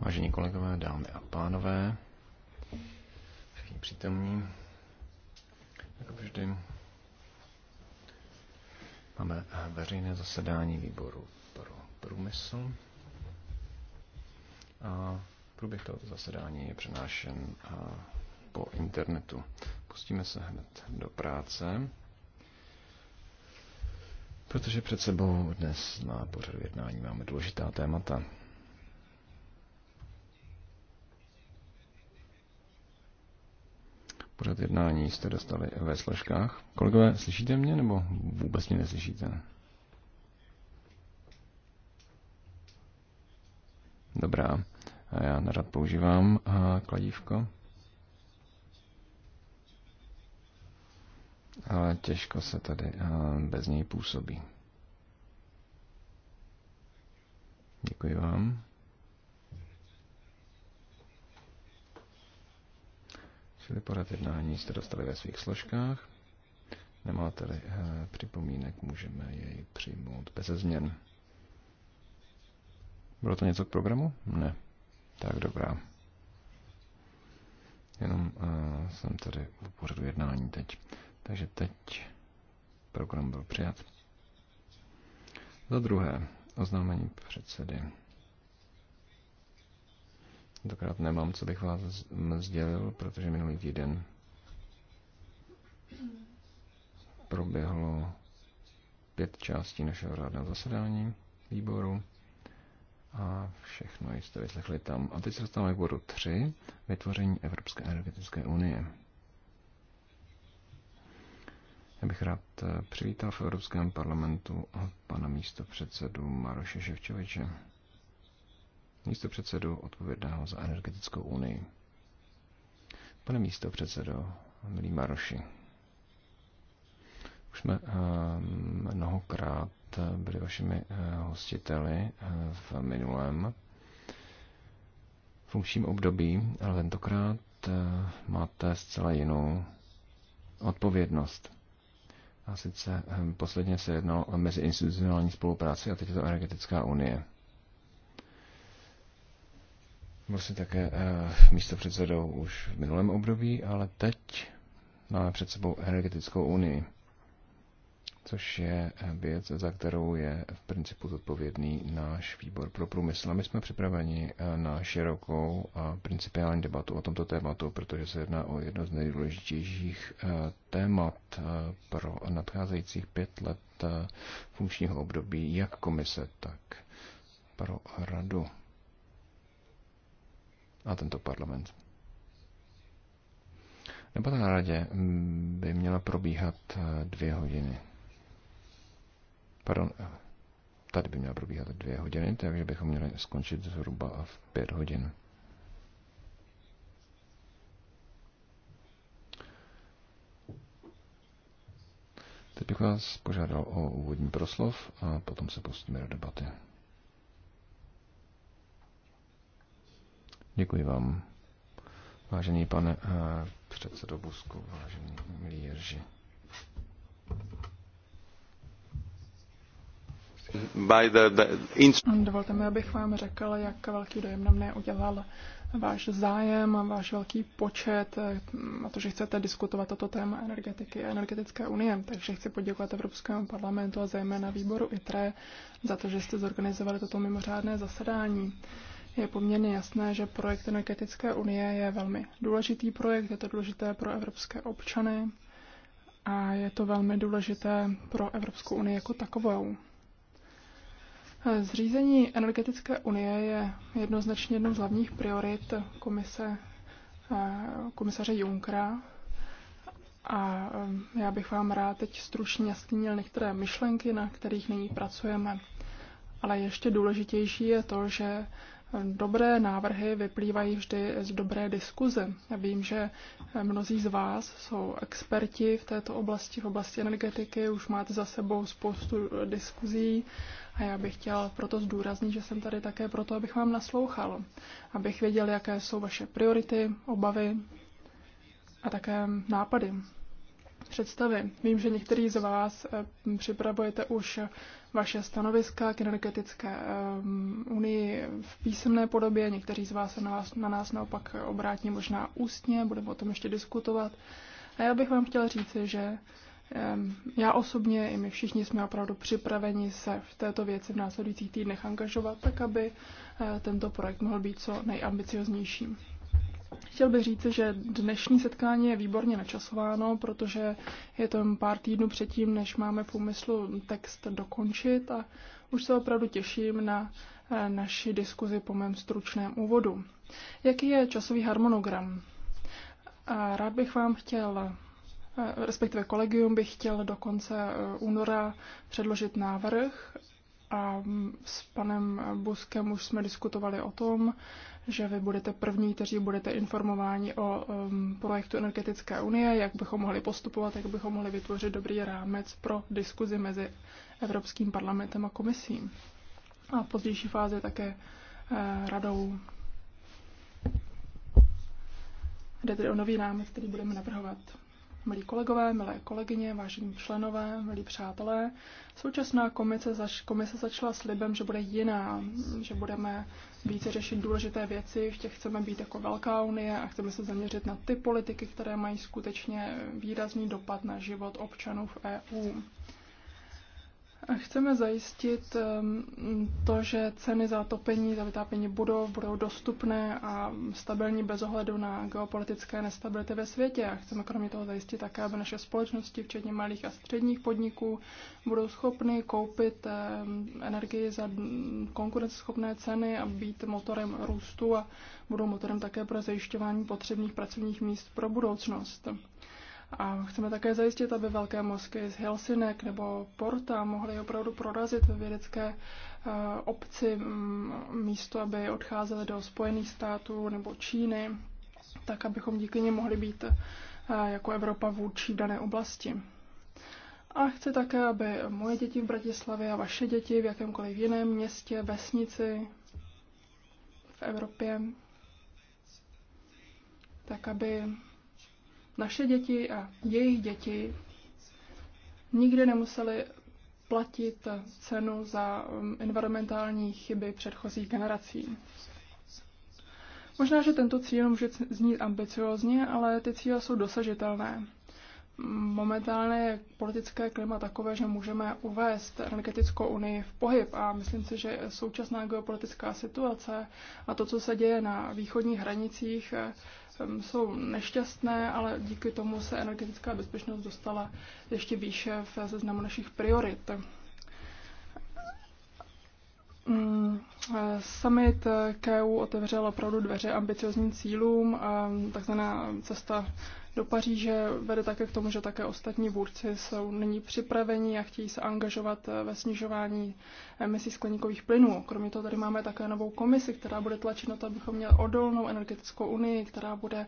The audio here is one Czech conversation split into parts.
Vážení kolegové, dámy a pánové, všichni přítomní, jako vždy, máme veřejné zasedání výboru pro průmysl. A průběh tohoto zasedání je přenášen po internetu. Pustíme se hned do práce protože před sebou dnes na pořadu jednání máme důležitá témata. Pořad jednání jste dostali ve složkách. Kolegové, slyšíte mě nebo vůbec mě neslyšíte? Dobrá, já nerad používám kladívko. ale těžko se tady eh, bez něj působí. Děkuji vám. Čili porad jednání jste dostali ve svých složkách. Nemáte-li eh, připomínek, můžeme jej přijmout bez změn. Bylo to něco k programu? Ne. Tak dobrá. Jenom uh, jsem tady u pořadu jednání teď. Takže teď program byl přijat. Za druhé, oznámení předsedy. Tentokrát nemám, co bych vás sdělil, protože minulý týden proběhlo pět částí našeho rádného zasedání výboru a všechno jste vyslechli tam. A teď se dostáváme k bodu 3, vytvoření Evropské energetické unie. Já bych rád eh, přivítal v Evropském parlamentu pana místopředsedu Maroše Ševčoviče, místopředsedu odpovědného za energetickou unii. Pane místopředsedo, milý Maroši, už jsme eh, mnohokrát byli vašimi eh, hostiteli v minulém funkčním období, ale tentokrát máte zcela jinou odpovědnost. A sice ehm, posledně se jednalo o meziinstitucionální spolupráci a teď je to energetická unie. Byl jsem také eh, místo předsedou už v minulém období, ale teď máme před sebou energetickou unii což je eh, věc, za kterou je v principu zodpovědný náš výbor pro průmysl. A my jsme připraveni eh, na širokou a principiální debatu o tomto tématu, protože se jedná o jedno z nejdůležitějších eh, témat pro nadcházejících pět let funkčního období jak komise, tak pro radu a tento parlament. Debata na radě mm, by měla probíhat dvě hodiny. Pardon, tady by měla probíhat dvě hodiny, takže bychom měli skončit zhruba v pět hodin. Teď bych vás požádal o úvodní proslov a potom se pustíme do debaty. Děkuji vám. Vážený pane eh, předsedo Busku, vážený milí Jerži. Dovolte mi, abych vám řekl, jak velký dojem na mne udělal váš zájem a váš velký počet eh, a to, že chcete diskutovat toto téma energetiky a energetické unie. Takže chci poděkovat Evropskému parlamentu a zejména výboru ITRE za to, že jste zorganizovali toto mimořádné zasedání. Je poměrně jasné, že projekt energetické unie je velmi důležitý projekt, je to důležité pro evropské občany a je to velmi důležité pro Evropskou unii jako takovou. Zřízení energetické unie je jednoznačně jednou z hlavních priorit komise, eh, komisaře Junckera. A eh, já bych vám rád teď stručně nastínil některé myšlenky, na kterých nyní pracujeme. Ale ještě důležitější je to, že Dobré návrhy vyplývají vždy z dobré diskuze. Já vím, že mnozí z vás jsou experti v této oblasti, v oblasti energetiky, už máte za sebou spoustu diskuzí a já bych chtěl proto zdůraznit, že jsem tady také proto, abych vám naslouchal, abych věděl, jaké jsou vaše priority, obavy a také nápady představy. Vím, že některý z vás eh, připravujete už vaše stanoviska k energetické eh, unii v písemné podobě, někteří z vás se na, vás, na nás naopak obrátí možná ústně, budeme o tom ještě diskutovat. A já bych vám chtěla říct, že eh, já osobně i my všichni jsme opravdu připraveni se v této věci v následujících týdnech angažovat, tak aby tento projekt mohl být co nejambicioznějším. Chtěl bych říct, že dnešní setkání je výborně načasováno, protože je to jen pár týdnů předtím, než máme v úmyslu text dokončit a už se opravdu těším na eh, naši diskuzi po mém stručném úvodu. Jaký je časový harmonogram? A rád bych vám chtěl, eh, respektive kolegium bych chtěl do konce eh, února předložit návrh a s panem Buskem už jsme diskutovali o tom, že vy budete první, kteří budete informováni o um, projektu Energetické unie, jak bychom mohli postupovat, jak bychom mohli vytvořit dobrý rámec pro diskuzi mezi Evropským parlamentem a komisím. A v pozdější fázi také uh, radou. Jde tedy o nový rámec, který budeme navrhovat. Milí kolegové, milé kolegyně, vážení členové, milí přátelé, současná komise, zač- komise začala slibem, že bude jiná, že budeme více řešit důležité věci, v těch chceme být jako velká unie a chceme se zaměřit na ty politiky, které mají skutečně výrazný dopad na život občanů v EU. Chceme zajistit ehm, to, že ceny za topení, za vytápění budov budou dostupné a stabilní bez ohledu na geopolitické nestability ve světě. A chceme kromě toho zajistit také, aby naše společnosti, včetně malých a středních podniků, budou schopny koupit ehm, energii za konkurenceschopné ceny a být motorem růstu a budou motorem také pro zajišťování potřebných pracovních míst pro budoucnost. A chceme také zajistit, aby velké mozky z Helsinek nebo Porta mohly opravdu prorazit ve vědecké eh, obci mm, místo, aby odcházely do Spojených států nebo Číny, tak abychom díky nim mohli být eh, jako Evropa vůči v dané oblasti. A chci také, aby moje děti v Bratislavě a vaše děti v jakémkoliv jiném městě, vesnici v Evropě, tak aby naše děti a jejich děti nikdy nemuseli platit cenu za um, environmentální chyby předchozích generací. Možná, že tento cíl může znít ambiciozně, ale ty cíle jsou dosažitelné. Momentálně je politické klima takové, že můžeme uvést energetickou unii v pohyb a myslím si, že současná geopolitická situace a to, co se děje na východních hranicích, jsou nešťastné, ale díky tomu se energetická bezpečnost dostala ještě výše v seznamu našich priorit. Mm, summit KU otevřel opravdu dveře ambiciozním cílům, takzvaná cesta do Paříže vede také k tomu, že také ostatní vůdci jsou nyní připraveni a chtějí se angažovat eh, ve snižování emisí skleníkových plynů. Kromě toho tady máme také novou komisi, která bude tlačit na to, abychom měli odolnou energetickou unii, která bude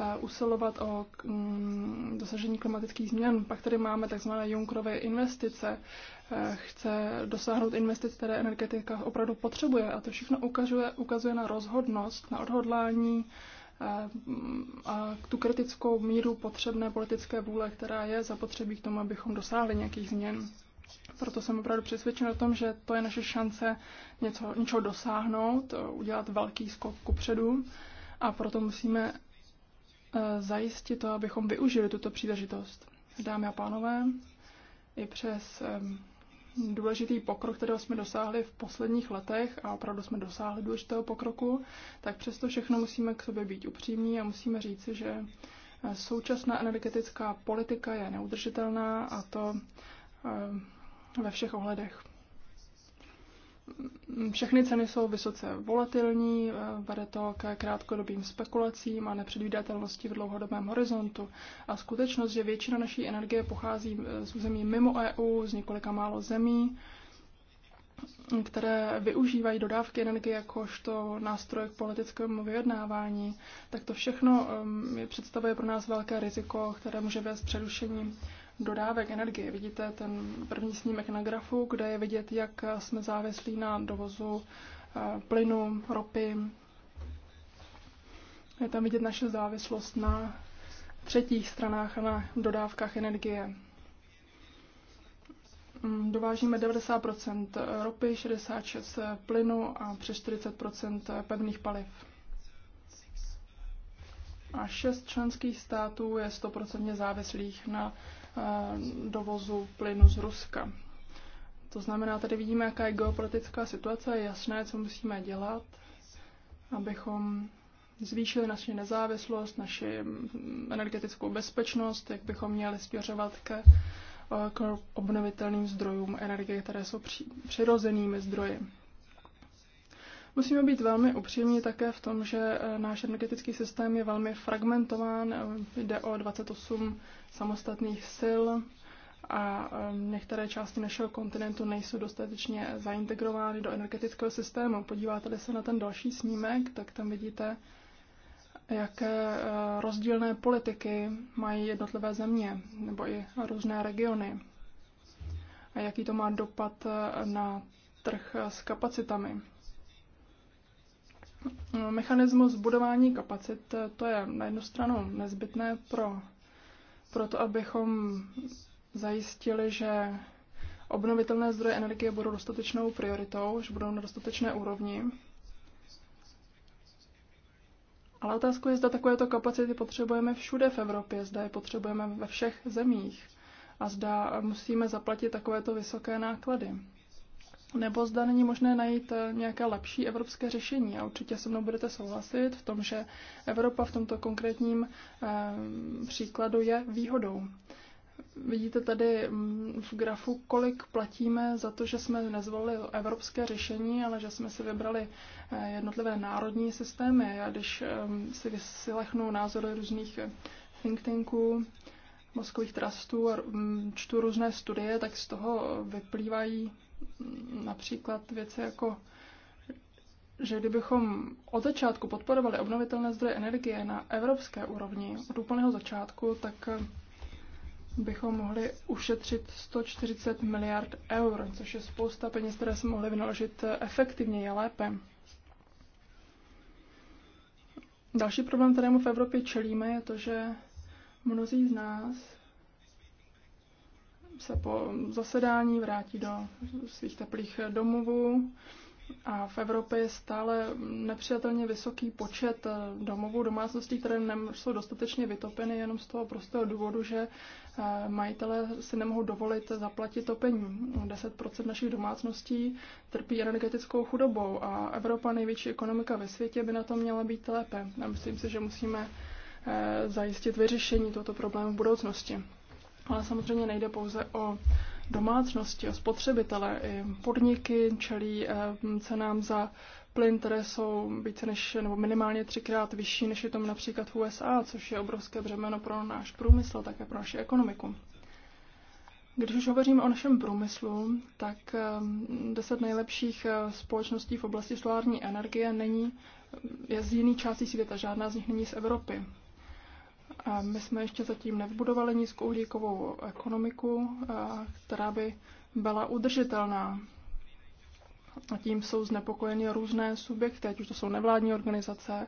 eh, usilovat o mm, dosažení klimatických změn. Pak tady máme tzv. Junkerové investice, eh, chce dosáhnout investic, které energetika opravdu potřebuje. A to všechno ukazuje, ukazuje na rozhodnost, na odhodlání, a tu kritickou míru potřebné politické vůle, která je zapotřebí k tomu, abychom dosáhli nějakých změn. Proto jsem opravdu přesvědčen o tom, že to je naše šance něco, něčeho dosáhnout, udělat velký skok kupředu a proto musíme e, zajistit to, abychom využili tuto příležitost. Dámy a pánové, i přes důležitý pokrok, kterého jsme dosáhli v posledních letech, a opravdu jsme dosáhli důležitého pokroku, tak přesto všechno musíme k sobě být upřímní a musíme říci, že eh, současná energetická politika je neudržitelná a to eh, ve všech ohledech. Všechny ceny jsou vysoce volatilní, eh, vede to ke krátkodobým spekulacím a nepředvídatelnosti v dlouhodobém horizontu. A skutečnost, že většina naší energie pochází eh, z zemí mimo EU, z několika málo zemí, které využívají dodávky energie jakožto nástroj k politickému vyjednávání, tak to všechno ehm, představuje pro nás velké riziko, které může vést přerušení dodávek energie. Vidíte ten první snímek na grafu, kde je vidět, jak jsme závislí na dovozu eh, plynu, ropy. Je tam vidět naše závislost na třetích stranách a na dodávkách energie. Mm, dovážíme 90 ropy, 66 plynu a přes 40 pevných paliv. A šest členských států je 100 závislých na Eh, dovozu plynu z Ruska. To znamená, tady vidíme, jaká je geopolitická situace, je jasné, co musíme dělat, abychom zvýšili naši nezávislost, naši energetickou bezpečnost, jak bychom měli směřovat ke, eh, k obnovitelným zdrojům energie, které jsou přirozenými zdroji. Musíme být velmi upřímní také v tom, že eh, náš energetický systém je velmi fragmentován. Eh, jde o 28 samostatných sil a eh, některé části našeho kontinentu nejsou dostatečně zaintegrovány do energetického systému. Podíváte-li se na ten další snímek, tak tam vidíte, jaké rozdílné politiky mají jednotlivé země nebo i různé regiony a jaký to má dopad na trh s kapacitami mechanismus budování kapacit, to je na jednu stranu nezbytné pro, pro to, abychom zajistili, že obnovitelné zdroje energie budou dostatečnou prioritou, že budou na dostatečné úrovni. Ale otázku je, zda takovéto kapacity potřebujeme všude v Evropě, zda je potřebujeme ve všech zemích a zda musíme zaplatit takovéto vysoké náklady nebo zda není možné najít eh, nějaké lepší evropské řešení. A určitě se mnou budete souhlasit v tom, že Evropa v tomto konkrétním eh, příkladu je výhodou. Vidíte tady mm, v grafu, kolik platíme za to, že jsme nezvolili evropské řešení, ale že jsme si vybrali eh, jednotlivé národní systémy. A když ehm, si vyslechnu názory různých think tanků, mozkových trustů a čtu různé studie, tak z toho vyplývají například věci jako že kdybychom od začátku podporovali obnovitelné zdroje energie na evropské úrovni od úplného začátku, tak eh, bychom mohli ušetřit 140 miliard eur, což je spousta peněz, které jsme mohli vynaložit eh, efektivně a lépe. Další problém, kterému v Evropě čelíme, je to, že mnozí z nás se po zasedání vrátí do svých teplých domovů. A v Evropě je stále nepřijatelně vysoký počet eh, domovů, domácností, které jsou dostatečně vytopeny jenom z toho prostého důvodu, že eh, majitelé si nemohou dovolit zaplatit topení. 10% našich domácností trpí energetickou chudobou a Evropa, největší ekonomika ve světě, by na to měla být lépe. A myslím si, že musíme eh, zajistit vyřešení tohoto problému v budoucnosti. Ale samozřejmě nejde pouze o domácnosti, o spotřebitele. I podniky čelí eh, cenám za plyn, které jsou více než, nebo minimálně třikrát vyšší, než je tomu například v USA, což je obrovské břemeno pro náš průmysl, také pro naši ekonomiku. Když už hovoříme o našem průmyslu, tak eh, deset nejlepších eh, společností v oblasti solární energie není, je z jiných částí světa, žádná z nich není z Evropy. My jsme ještě zatím nevbudovali nízkouhlíkovou ekonomiku, která by byla udržitelná. A tím jsou znepokojeny různé subjekty, ať už to jsou nevládní organizace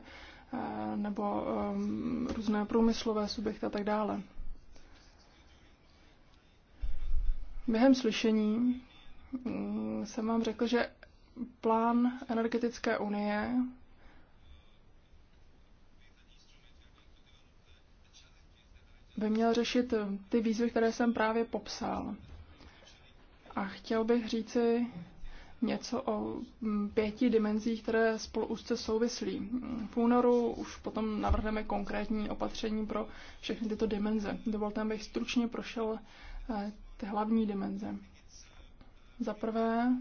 nebo um, různé průmyslové subjekty a tak dále. Během slyšení mm, jsem vám řekl, že plán energetické unie by měl řešit eh, ty výzvy, které jsem právě popsal. A chtěl bych říci něco o mm, pěti dimenzích, které spolu úzce souvislí. V únoru už potom navrhneme konkrétní opatření pro všechny tyto dimenze. Dovolte, abych stručně prošel eh, ty hlavní dimenze. Za prvé,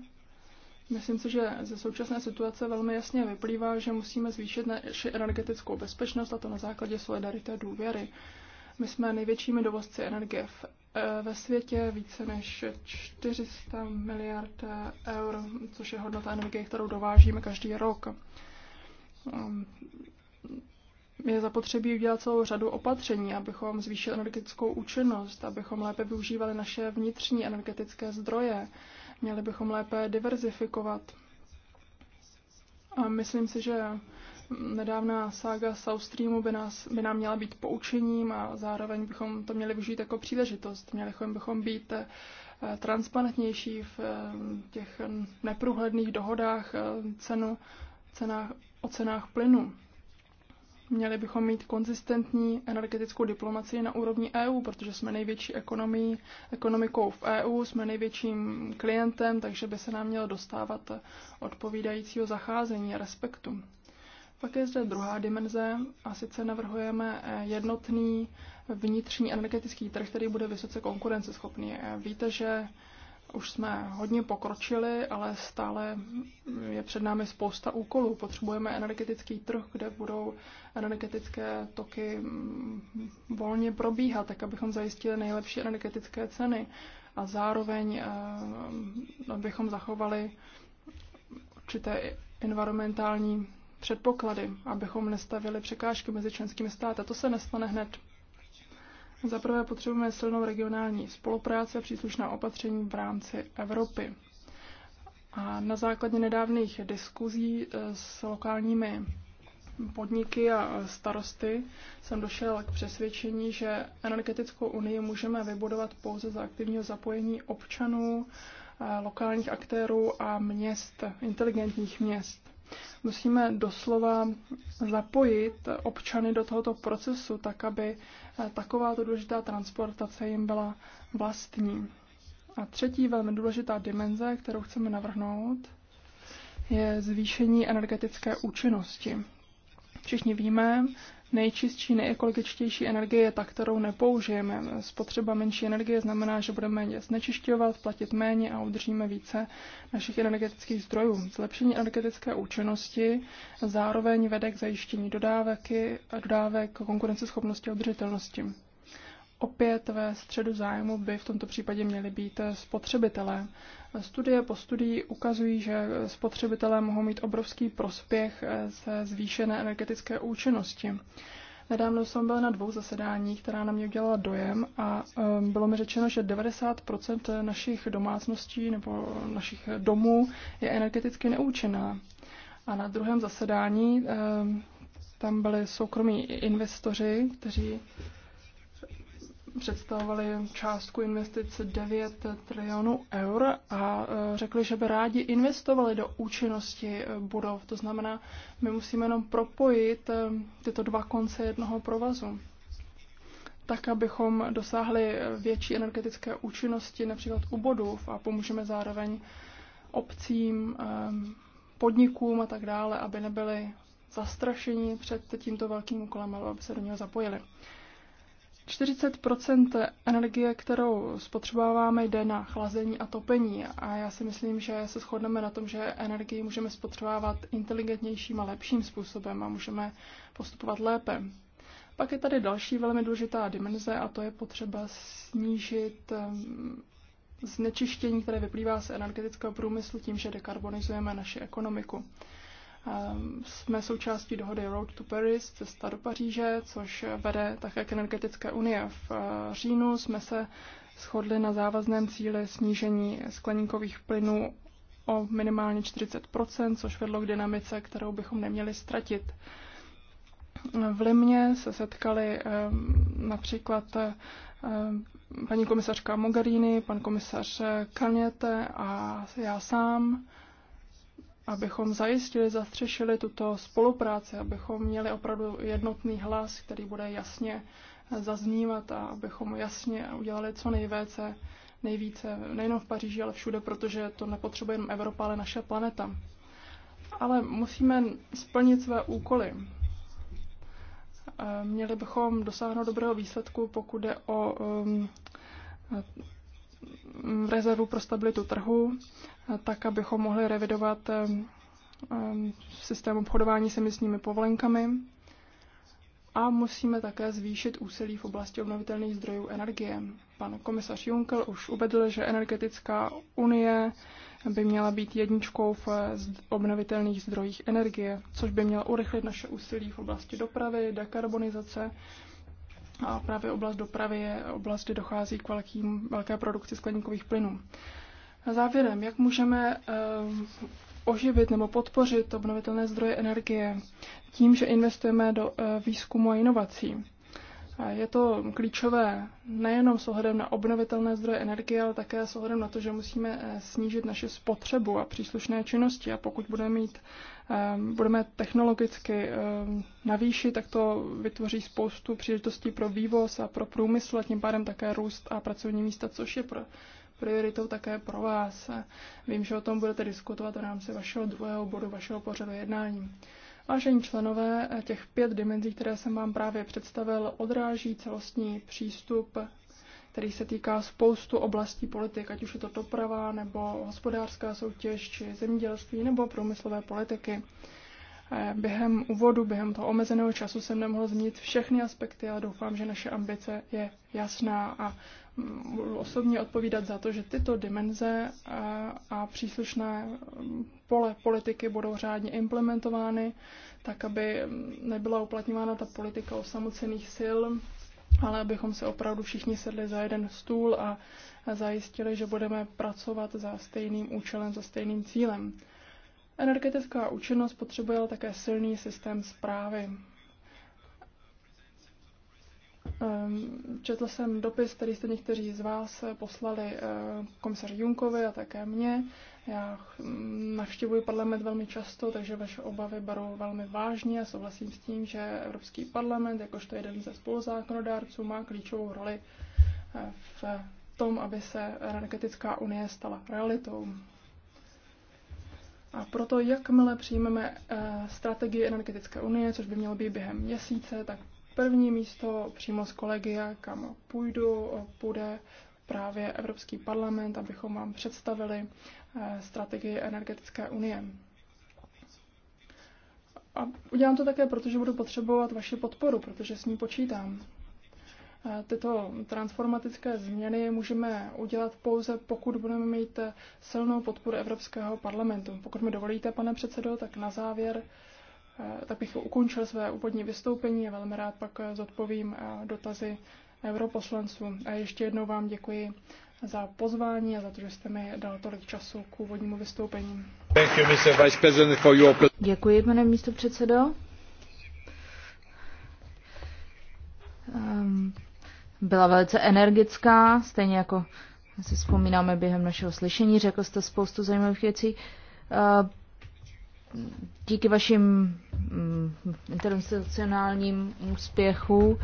myslím si, že ze současné situace velmi jasně vyplývá, že musíme zvýšit naši energetickou bezpečnost, a to na základě solidarity a důvěry. My jsme největšími dovozci energie v, e, ve světě, více než 400 miliard e, eur, což je hodnota energie, kterou dovážíme každý rok. Ehm, je zapotřebí udělat celou řadu opatření, abychom zvýšili energetickou účinnost, abychom lépe využívali naše vnitřní energetické zdroje, měli bychom lépe diverzifikovat. A myslím si, že Nedávná sága South Streamu by, nás, by nám měla být poučením a zároveň bychom to měli využít jako příležitost. Měli bychom být eh, transparentnější v eh, těch neprůhledných dohodách eh, cenu, cenách, o cenách plynu. Měli bychom mít konzistentní energetickou diplomaci na úrovni EU, protože jsme největší ekonomii, ekonomikou v EU, jsme největším klientem, takže by se nám mělo dostávat odpovídajícího zacházení a respektu. Pak je zde druhá dimenze a sice navrhujeme eh, jednotný vnitřní energetický trh, který bude vysoce konkurenceschopný. Eh, víte, že už jsme hodně pokročili, ale stále je před námi spousta úkolů. Potřebujeme energetický trh, kde budou energetické toky mm, volně probíhat, tak abychom zajistili nejlepší energetické ceny a zároveň eh, abychom zachovali určité environmentální předpoklady, abychom nestavili překážky mezi členskými státy. To se nestane hned. Za prvé potřebujeme silnou regionální spolupráci a příslušná opatření v rámci Evropy. A na základě nedávných diskuzí eh, s lokálními podniky a starosty jsem došel k přesvědčení, že energetickou unii můžeme vybudovat pouze za aktivního zapojení občanů, eh, lokálních aktérů a měst, inteligentních měst. Musíme doslova zapojit občany do tohoto procesu, tak aby eh, takováto důležitá transportace jim byla vlastní. A třetí velmi důležitá dimenze, kterou chceme navrhnout, je zvýšení energetické účinnosti. Všichni víme, nejčistší, nejekologičtější energie je ta, kterou nepoužijeme. Spotřeba menší energie znamená, že budeme méně znečišťovat, platit méně a udržíme více našich energetických zdrojů. Zlepšení energetické účinnosti zároveň vede k zajištění dodávek, dodávek konkurenceschopnosti a udržitelnosti. Opět ve středu zájmu by v tomto případě měly být spotřebitelé. Studie po studii ukazují, že spotřebitelé mohou mít obrovský prospěch ze zvýšené energetické účinnosti. Nedávno jsem byla na dvou zasedáních, která na mě udělala dojem a um, bylo mi řečeno, že 90% našich domácností nebo našich domů je energeticky neúčinná. A na druhém zasedání um, tam byli soukromí investoři, kteří představovali částku investic 9 trilionů eur a e, řekli, že by rádi investovali do účinnosti e, budov. To znamená, my musíme jenom propojit e, tyto dva konce jednoho provazu tak, abychom dosáhli větší energetické účinnosti například u budov a pomůžeme zároveň obcím, podnikům a tak dále, aby nebyly zastrašení před tímto velkým úkolem, aby se do něho zapojili. 40 energie, kterou spotřebáváme, jde na chlazení a topení. A já si myslím, že se shodneme na tom, že energii můžeme spotřebávat inteligentnějším a lepším způsobem a můžeme postupovat lépe. Pak je tady další velmi důležitá dimenze a to je potřeba snížit eh, znečištění, které vyplývá z energetického průmyslu tím, že dekarbonizujeme naši ekonomiku. Ehm, jsme součástí dohody Road to Paris, cesta do Paříže, což vede také k energetické unie. V eh, říjnu jsme se shodli na závazném cíli snížení skleníkových plynů o minimálně 40 což vedlo k dynamice, kterou bychom neměli ztratit. V Limě se setkali ehm, například eh, paní komisařka Mogherini, pan komisař Kaněte a já sám abychom zajistili, zastřešili tuto spolupráci, abychom měli opravdu jednotný hlas, který bude jasně zaznívat a abychom jasně udělali co nejvíce, nejvíce nejenom v Paříži, ale všude, protože to nepotřebuje jen Evropa, ale naše planeta. Ale musíme splnit své úkoly. Eh, měli bychom dosáhnout dobrého výsledku, pokud jde o ehm, rezervu pro stabilitu trhu, tak abychom mohli revidovat eh, eh, systém obchodování s emisními povolenkami a musíme také zvýšit úsilí v oblasti obnovitelných zdrojů energie. Pan komisař Juncker už uvedl, že energetická unie by měla být jedničkou v eh, obnovitelných zdrojích energie, což by mělo urychlit naše úsilí v oblasti dopravy, dekarbonizace a právě oblast dopravy je oblast, kde dochází k velkým, velké produkci skleníkových plynů. Na závěrem, jak můžeme eh, oživit nebo podpořit obnovitelné zdroje energie tím, že investujeme do eh, výzkumu a inovací. Je to klíčové nejenom s ohledem na obnovitelné zdroje energie, ale také s ohledem na to, že musíme eh, snížit naši spotřebu a příslušné činnosti. A pokud budeme mít Ehm, budeme technologicky ehm, navýšit, tak to vytvoří spoustu příležitostí pro vývoz a pro průmysl a tím pádem také růst a pracovní místa, což je pro prioritou také pro vás. Vím, že o tom budete diskutovat v rámci vašeho druhého bodu, vašeho pořadu jednání. Vážení členové, eh, těch pět dimenzí, které jsem vám právě představil, odráží celostní přístup který se týká spoustu oblastí politik, ať už je to doprava, nebo hospodářská soutěž, či zemědělství, nebo průmyslové politiky. Eh, během úvodu, během toho omezeného času jsem nemohl zmínit všechny aspekty, ale doufám, že naše ambice je jasná a mm, budu osobně odpovídat za to, že tyto dimenze eh, a příslušné mm, pole politiky budou řádně implementovány, tak aby mm, nebyla uplatňována ta politika osamocených sil, ale abychom se opravdu všichni sedli za jeden stůl a zajistili, že budeme pracovat za stejným účelem, za stejným cílem. Energetická účinnost potřebuje také silný systém zprávy. Ehm, četl jsem dopis, který jste někteří z vás poslali eh, komisaři Junkovi a také mně já navštěvuji parlament velmi často, takže vaše obavy beru velmi vážně a souhlasím s tím, že Evropský parlament, jakožto jeden ze spoluzákonodárců, má klíčovou roli eh, v tom, aby se energetická unie stala realitou. A proto, jakmile přijmeme eh, strategii energetické unie, což by mělo být během měsíce, tak první místo přímo z kolegia, kam půjdu, bude eh, právě Evropský parlament, abychom vám představili Eh, strategii energetické unie. A udělám to také, protože budu potřebovat vaši podporu, protože s ní počítám. Eh, tyto transformatické změny můžeme udělat pouze, pokud budeme mít silnou podporu Evropského parlamentu. Pokud mi dovolíte, pane předsedo, tak na závěr eh, tak bych ukončil své úvodní vystoupení a velmi rád pak zodpovím dotazy europoslanců. A ještě jednou vám děkuji za pozvání a za to, že jste mi dal tolik času k úvodnímu vystoupení. Děkuji, pane předsedo. Ehm, byla velice energická, stejně jako si vzpomínáme během našeho slyšení, řekl jste spoustu zajímavých věcí. Ehm, díky vašim mm, internacionálním úspěchu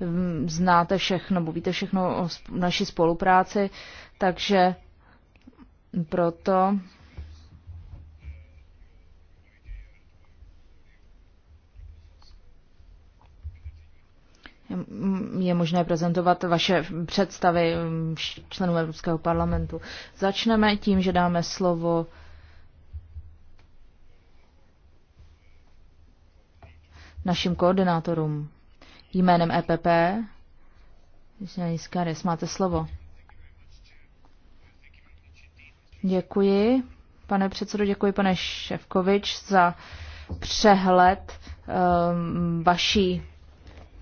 mm, znáte všechno, nebo víte všechno o naší spolupráci, takže proto je možné prezentovat vaše představy mm, členů Evropského parlamentu. Začneme tím, že dáme slovo našim koordinátorům. Jménem EPP, Karis, máte slovo. Děkuji, pane předsedo, děkuji, pane Ševkovič, za přehled um, vaší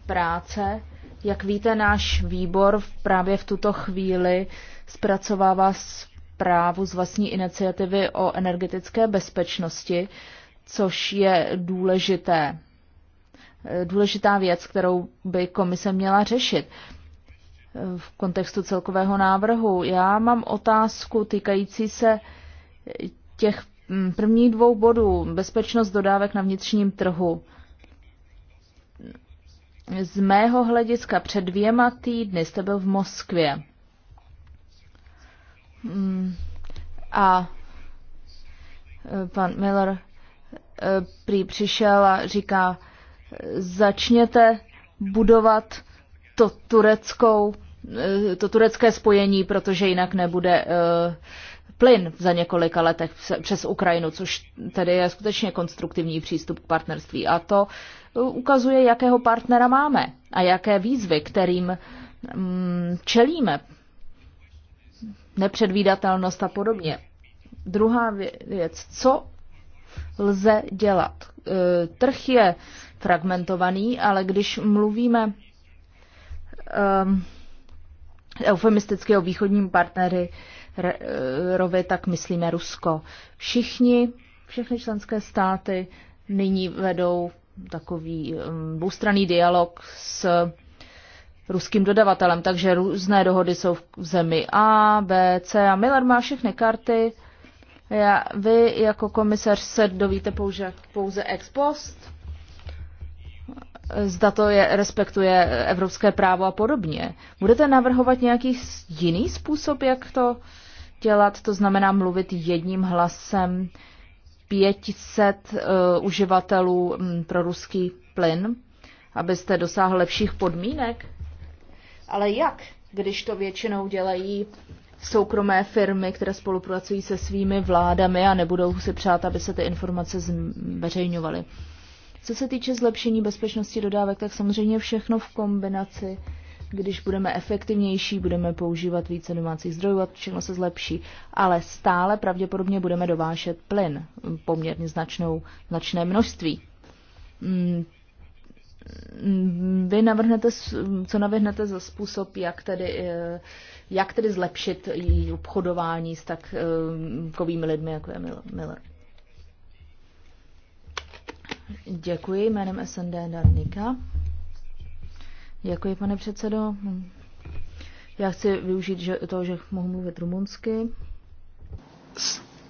práce. Jak víte, náš výbor právě v tuto chvíli zpracovává zprávu z vlastní iniciativy o energetické bezpečnosti, což je důležité Eh, důležitá věc, kterou by komise měla řešit v kontextu celkového návrhu. Já mám otázku týkající se těch mm, prvních dvou bodů. Bezpečnost dodávek na vnitřním trhu. Z mého hlediska před dvěma týdny jste byl v Moskvě. Mm, a eh, pan Miller eh, prý přišel a říká, začněte budovat to tureckou eh, to turecké spojení, protože jinak nebude eh, plyn za několika letech přes Ukrajinu, což tedy je skutečně konstruktivní přístup k partnerství. A to eh, ukazuje, jakého partnera máme a jaké výzvy, kterým mm, čelíme. Nepředvídatelnost a podobně. Druhá věc, co lze dělat? Trh je fragmentovaný, ale když mluvíme um, eufemisticky o východním partnery eh, rovi, tak myslíme Rusko. Všichni, všechny členské státy nyní vedou takový um, dialog s ruským dodavatelem, takže různé dohody jsou v zemi A, B, C a Miller má všechny karty. Já, vy jako komisař se dovíte pouze, pouze ex post, zda to je, respektuje evropské právo a podobně. Budete navrhovat nějaký jiný způsob, jak to dělat? To znamená mluvit jedním hlasem 500 uh, eh, uživatelů um, pro ruský plyn, abyste dosáhl lepších podmínek? Ale jak, když to většinou dělají soukromé firmy, které spolupracují se svými vládami a nebudou si přát, aby se ty informace zveřejňovaly? Co se týče zlepšení bezpečnosti dodávek, tak samozřejmě všechno v kombinaci. Když budeme efektivnější, budeme používat více domácích zdrojů a všechno se zlepší. Ale stále pravděpodobně budeme dovášet plyn, poměrně značnou, značné množství. Mm. Vy navrhnete, co navrhnete za způsob, jak tedy, eh, jak tedy zlepšit obchodování s takovými lidmi, jako je Miller? Děkuji jménem SND Darnika. Děkuji, pane předsedo. Já chci využít že, toho, že mohu mluvit rumunsky.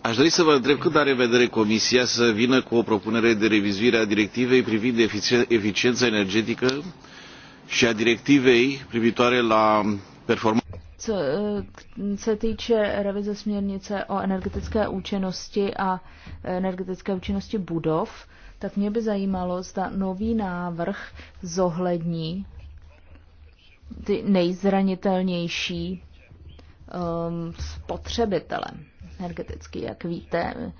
Aș dori să vă întreb cât are vedere Comisia să vină cu o propunere de revizuire a directivei privind eficiența energetică și a directivei privitoare la performanță. Co eh, se týče revize směrnice o energetické účinnosti a energetické účinnosti budov, tak mě by zajímalo, zda nový návrh zohlední ty nejzranitelnější um, spotřebitele energeticky, jak víte,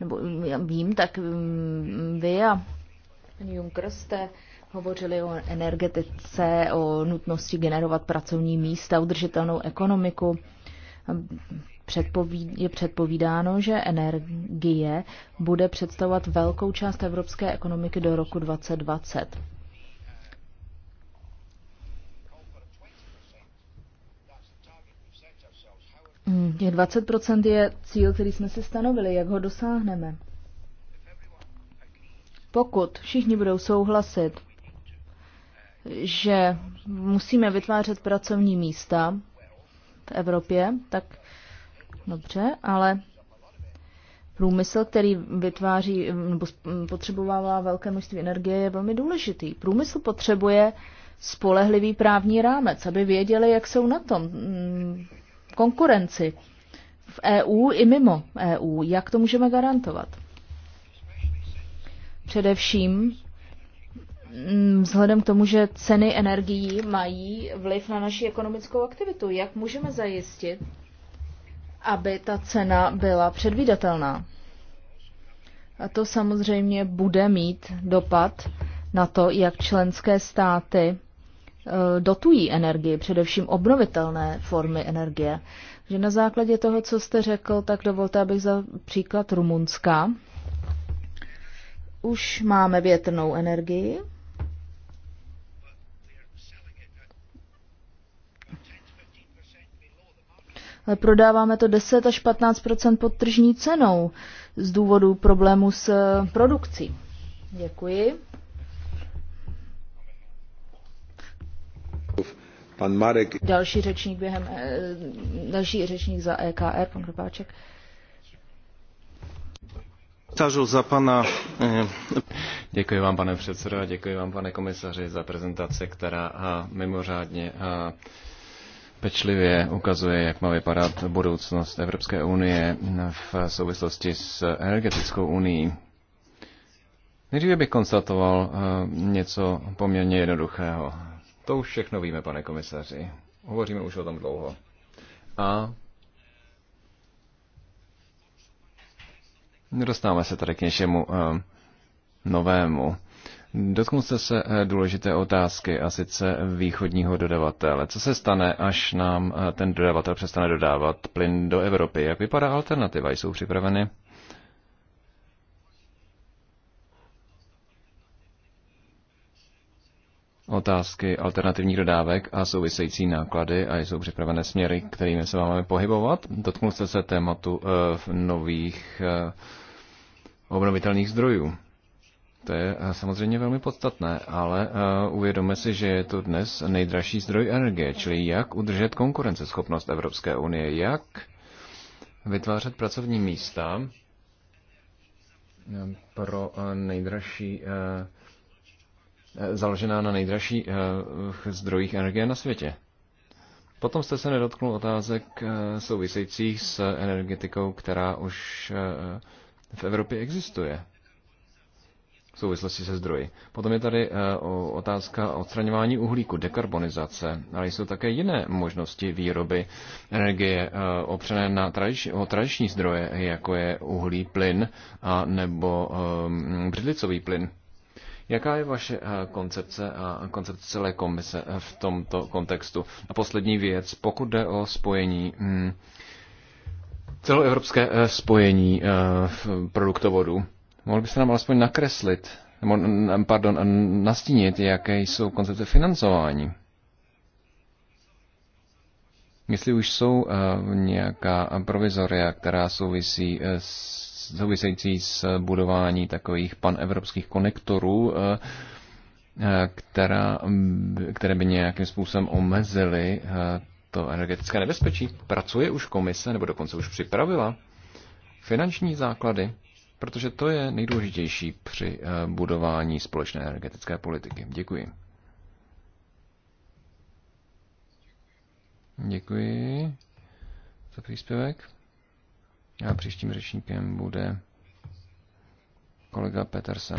nebo já vím, tak um, vy a paní Juncker jste hovořili o energetice, o nutnosti generovat pracovní místa, udržitelnou ekonomiku, je předpovídáno, že energie bude představovat velkou část evropské ekonomiky do roku 2020. Hmm, těch 20 je cíl, který jsme si stanovili. Jak ho dosáhneme? Pokud všichni budou souhlasit, že musíme vytvářet pracovní místa v Evropě, tak Dobře, ale průmysl, který vytváří nebo potřebovává velké množství energie, je velmi důležitý. Průmysl potřebuje spolehlivý právní rámec, aby věděli, jak jsou na tom mm, konkurenci v EU i mimo EU. Jak to můžeme garantovat? Především mm, vzhledem k tomu, že ceny energií mají vliv na naši ekonomickou aktivitu. Jak můžeme zajistit, aby ta cena byla předvídatelná. A to samozřejmě bude mít dopad na to, jak členské státy e, dotují energii, především obnovitelné formy energie. Že na základě toho, co jste řekl, tak dovolte, abych za příklad Rumunska. Už máme větrnou energii, ale prodáváme to 10 až 15 pod tržní cenou z důvodu problému s eh, produkcí. Děkuji. Pan Marek. Další řečník během, eh, další řečník za EKR, pan Kropáček. Za pana... Eh, děkuji vám, pane předsedo, a děkuji vám, pane komisaři, za prezentaci, která mimořádně pečlivě ukazuje, jak má vypadat budoucnost Evropské unie v souvislosti s energetickou unii. Nejdříve bych konstatoval eh, něco poměrně jednoduchého. To už všechno víme, pane komisaři. Hovoříme už o tom dlouho. A dostáváme se tady k něčemu eh, novému. Dotknu jste se eh, důležité otázky, a sice východního dodavatele. Co se stane, až nám eh, ten dodavatel přestane dodávat plyn do Evropy? Jak vypadá alternativa? Jsou připraveny? otázky alternativních dodávek a související náklady a jsou připravené směry, kterými se máme pohybovat. Dotknu jste se tématu eh, v nových obnovitelných zdrojů. To je eh, samozřejmě velmi podstatné, ale eh, uvědome si, že je to dnes nejdražší zdroj energie, čili jak udržet konkurenceschopnost Evropské unie, jak vytvářet pracovní místa eh, pro nejdražší založená na nejdražších zdrojích energie na světě. Potom jste se nedotknul otázek souvisejících s energetikou, která už v Evropě existuje v souvislosti se zdroji. Potom je tady eh, otázka odstraňování uhlíku, dekarbonizace, ale jsou také jiné možnosti výroby energie eh, opřené na tradiční, o tradiční zdroje, jako je uhlí, plyn a nebo eh, břidlicový plyn. Jaká je vaše koncepce a koncepce celé komise v tomto kontextu? A poslední věc, pokud jde o spojení hm, celoevropské spojení produktovodu, Mohl byste nám alespoň nakreslit, nebo, pardon, nastínit, jaké jsou koncepce financování? Jestli už jsou eh, nějaká provizoria, která souvisí eh, s související s budování takových panevropských konektorů, eh, která, které by nějakým způsobem omezily to energetické nebezpečí. Pracuje už komise, nebo dokonce už připravila finanční základy protože to je nejdůležitější při eh, budování společné energetické politiky. Děkuji. Děkuji za příspěvek. A příštím řečníkem bude kolega Petersen,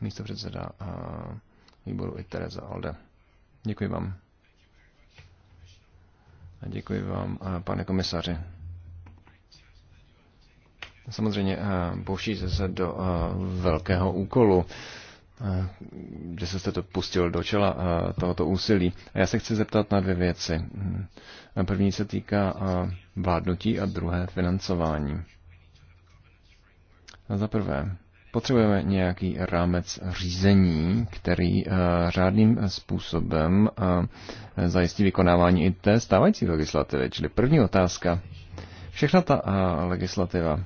místo předseda eh, výboru i Tereza Alde. Děkuji vám. A děkuji vám, eh, pane komisaři samozřejmě eh, pouští se do eh, velkého úkolu že eh, jste to pustil do čela tohoto úsilí. A já se chci zeptat na dvě věci. První se týká vládnutí a druhé financování. Za prvé, potřebujeme nějaký rámec řízení, který řádným způsobem zajistí vykonávání i té stávající legislativy. Čili první otázka. Všechna ta legislativa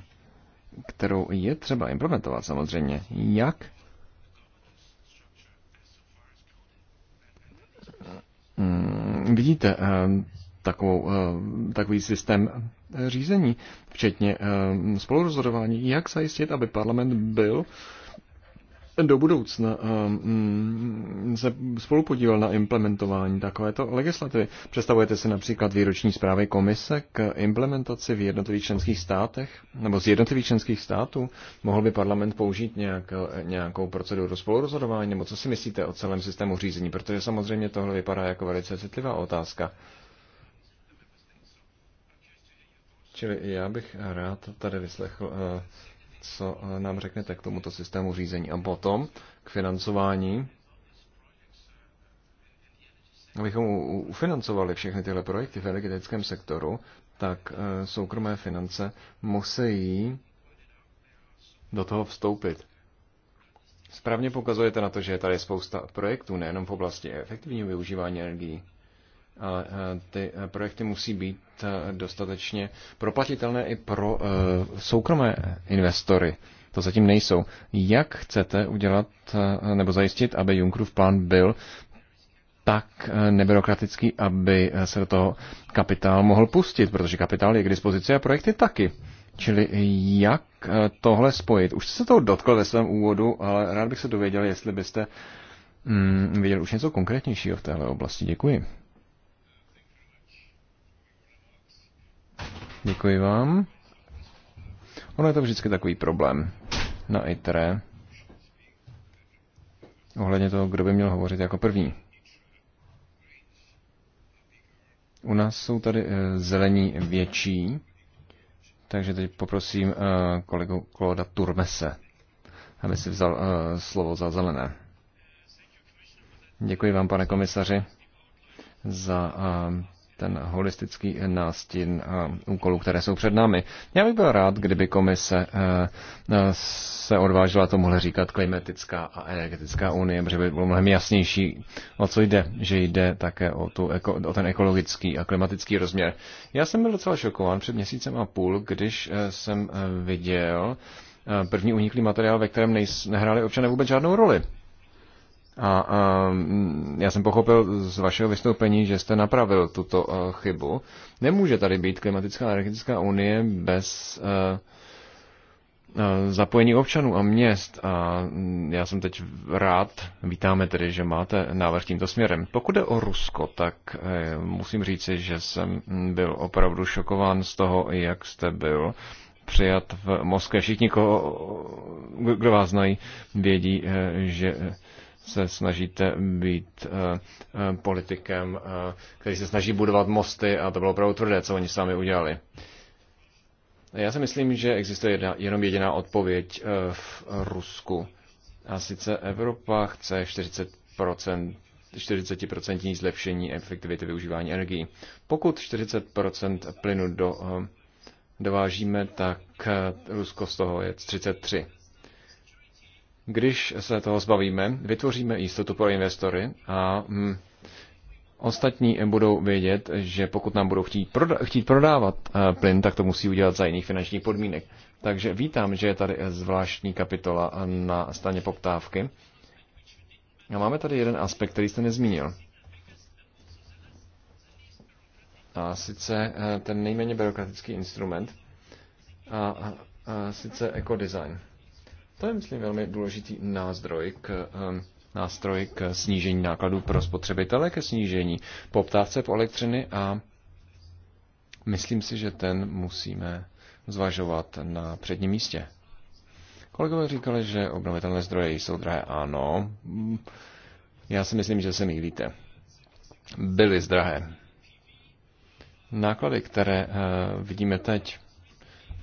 kterou je třeba implementovat samozřejmě, jak mm, vidíte eh, takovou, eh, takový systém řízení, včetně eh, spolurozhodování, jak zajistit, aby parlament byl do budoucna eh, mm, se spolupodílel na implementování takovéto legislativy. Představujete si například výroční zprávy komise k implementaci v jednotlivých členských státech nebo z jednotlivých členských států? Mohl by parlament použít nějak, eh, nějakou proceduru spolurozhodování nebo co si myslíte o celém systému řízení? Protože samozřejmě tohle vypadá jako velice citlivá otázka. Čili já bych rád tady vyslechl uh, co nám řeknete k tomuto systému řízení. A potom k financování. Abychom ufinancovali všechny tyhle projekty v energetickém sektoru, tak eh, soukromé finance musí do toho vstoupit. Správně pokazujete na to, že je tady spousta projektů, nejenom v oblasti efektivního využívání energií, ale ty e, projekty musí být e, dostatečně proplatitelné i pro e, soukromé investory. To zatím nejsou. Jak chcete udělat nebo zajistit, aby Junckerův plán byl tak nebyrokratický, aby se do toho kapitál mohl pustit, protože kapitál je k dispozici a projekty taky. Čili jak tohle spojit? Už jste se toho dotkl ve svém úvodu, ale rád bych se dověděl, jestli byste mm, viděl už něco konkrétnějšího v téhle oblasti. Děkuji. Děkuji vám. Ono je to vždycky takový problém na ITRE ohledně toho, kdo by měl hovořit jako první. U nás jsou tady eh, zelení větší, takže teď poprosím eh, kolegu Kloda Turmese, aby si vzal eh, slovo za zelené. Děkuji vám, pane komisaři, za ten holistický nástin eh, úkolů, které jsou před námi. Já bych byl rád, kdyby komise eh, eh, se odvážila tomuhle říkat klimatická a energetická unie, protože by bylo mnohem jasnější, o co jde, že jde také o, tu, o ten ekologický a klimatický rozměr. Já jsem byl docela šokován před měsícem a půl, když jsem viděl první uniklý materiál, ve kterém nehráli občané vůbec žádnou roli. A, a mm, já jsem pochopil z vašeho vystoupení, že jste napravil tuto a, eh, chybu. Nemůže tady být klimatická a energetická unie bez a, eh, eh, zapojení občanů a měst. A mm, já jsem teď rád, vítáme tedy, že máte návrh tímto směrem. Pokud je o Rusko, tak musím říci, že jsem mm, byl opravdu šokován z toho, jak jste byl přijat v Moskvě. Všichni, koho, kdo vás znají, vědí, že se snažíte být eh, eh, politikem, eh, který se snaží budovat mosty a to bylo opravdu tvrdé, co oni sami udělali. Já si myslím, že existuje jedna, jenom jediná odpověď v Rusku. A sice Evropa chce 40%, 40% zlepšení efektivity využívání energií. Pokud 40% plynu do, dovážíme, tak Rusko z toho je 33%. Když se toho zbavíme, vytvoříme jistotu pro investory a hm, ostatní budou vědět, že pokud nám budou chtít, proda- chtít prodávat eh, plyn, tak to musí udělat za jiných finančních podmínek. Takže vítám, že je tady zvláštní kapitola na straně poptávky. A máme tady jeden aspekt, který jste nezmínil. A sice eh, ten nejméně byrokratický instrument, a, a, a sice ekodesign. design to je, myslím, velmi důležitý nástroj k, ehm, nástroj k snížení nákladů pro spotřebitele, ke snížení poptávce po elektřiny a myslím si, že ten musíme zvažovat na předním místě. Kolegové říkali, že obnovitelné zdroje jsou drahé. Ano, já si myslím, že se mýlíte. Byly zdrahé. Náklady, které eh, vidíme teď,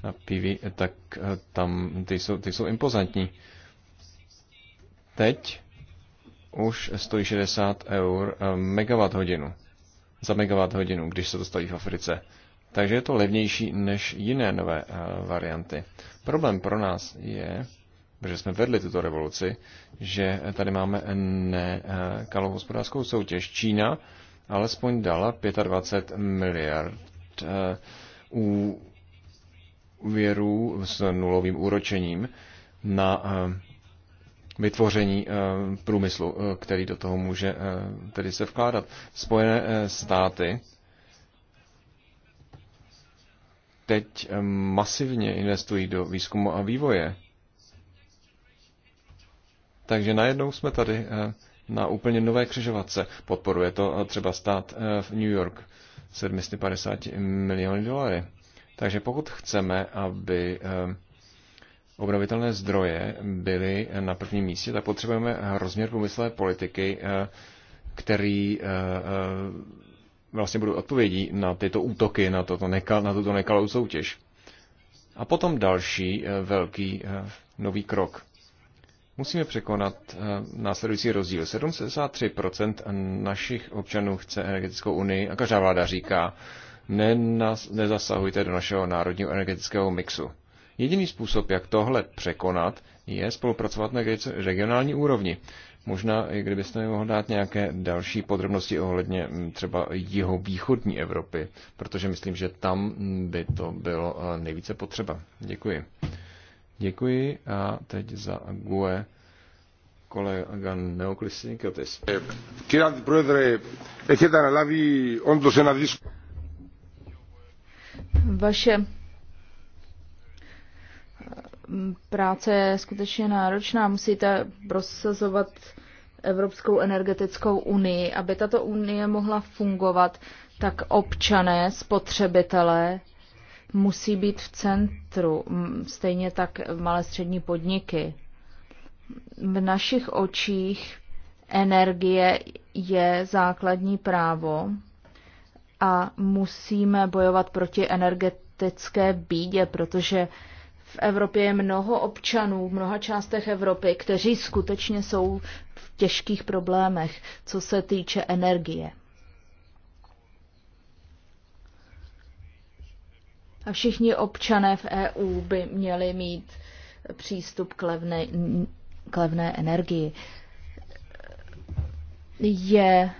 na pivy, tak eh, tam ty jsou, ty jsou impozantní. Teď už stojí 60 eur eh, megawatt hodinu. Za megawatt hodinu, když se to staví v Africe. Takže je to levnější než jiné nové eh, varianty. Problém pro nás je, že jsme vedli tuto revoluci, že tady máme nekalou hospodářskou soutěž. Čína alespoň dala 25 miliard u úvěrů s nulovým úročením na eh, vytvoření eh, průmyslu, eh, který do toho může tedy se vkládat. Spojené státy teď masivně investují do výzkumu a vývoje. Takže najednou jsme tady na úplně nové křižovatce. Podporuje to třeba stát v New York 750 miliony dolarů. Takže pokud chceme, aby eh, obnovitelné zdroje byly na prvním místě, tak potřebujeme rozměr průmyslové politiky, eh, který eh, vlastně budou odpovědí na tyto útoky, na, toto nekal, na tuto nekalou soutěž. A potom další velký nový krok. Musíme překonat následující rozdíl. 73% našich občanů chce energetickou unii a každá vláda říká, nenas, nezasahujte do našeho národního energetického mixu. Jediný způsob, jak tohle překonat, je spolupracovat na regionální úrovni. Možná, kdybyste mi mohl dát nějaké další podrobnosti ohledně mm, třeba jeho východní Evropy, protože myslím, že tam by to bylo eh, nejvíce potřeba. Děkuji. Děkuji a teď za GUE kolega Neoklisinikotis. Κύριε Αντιπρόεδρε, έχετε on to se δύσκολο vaše eh, práce je skutečně náročná. Musíte prosazovat Evropskou energetickou unii. Aby tato unie mohla fungovat, tak občané, spotřebitelé musí být v centru, stejně tak malé střední podniky. V našich očích energie je základní právo a musíme bojovat proti energetické bídě, protože v Evropě je mnoho občanů, v mnoha částech Evropy, kteří skutečně jsou v těžkých problémech, co se týče energie. A všichni občané v EU by měli mít přístup k levné, k levné energii. Je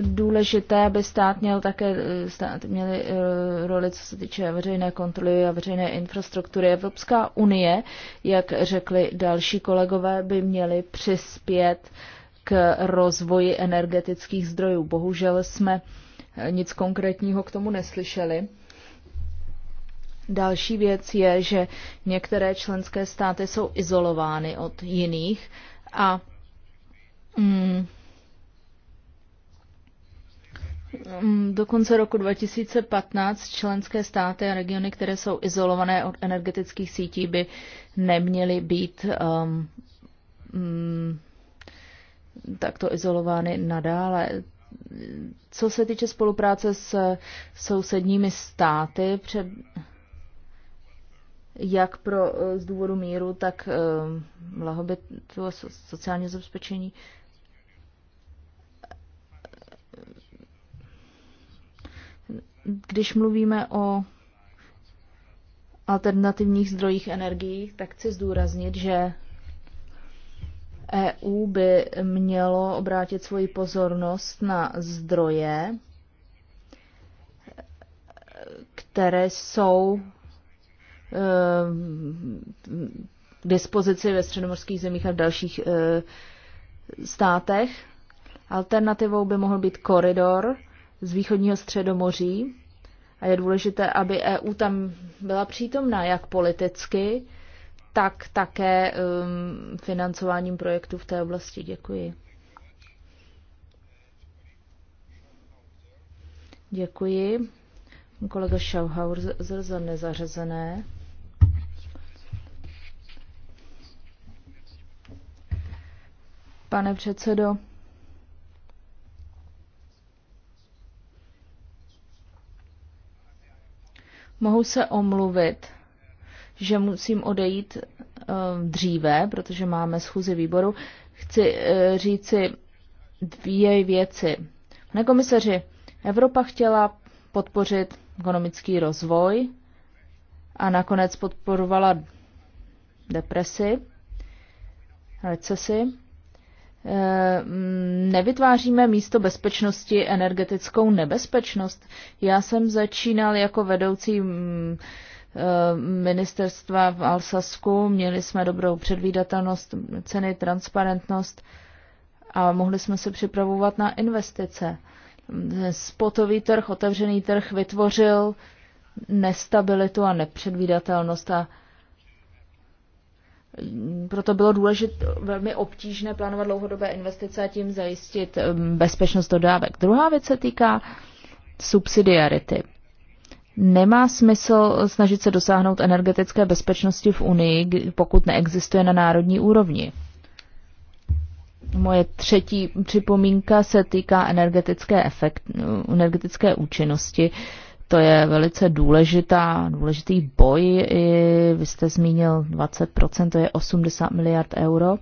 důležité, aby stát měl také eh, stát měli eh, roli, co se týče veřejné kontroly a veřejné infrastruktury. Evropská unie, jak řekli další kolegové, by měli přispět k rozvoji energetických zdrojů. Bohužel jsme eh, nic konkrétního k tomu neslyšeli. Další věc je, že některé členské státy jsou izolovány od jiných a mm, Mm, do konce roku 2015 členské státy a regiony, které jsou izolované od energetických sítí, by neměly být um, um, takto izolovány nadále. Co se týče spolupráce s sousedními státy, před, jak pro eh, z důvodu míru, tak eh, blahobytu a sociální zabezpečení, Když mluvíme o alternativních zdrojích energií, tak chci zdůraznit, že EU by mělo obrátit svoji pozornost na zdroje, které jsou k eh, dispozici ve středomorských zemích a v dalších eh, státech. Alternativou by mohl být koridor z východního středomoří a je důležité, aby EU tam byla přítomná jak politicky, tak také um, financováním projektů v té oblasti. Děkuji. Děkuji. Kolega Schauhauser za nezařazené. Pane předsedo, Mohu se omluvit, že musím odejít eh, dříve, protože máme schůzi výboru. Chci eh, říci dvě věci. Pane komisaři, Evropa chtěla podpořit ekonomický rozvoj a nakonec podporovala depresi, recesi. Eh, nevytváříme místo bezpečnosti energetickou nebezpečnost. Já jsem začínal jako vedoucí mm, eh, ministerstva v Alsasku, měli jsme dobrou předvídatelnost ceny, transparentnost a mohli jsme se připravovat na investice. Spotový trh, otevřený trh vytvořil nestabilitu a nepředvídatelnost a proto bylo důležité velmi obtížné plánovat dlouhodobé investice a tím zajistit um, bezpečnost dodávek. Druhá věc se týká subsidiarity. Nemá smysl snažit se dosáhnout energetické bezpečnosti v Unii, pokud neexistuje na národní úrovni. Moje třetí připomínka se týká energetické, efekt, energetické účinnosti. Uh, to je velice důležitá, důležitý boj. I vy jste zmínil 20%, to je 80 miliard euro.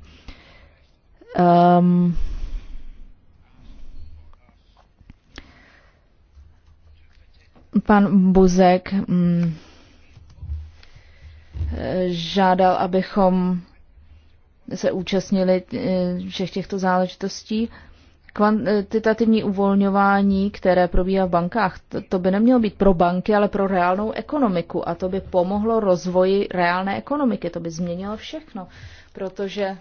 Um, pan Buzek mm, žádal, abychom se účastnili eh, všech těchto záležitostí. Um, Eh, kvantitativní uvolňování, které probíhá v bankách, to, to by nemělo být pro banky, ale pro reálnou ekonomiku a to by pomohlo rozvoji reálné ekonomiky, to by změnilo všechno, protože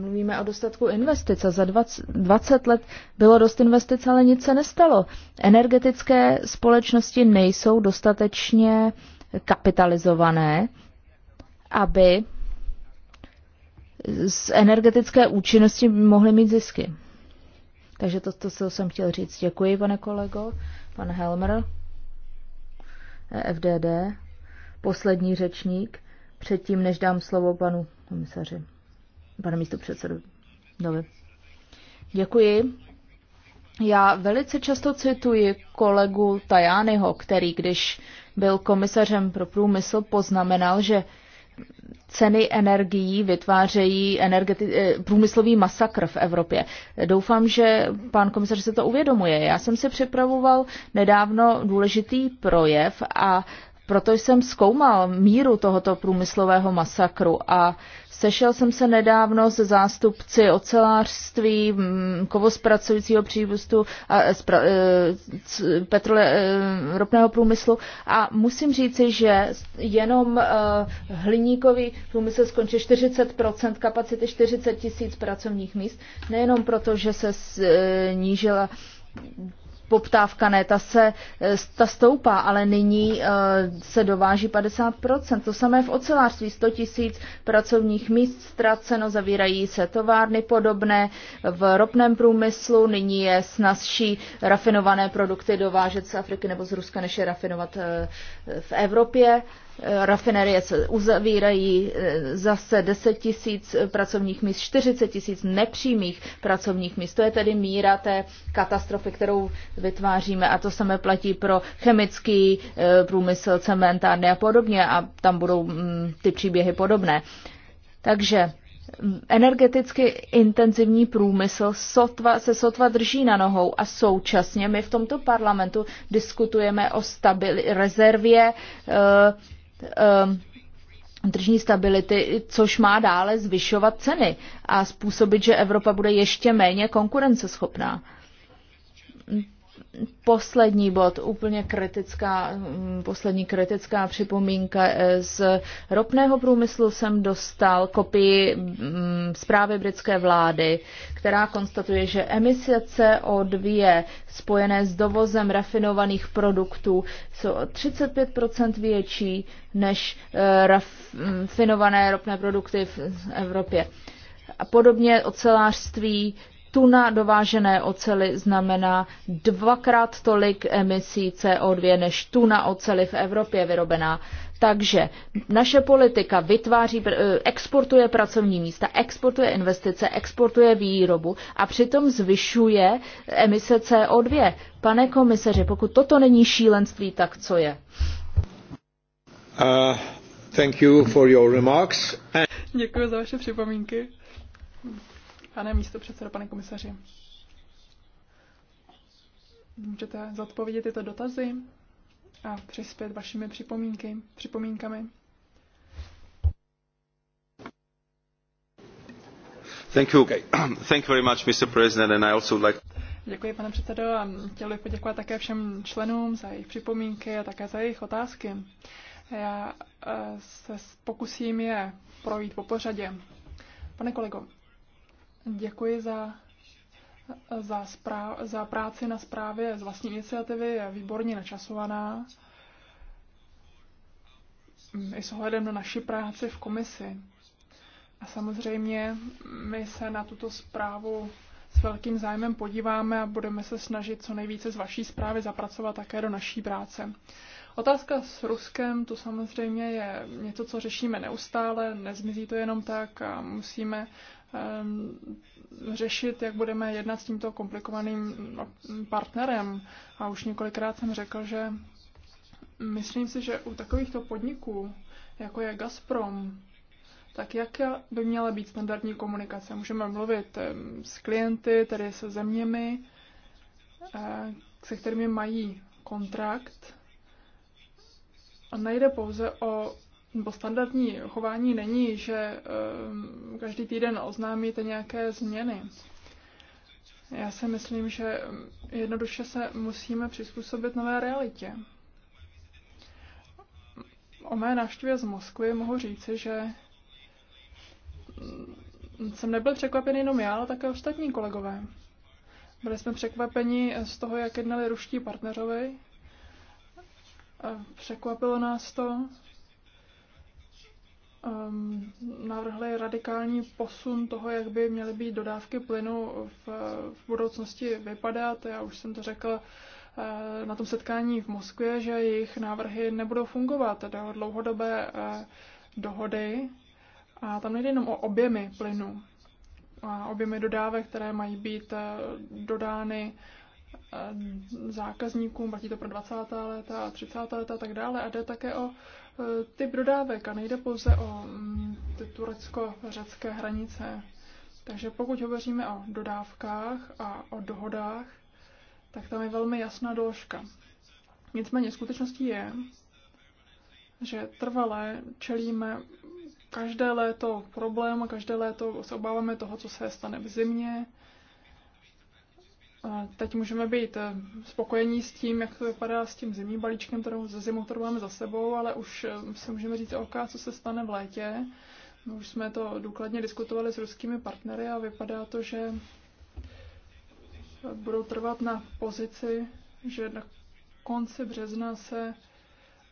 mluvíme o dostatku investic za 20, 20 let bylo dost investic, ale nic se nestalo. Energetické společnosti nejsou dostatečně kapitalizované, aby z energetické účinnosti mohli mít zisky. Takže to, to, co jsem chtěl říct. Děkuji, pane kolego. Pan Helmer, e FDD, poslední řečník, předtím, než dám slovo panu komisaři, pane místo předsedu. Dobře. Děkuji. Já velice často cituji kolegu Tajányho, který, když byl komisařem pro průmysl, poznamenal, že ceny energií vytvářejí energeti- eh, průmyslový masakr v Evropě. Doufám, že pan komisař se to uvědomuje. Já jsem si připravoval nedávno důležitý projev a proto jsem zkoumal míru tohoto průmyslového masakru a Sešel jsem se nedávno se zástupci ocelářství, mm, kovospracujícího příbustu a eh, spra, eh, petrole, eh, ropného průmyslu a musím říci, že jenom hliníkový průmysl skončí 40 kapacity 40 tisíc pracovních míst, nejenom proto, že se snížila poptávka ne, ta, se, eh, ta stoupá, ale nyní eh, se dováží 50%. To samé v ocelářství, 100 tisíc pracovních míst ztraceno, zavírají se továrny podobné v ropném průmyslu, nyní je snazší rafinované produkty dovážet z Afriky nebo z Ruska, než je rafinovat eh, v Evropě. Eh, rafinerie se uzavírají eh, zase 10 tisíc pracovních míst, 40 tisíc nepřímých pracovních míst. To je tedy míra té katastrofy, kterou vytváříme a to samé platí pro chemický eh, průmysl, cementárny a podobně a tam budou mm, ty příběhy podobné. Takže mm, energeticky intenzivní průmysl sotva, se sotva drží na nohou a současně my v tomto parlamentu diskutujeme o stabil, rezervě e, Um, tržní stability, což má dále zvyšovat ceny a způsobit, že Evropa bude ještě méně konkurenceschopná poslední bod, úplně kritická, mm, poslední kritická připomínka. Eh, z ropného průmyslu jsem dostal kopii mm, zprávy britské vlády, která konstatuje, že emise CO2 spojené s dovozem rafinovaných produktů jsou 35 větší než eh, rafinované ropné produkty v Evropě. A podobně ocelářství tuna dovážené ocely znamená dvakrát tolik emisí CO2 než tuna ocely v Evropě vyrobená. Takže naše politika vytváří, eh, exportuje pracovní místa, exportuje investice, exportuje výrobu a přitom zvyšuje emise CO2. Pane komisaři, pokud toto není šílenství, tak co je? Uh, thank you for your remarks. Děkuji za vaše připomínky. Pane místo předsedo, pane komisaři. Můžete zodpovědět tyto dotazy a přispět vašimi připomínky, připomínkami. Thank you. Okay. Thank you very much, Mr. President, and I also like Děkuji, pane předsedo, a chtěl bych poděkovat také všem členům za jejich připomínky a také za jejich otázky. Já eh, se pokusím je projít po pořadě. Pane kolego, Děkuji za, za, správ, za práci na zprávě z vlastní iniciativy, je výborně načasovaná. I s ohledem na naši práci v komisi. A samozřejmě my se na tuto zprávu s velkým zájmem podíváme a budeme se snažit co nejvíce z vaší zprávy zapracovat také do naší práce. Otázka s Ruskem, to samozřejmě je něco, co řešíme neustále, nezmizí to jenom tak a musíme Ehm, řešit, jak budeme jednat s tímto komplikovaným no, partnerem. A už několikrát jsem řekl, že myslím si, že u takovýchto podniků, jako je Gazprom, tak jak by měla být standardní komunikace? Můžeme mluvit ehm, s klienty, tedy se zeměmi, ehm, se kterými mají kontrakt. A nejde pouze o nebo standardní chování není, že ehm, každý týden oznámíte nějaké změny. Já si myslím, že ehm, jednoduše se musíme přizpůsobit nové realitě. O mé návštěvě z Moskvy mohu říci, že ehm, jsem nebyl překvapen jenom já, ale také ostatní kolegové. Byli jsme překvapeni z toho, jak jednali ruští partnerovi. Překvapilo nás to, um, navrhli radikální posun toho, jak by měly být dodávky plynu v, v budoucnosti vypadat. Já už jsem to řekl eh, na tom setkání v Moskvě, že jejich návrhy nebudou fungovat. Jde o dlouhodobé eh, dohody a tam nejde jenom o objemy plynu a objemy dodávek, které mají být eh, dodány zákazníkům, platí to pro 20. léta a 30. léta a tak dále. A jde také o Eh, ty dodávek a nejde pouze o mm, ty turecko-řecké hranice. Takže pokud hovoříme o dodávkách a o dohodách, tak tam je velmi jasná doložka. Nicméně skutečností je, že trvale čelíme každé léto problém, každé léto se obáváme toho, co se stane v zimě, Teď můžeme být eh, spokojení s tím, jak to vypadá s tím zimním balíčkem, kterou ze zimu kterou máme za sebou, ale už eh, si můžeme říct, OK, co se stane v létě. My už jsme to důkladně diskutovali s ruskými partnery a vypadá to, že budou trvat na pozici, že na konci března se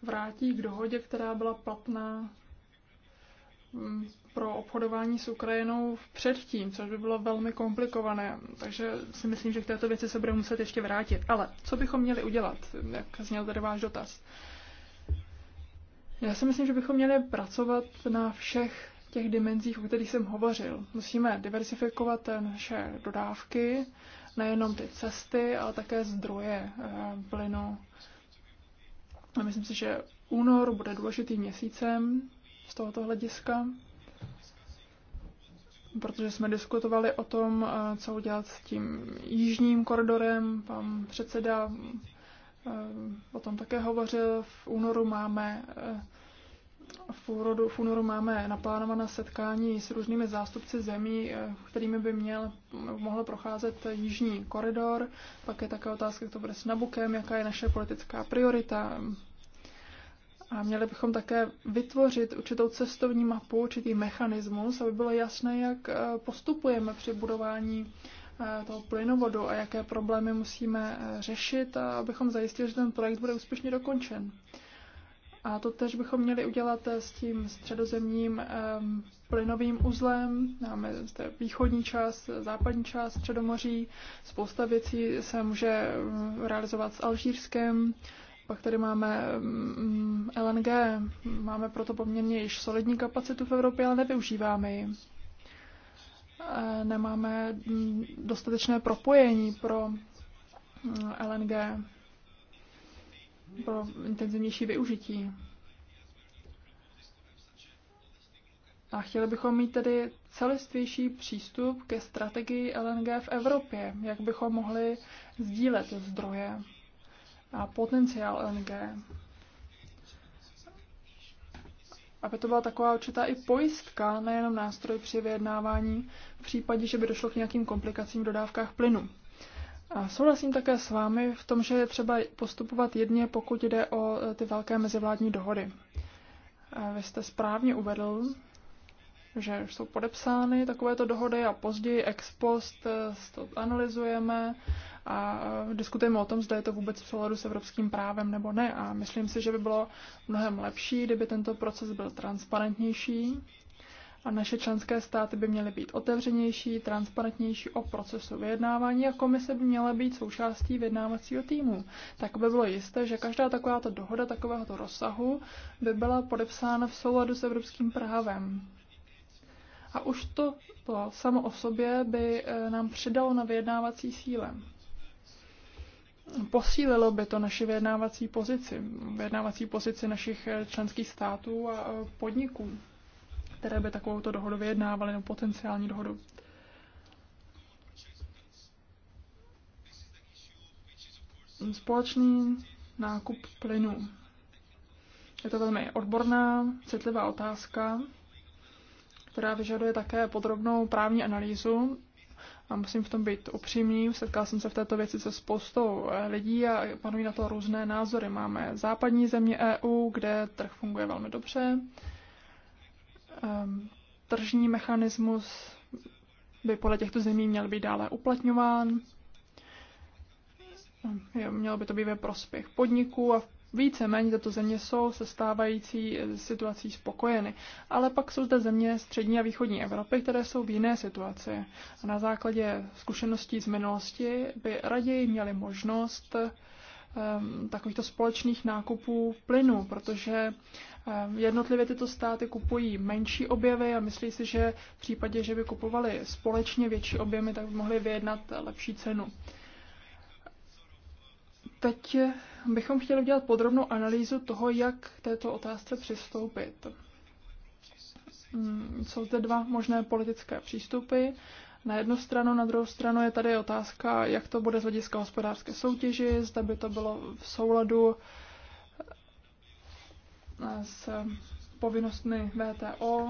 vrátí k dohodě, která byla platná mm, pro obchodování s Ukrajinou předtím, což by bylo velmi komplikované. Takže si myslím, že k této věci se bude muset ještě vrátit. Ale co bychom měli udělat, jak zněl tady váš dotaz? Já si myslím, že bychom měli pracovat na všech těch dimenzích, o kterých jsem hovořil. Musíme diversifikovat eh, naše dodávky, nejenom ty cesty, ale také zdroje eh, plynu. A myslím si, že únor bude důležitým měsícem z tohoto hlediska protože jsme diskutovali o tom, eh, co udělat s tím jižním koridorem. Pan předseda eh, o tom také hovořil. V únoru máme eh, v úrodu v únoru máme naplánované setkání s různými zástupci zemí, kterými by měl, mohl procházet jižní koridor. Pak je také otázka, jak to bude s Nabukem, jaká je naše politická priorita, a měli bychom také vytvořit určitou cestovní mapu, určitý mechanismus, aby bylo jasné, jak eh, postupujeme při budování eh, toho plynovodu a jaké problémy musíme eh, řešit, a abychom zajistili, že ten projekt bude úspěšně dokončen. A to tež bychom měli udělat s tím středozemním ehm, plynovým uzlem. Máme zde východní část, západní část Středomoří. Spousta věcí se může realizovat s Alžírskem, pak tady máme mm, LNG, máme proto poměrně již solidní kapacitu v Evropě, ale nevyužíváme ji. Nemáme mm, dostatečné propojení pro mm, LNG, pro intenzivnější využití. A chtěli bychom mít tedy celistvější přístup ke strategii LNG v Evropě, jak bychom mohli sdílet zdroje na potenciál LNG. Aby to byla taková určitá i pojistka, nejenom nástroj při vyjednávání v případě, že by došlo k nějakým komplikacím v dodávkách plynu. A souhlasím také s vámi v tom, že je třeba postupovat jedně, pokud jde o e, ty velké mezivládní dohody. E, vy jste správně uvedl, že jsou podepsány takovéto dohody a později ex post e, to analyzujeme a eh, diskutujeme o tom, zda je to vůbec v souladu s evropským právem nebo ne. A myslím si, že by bylo mnohem lepší, kdyby tento proces byl transparentnější a naše členské státy by měly být otevřenější, transparentnější o procesu vyjednávání a komise by měla být součástí vyjednávacího týmu. Tak by bylo jisté, že každá takováto dohoda takovéhoto rozsahu by byla podepsána v souladu s evropským právem. A už to, to samo o sobě by eh, nám přidalo na vyjednávací síle posílilo by to naši vyjednávací pozici, vyjednávací pozici našich eh, členských států a eh, podniků, které by takovouto dohodu vyjednávaly nebo potenciální dohodu. Společný nákup plynu. Je to velmi odborná, citlivá otázka, která vyžaduje také podrobnou právní analýzu a musím v tom být upřímný, setkal jsem se v této věci se spoustou eh, lidí a panují na to různé názory. Máme západní země EU, kde trh funguje velmi dobře. Ehm, tržní mechanismus by podle těchto zemí měl být dále uplatňován. Ehm, mělo by to být ve prospěch podniků a v víceméně tato země jsou se stávající eh, situací spokojeny. Ale pak jsou zde země střední a východní Evropy, které jsou v jiné situaci. A na základě zkušeností z minulosti by raději měli možnost um, takovýchto společných nákupů plynu, protože um, jednotlivě tyto státy kupují menší objevy a myslí si, že v případě, že by kupovali společně větší objemy, tak by mohli vyjednat lepší cenu. Teď bychom chtěli udělat podrobnou analýzu toho, jak k této otázce přistoupit. Mm, jsou zde dva možné politické přístupy. Na jednu stranu, na druhou stranu je tady otázka, jak to bude z hlediska hospodářské soutěži, zda by to bylo v souladu eh, s povinnostmi VTO.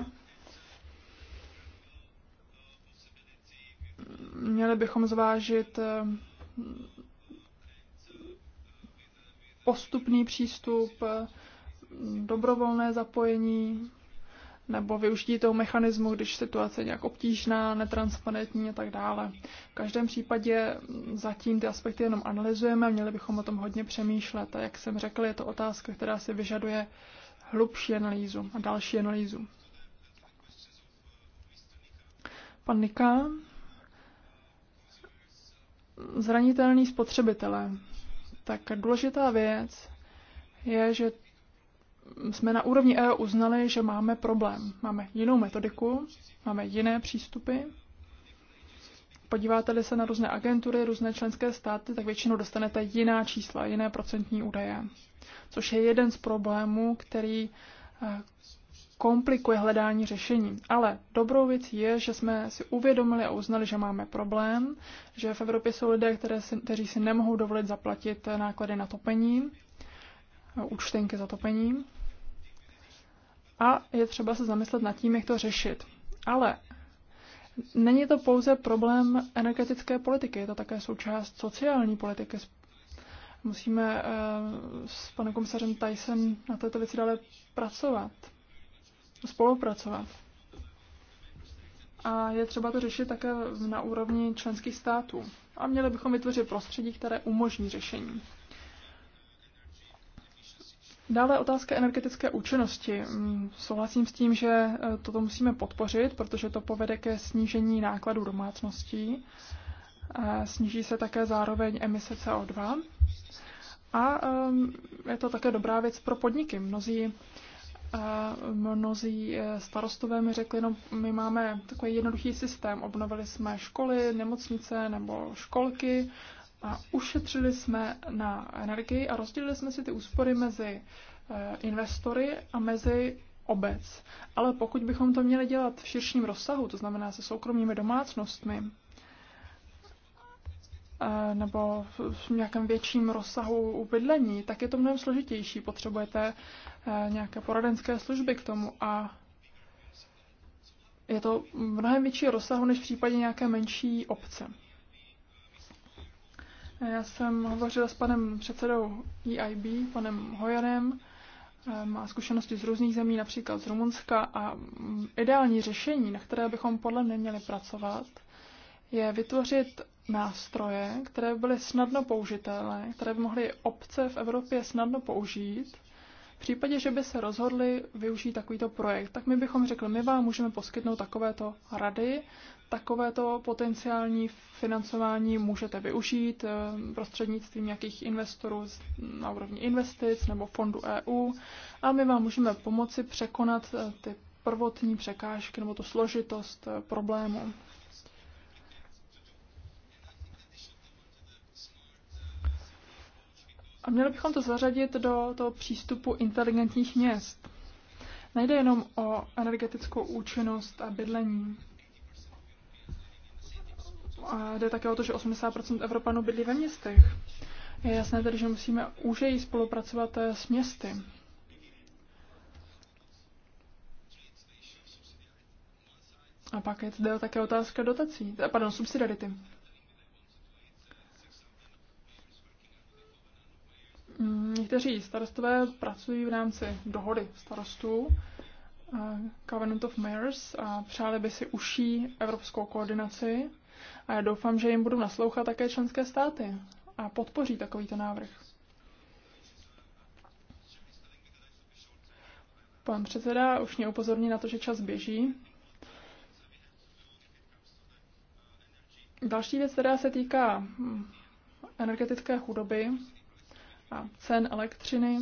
Měli bychom zvážit eh, postupný přístup, dobrovolné zapojení nebo využití toho mechanismu, když situace je nějak obtížná, netransparentní a tak dále. V každém případě zatím ty aspekty jenom analyzujeme, měli bychom o tom hodně přemýšlet a jak jsem řekl, je to otázka, která si vyžaduje hlubší analýzu a další analýzu. Pan Nika. Zranitelný spotřebitelé tak důležitá věc je, že jsme na úrovni EU uznali, že máme problém. Máme jinou metodiku, máme jiné přístupy. Podíváte-li se na různé agentury, různé členské státy, tak většinou dostanete jiná čísla, jiné procentní údaje. Což je jeden z problémů, který eh, komplikuje hledání řešení. Ale dobrou věcí je, že jsme si uvědomili a uznali, že máme problém, že v Evropě jsou lidé, které si, kteří si nemohou dovolit zaplatit náklady na topení, účtenky za topení. A je třeba se zamyslet nad tím, jak to řešit. Ale není to pouze problém energetické politiky, je to také součást sociální politiky. Musíme eh, s panem komisařem Tyson na této věci dále pracovat spolupracovat. A je třeba to řešit také na úrovni členských států. A měli bychom vytvořit prostředí, které umožní řešení. Dále otázka energetické účinnosti. Mm, souhlasím s tím, že e, toto musíme podpořit, protože to povede ke snížení nákladů domácností. Sníží se také zároveň emise CO2. A je to také dobrá věc pro podniky. Mnozí mnozí e, starostové mi řekli, no my máme takový jednoduchý systém, obnovili jsme školy, nemocnice nebo školky a ušetřili jsme na energii a rozdělili jsme si ty úspory mezi e, investory a mezi obec. Ale pokud bychom to měli dělat v širším rozsahu, to znamená se soukromými domácnostmi, Eh, nebo v nějakém větším rozsahu ubydlení, tak je to mnohem složitější. Potřebujete eh, nějaké poradenské služby k tomu a je to mnohem větší rozsahu než v případě nějaké menší obce. Eh, já jsem hovořila s panem předsedou EIB, panem Hojanem, má zkušenosti z různých zemí, například z Rumunska a mm, ideální řešení, na které bychom podle mě měli pracovat, je vytvořit nástroje, které by byly snadno použitelné, které by mohly obce v Evropě snadno použít. V případě, že by se rozhodli využít takovýto projekt, tak my bychom řekli, my vám můžeme poskytnout takovéto rady, takovéto potenciální financování můžete využít eh, prostřednictvím nějakých investorů na úrovni investic nebo fondu EU a my vám můžeme pomoci překonat eh, ty prvotní překážky nebo tu složitost eh, problému. A měli bychom to zařadit do toho přístupu inteligentních měst. Nejde jenom o energetickou účinnost a bydlení. A jde také o to, že 80% Evropanů bydlí ve městech. Je jasné tedy, že musíme úžeji spolupracovat eh, s městy. A pak je zde také otázka dotací, eh, pardon, subsidiarity. Mm, někteří starostové pracují v rámci dohody starostů, eh, Covenant of Mayors a přáli by si uší evropskou koordinaci a já doufám, že jim budou naslouchat také členské státy a podpoří takovýto návrh. Pan předseda už mě upozorní na to, že čas běží. Další věc, která se týká hm, energetické chudoby, a cen elektřiny,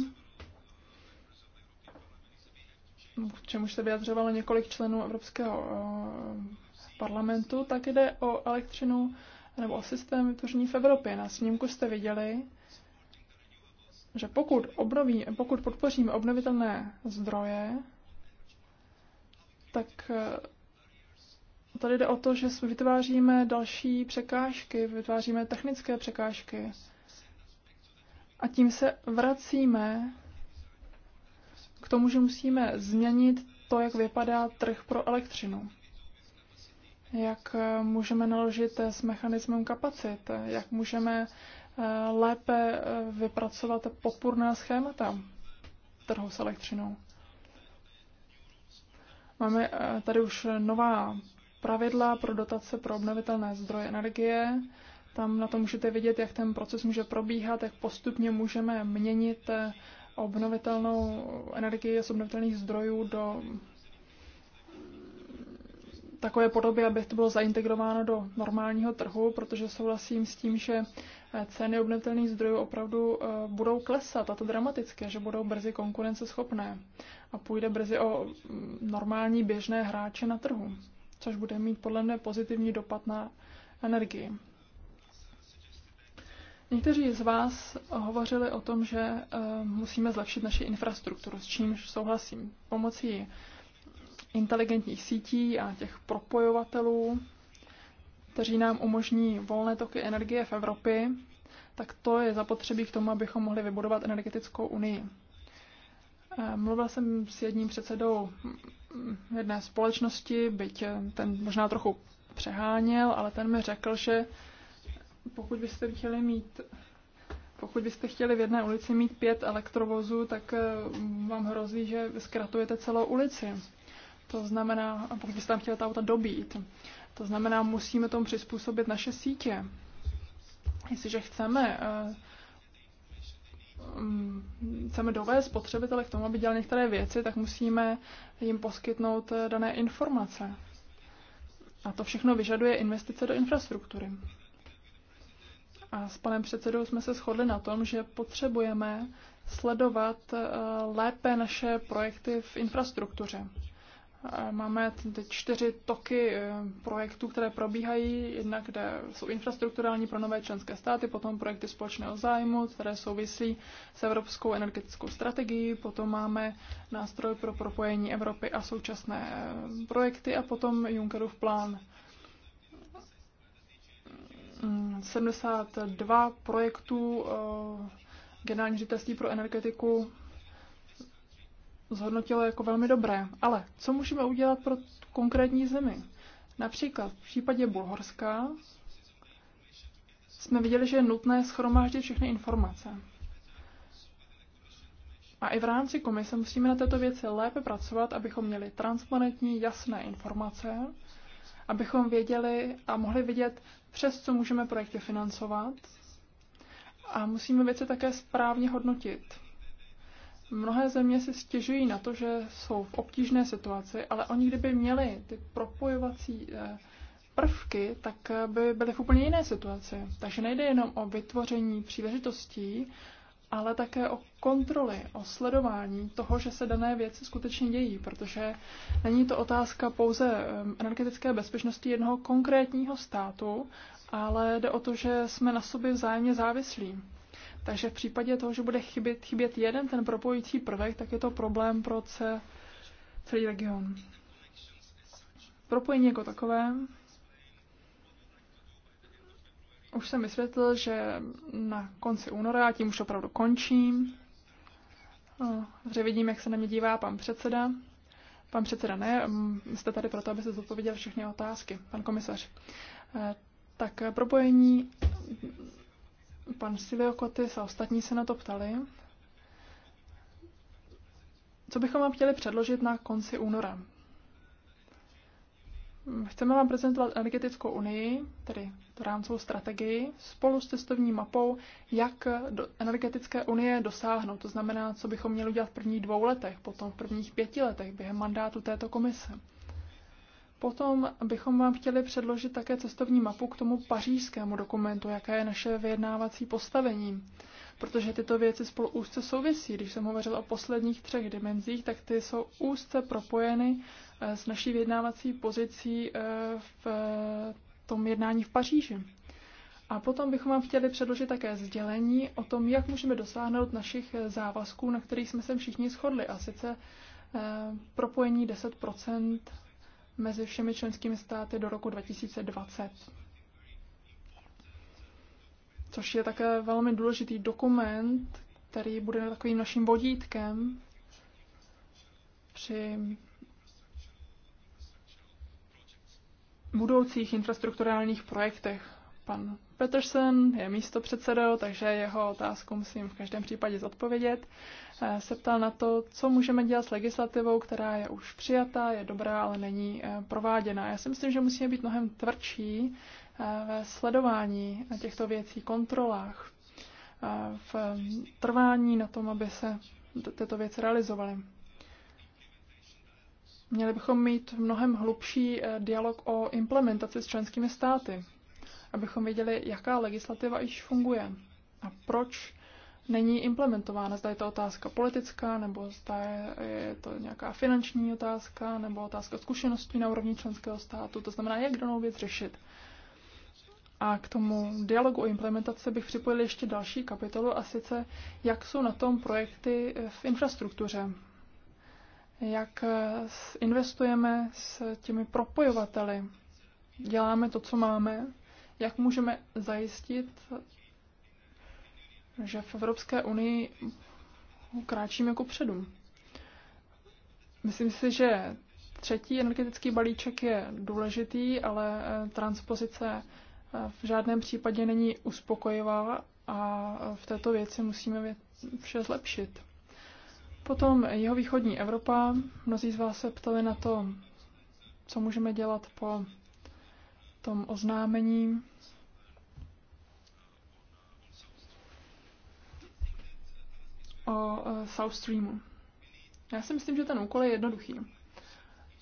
k čemu se vyjadřovalo několik členů Evropského eh, parlamentu, tak jde o elektřinu nebo o systém vytvoření v Evropě. Na snímku jste viděli, že pokud, obnoví, pokud podpoříme obnovitelné zdroje, tak eh, tady jde o to, že vytváříme další překážky, vytváříme technické překážky a tím se vracíme k tomu, že musíme změnit to, jak vypadá trh pro elektřinu. Jak eh, můžeme naložit eh, s mechanismem kapacit, jak můžeme eh, lépe vypracovat podpůrná schémata trhu s elektřinou. Máme tady už nová pravidla pro dotace pro obnovitelné zdroje energie, tam na to můžete vidět, jak ten proces může probíhat, jak postupně můžeme měnit eh, obnovitelnou energii z obnovitelných zdrojů do takové podoby, aby to bylo zaintegrováno do normálního trhu, protože souhlasím s tím, že eh, ceny obnovitelných zdrojů opravdu eh, budou klesat, a to dramaticky, že budou brzy konkurenceschopné a půjde brzy o mm, normální běžné hráče na trhu, což bude mít podle mě pozitivní dopad na energii. Někteří z vás hovořili o tom, že eh, musíme zlepšit naši infrastrukturu, s čímž souhlasím. Pomocí inteligentních sítí a těch propojovatelů, kteří nám umožní volné toky energie v Evropě, tak to je zapotřebí k tomu, abychom mohli vybudovat energetickou unii. Eh, mluvila jsem s jedním předsedou jedné společnosti, byť eh, ten možná trochu přeháněl, ale ten mi řekl, že pokud byste chtěli mít pokud byste chtěli v jedné ulici mít pět elektrovozů, tak eh, vám hrozí, že zkratujete celou ulici. To znamená, pokud byste tam chtěli ta auta dobít, to znamená, musíme tomu přizpůsobit naše sítě. Jestliže chceme, eh, mm, chceme dovést spotřebitele k tomu, aby dělali některé věci, tak musíme jim poskytnout eh, dané informace. A to všechno vyžaduje investice do infrastruktury. A s panem předsedou jsme se shodli na tom, že potřebujeme sledovat eh, lépe naše projekty v infrastruktuře. Máme teď čtyři toky eh, projektů, které probíhají, jednak kde jsou infrastrukturální pro nové členské státy, potom projekty společného zájmu, které souvisí s evropskou energetickou strategií, potom máme nástroj pro propojení Evropy a současné eh, projekty a potom Junckerův plán. 72 projektů eh, generální ředitelství pro energetiku zhodnotilo jako velmi dobré. Ale co můžeme udělat pro konkrétní zemi? Například v případě Bulhorska jsme viděli, že je nutné schromáždit všechny informace. A i v rámci komise musíme na této věci lépe pracovat, abychom měli transparentní, jasné informace, abychom věděli a mohli vidět, přes co můžeme projekty financovat. A musíme věci také správně hodnotit. Mnohé země si stěžují na to, že jsou v obtížné situaci, ale oni kdyby měli ty propojovací eh, prvky, tak eh, by byly v úplně jiné situaci. Takže nejde jenom o vytvoření příležitostí, ale také o kontroly, o sledování toho, že se dané věci skutečně dějí, protože není to otázka pouze energetické bezpečnosti jednoho konkrétního státu, ale jde o to, že jsme na sobě vzájemně závislí. Takže v případě toho, že bude chybět, chybět jeden ten propojící prvek, tak je to problém pro celý region. Propojení jako takové už jsem vysvětlil, že na konci února, a tím už opravdu končím, že vidím, jak se na mě dívá pan předseda. Pan předseda ne, jste tady proto, abyste zodpověděl všechny otázky, pan komisař. E, tak propojení, pan Silvio Kotis a ostatní se na to ptali. Co bychom vám chtěli předložit na konci února? Chceme vám prezentovat energetickou unii, tedy rámcovou strategii, spolu s cestovní mapou, jak do energetické unie dosáhnout. To znamená, co bychom měli udělat v prvních dvou letech, potom v prvních pěti letech během mandátu této komise. Potom bychom vám chtěli předložit také cestovní mapu k tomu pařížskému dokumentu, jaké je naše vyjednávací postavení protože tyto věci spolu úzce souvisí. Když jsem hovořil o posledních třech dimenzích, tak ty jsou úzce propojeny eh, s naší vyjednávací pozicí eh, v eh, tom jednání v Paříži. A potom bychom vám chtěli předložit také sdělení o tom, jak můžeme dosáhnout našich závazků, na kterých jsme se všichni shodli, a sice propojení 10 mezi všemi členskými státy do roku 2020 což je také velmi důležitý dokument, který bude takovým naším vodítkem při budoucích infrastrukturálních projektech. Pan Peterson je místo předsedou, takže jeho otázku musím v každém případě zodpovědět. Eh, se ptal na to, co můžeme dělat s legislativou, která je už přijatá, je dobrá, ale není eh, prováděná. Já si myslím, že musíme být mnohem tvrdší Eh, ve sledování těchto věcí, kontrolách, eh, v trvání na tom, aby se tyto věci realizovaly. Měli bychom mít mnohem hlubší eh, dialog o implementaci s členskými státy, abychom věděli, jaká legislativa již funguje a proč není implementována. Zda je to otázka politická, nebo zda je to nějaká finanční otázka, nebo otázka zkušeností na úrovni členského státu. To znamená, jak danou věc řešit. A k tomu dialogu o implementaci bych připojil ještě další kapitolu a sice, jak jsou na tom projekty v infrastruktuře. Jak eh, investujeme s těmi propojovateli. Děláme to, co máme. Jak můžeme zajistit, že v Evropské unii kráčíme jako předu. Myslím si, že třetí energetický balíček je důležitý, ale eh, transpozice v žádném případě není uspokojivá a v této věci musíme vše zlepšit. Potom jeho východní Evropa. Mnozí z vás se ptali na to, co můžeme dělat po tom oznámení. o eh, South Streamu. Já si myslím, že ten úkol je jednoduchý.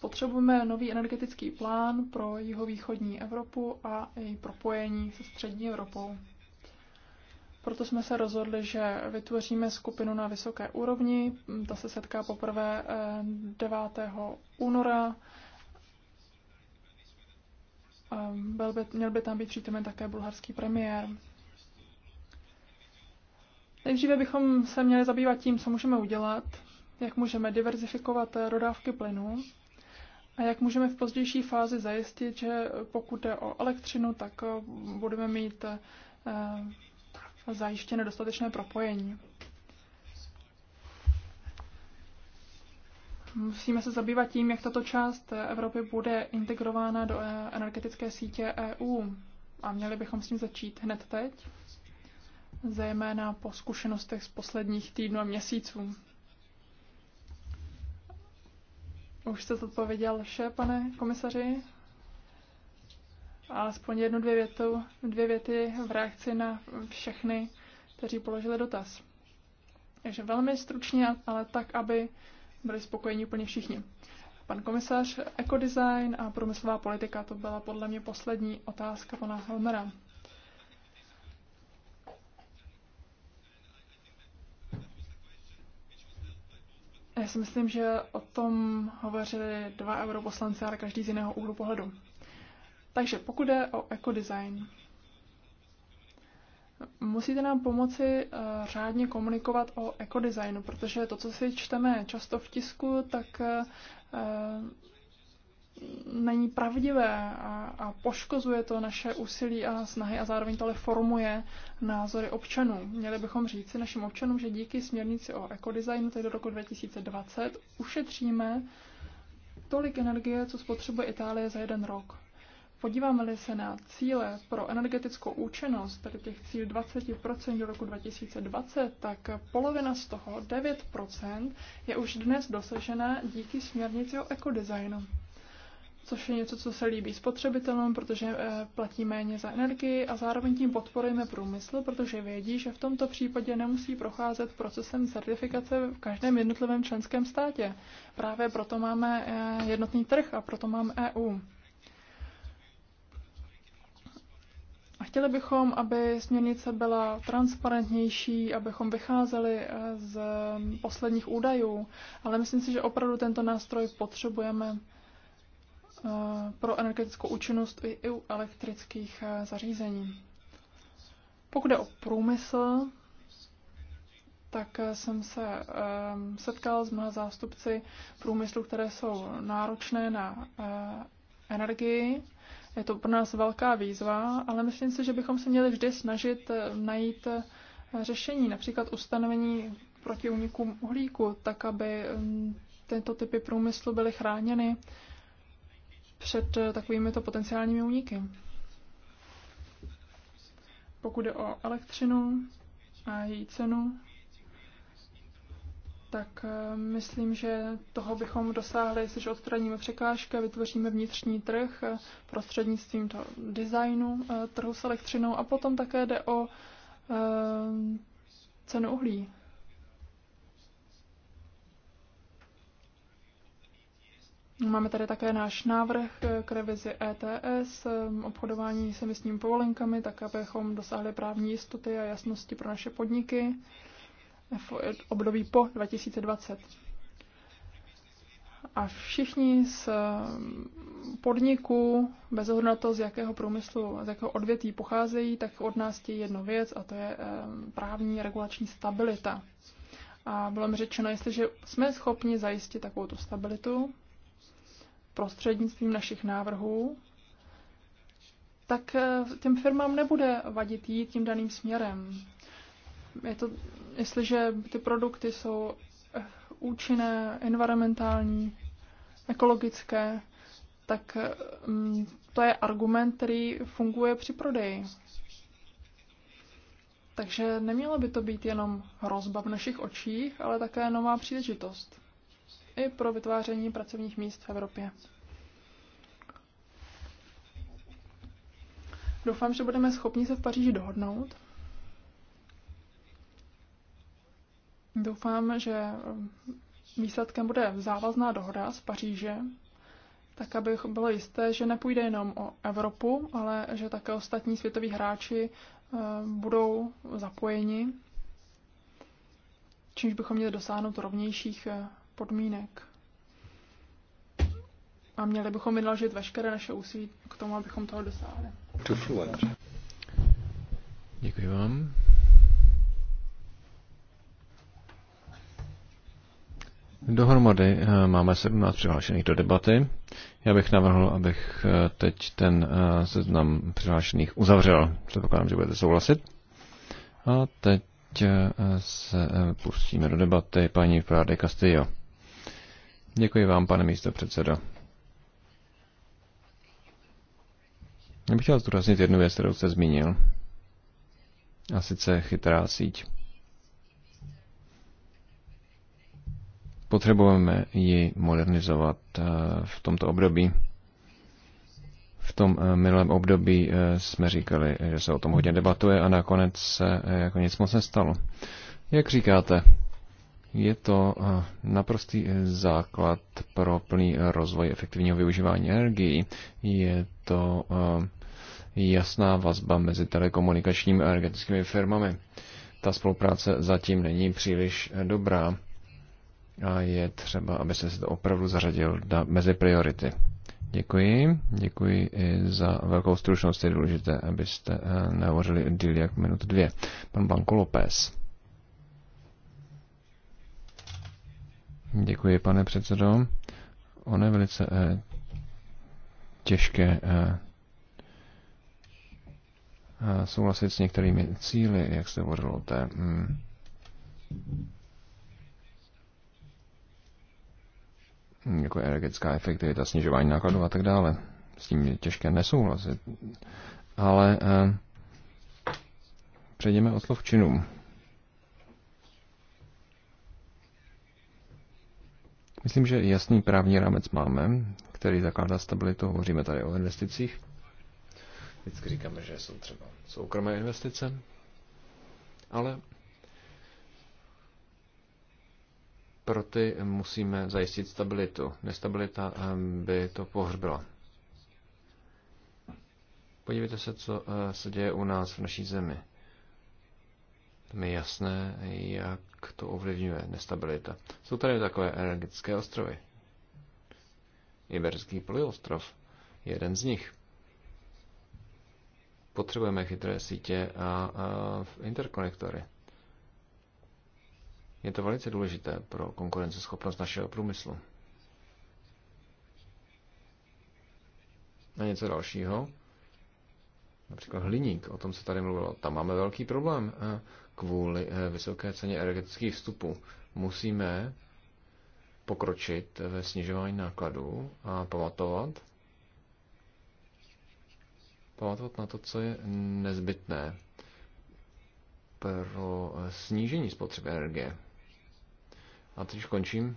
Potřebujeme nový energetický plán pro jihovýchodní Evropu a její propojení se střední Evropou. Proto jsme se rozhodli, že vytvoříme skupinu na vysoké úrovni. Ta se setká poprvé 9. Eh, února. Byl by, měl by tam být přítomen také bulharský premiér. Nejdříve bychom se měli zabývat tím, co můžeme udělat, jak můžeme diverzifikovat eh, dodávky plynu a jak můžeme v pozdější fázi zajistit, že pokud jde o elektřinu, tak eh, budeme mít eh, zajištěné dostatečné propojení. Musíme se zabývat tím, jak tato část Evropy bude integrována do eh, energetické sítě EU. A měli bychom s tím začít hned teď, zejména po zkušenostech z posledních týdnů a měsíců. Už jste zodpověděl vše, pane komisaři? aspoň jednu, dvě, větu, dvě věty v reakci na všechny, kteří položili dotaz. Takže velmi stručně, ale tak, aby byli spokojeni úplně všichni. Pan komisař, ekodesign a průmyslová politika, to byla podle mě poslední otázka pana Helmera. Já si myslím, že o tom hovořili dva europoslanci, ale každý z jiného úhlu pohledu. Takže pokud jde o ekodesign, musíte nám pomoci eh, řádně komunikovat o ekodesignu, protože to, co si čteme často v tisku, tak eh, není pravdivé a, a poškozuje to naše úsilí a snahy a zároveň to ale formuje názory občanů. Měli bychom říci našim občanům, že díky směrnici o ekodesignu tedy do roku 2020 ušetříme tolik energie, co spotřebuje Itálie za jeden rok. Podíváme-li se na cíle pro energetickou účinnost, tedy těch cíl 20% do roku 2020, tak polovina z toho, 9%, je už dnes dosažena díky směrnici o ekodesignu což je něco, co se líbí spotřebitelům, protože eh, platí méně za energii a zároveň tím podporujeme průmysl, protože vědí, že v tomto případě nemusí procházet procesem certifikace v každém jednotlivém členském státě. Právě proto máme eh, jednotný trh a proto máme EU. A chtěli bychom, aby směrnice byla transparentnější, abychom vycházeli eh, z posledních údajů, ale myslím si, že opravdu tento nástroj potřebujeme Eh, pro energetickou účinnost i u elektrických eh, zařízení. Pokud je o průmysl, tak eh, jsem se setkal s mnoha zástupci průmyslu, které jsou náročné na energii. Je to pro nás velká výzva, ale myslím si, že bychom se měli vždy snažit najít řešení, například ustanovení proti unikům uhlíku, tak aby mm, tyto typy průmyslu byly chráněny před eh, takovými to potenciálními úniky. Pokud jde o elektřinu a její cenu, tak eh, myslím, že toho bychom dosáhli, jestliže odstraníme překážky, vytvoříme vnitřní trh eh, prostřednictvím toho designu trhu s elektřinou a potom také jde o cenu uhlí. Máme tady také náš návrh k revizi ETS, um, obchodování s emisními povolenkami, tak abychom dosáhli právní jistoty a jasnosti pro naše podniky v období po 2020. A všichni z um, podniků, bez ohledu na to, z jakého průmyslu, z jakého odvětví pocházejí, tak od nás je jedno věc a to je um, právní regulační stabilita. A bylo mi řečeno, jestliže jsme schopni zajistit takovou tu stabilitu, prostřednictvím našich návrhů, tak eh, těm firmám nebude vadit jít tím daným směrem. Je to, jestliže ty produkty jsou eh, účinné, environmentální, ekologické, tak mm, to je argument, který funguje při prodeji. Takže nemělo by to být jenom hrozba v našich očích, ale také nová příležitost i pro vytváření pracovních míst v Evropě. Doufám, že budeme schopni se v Paříži dohodnout. Doufám, že eh, výsledkem bude závazná dohoda z Paříže, tak aby bylo jisté, že nepůjde jenom o Evropu, ale že také ostatní světoví hráči eh, budou zapojeni, čímž bychom měli dosáhnout rovnějších eh, podmínek. A měli bychom vynaložit veškeré naše úsilí k tomu, abychom toho dosáhli. Děkuji vám. Dohromady eh, máme 17 přihlášených do debaty. Já bych navrhl, abych eh, teď ten eh, seznam přihlášených uzavřel. Předpokládám, že budete souhlasit. A teď se pustíme do debaty paní Práde Castillo. Děkuji vám, pane místo předsedo. Já bych chtěl zdůraznit jednu věc, kterou jste zmínil. A sice chytrá síť. Potřebujeme ji modernizovat eh, v tomto období. V tom eh, minulém období eh, jsme říkali, že se o tom hodně debatuje a nakonec se jako nic moc nestalo. Jak říkáte, je to eh, naprostý eh, základ pro plný eh, rozvoj efektivního využívání energií. Je to jasná vazba mezi telekomunikačními a energetickými firmami. Ta spolupráce zatím není příliš dobrá a je třeba, aby se to opravdu zařadil mezi priority. Děkuji. Děkuji i za velkou stručnost. Je důležité, abyste nehovořili díl jak minut dvě. Pan Blanco López. Děkuji, pane předsedo. Ono je velice eh, těžké eh, eh souhlasit s některými cíly, jak se hovořil o té. Mm, jako energetická efektivita, snižování nákladů a tak dále. S tím je těžké nesouhlasit. Ale eh, přejdeme od slov činům. Myslím, že jasný právní rámec máme, který zakládá stabilitu. Hovoříme tady o investicích. Vždycky říkáme, že jsou třeba soukromé investice, ale pro ty musíme zajistit stabilitu. Nestabilita ehm, by to pohřbila. Podívejte se, co eh, se děje u nás v naší zemi. Tam je jasné, jak to ovlivňuje nestabilita. Jsou tady takové energetické ostrovy. Iberský poliostrov je jeden z nich. Potřebujeme chytré sítě a, a interkonektory. Je to velice důležité pro konkurenceschopnost našeho průmyslu. A něco dalšího, například hliník, o tom se tady mluvilo, tam máme velký problém kvůli eh, vysoké ceně energetických vstupů. Musíme pokročit ve snižování nákladů a pamatovat, pamatovat na to, co je nezbytné pro eh, snížení spotřeby energie. A teď končím.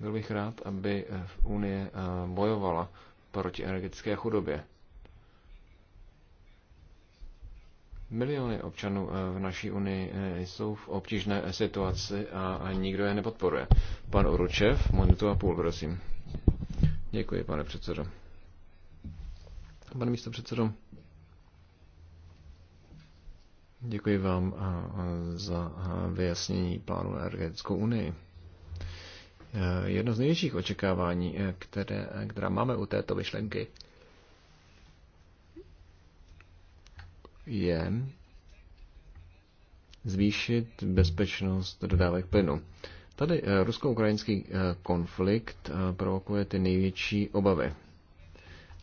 Byl bych rád, aby eh, Unie bojovala proti energetické chudobě. Miliony občanů eh, v naší unii eh, jsou v obtížné situaci a nikdo je nepodporuje. Pan Uručev, minutu a půl, prosím. Děkuji, pane předsedo. Pane místo předsedo, děkuji vám eh, za vyjasnění plánu na energetickou unii. Jedno z největších očekávání, které, která máme u této myšlenky, je zvýšit bezpečnost dodávek plynu. Tady eh, rusko-ukrajinský eh, konflikt eh, provokuje ty největší obavy.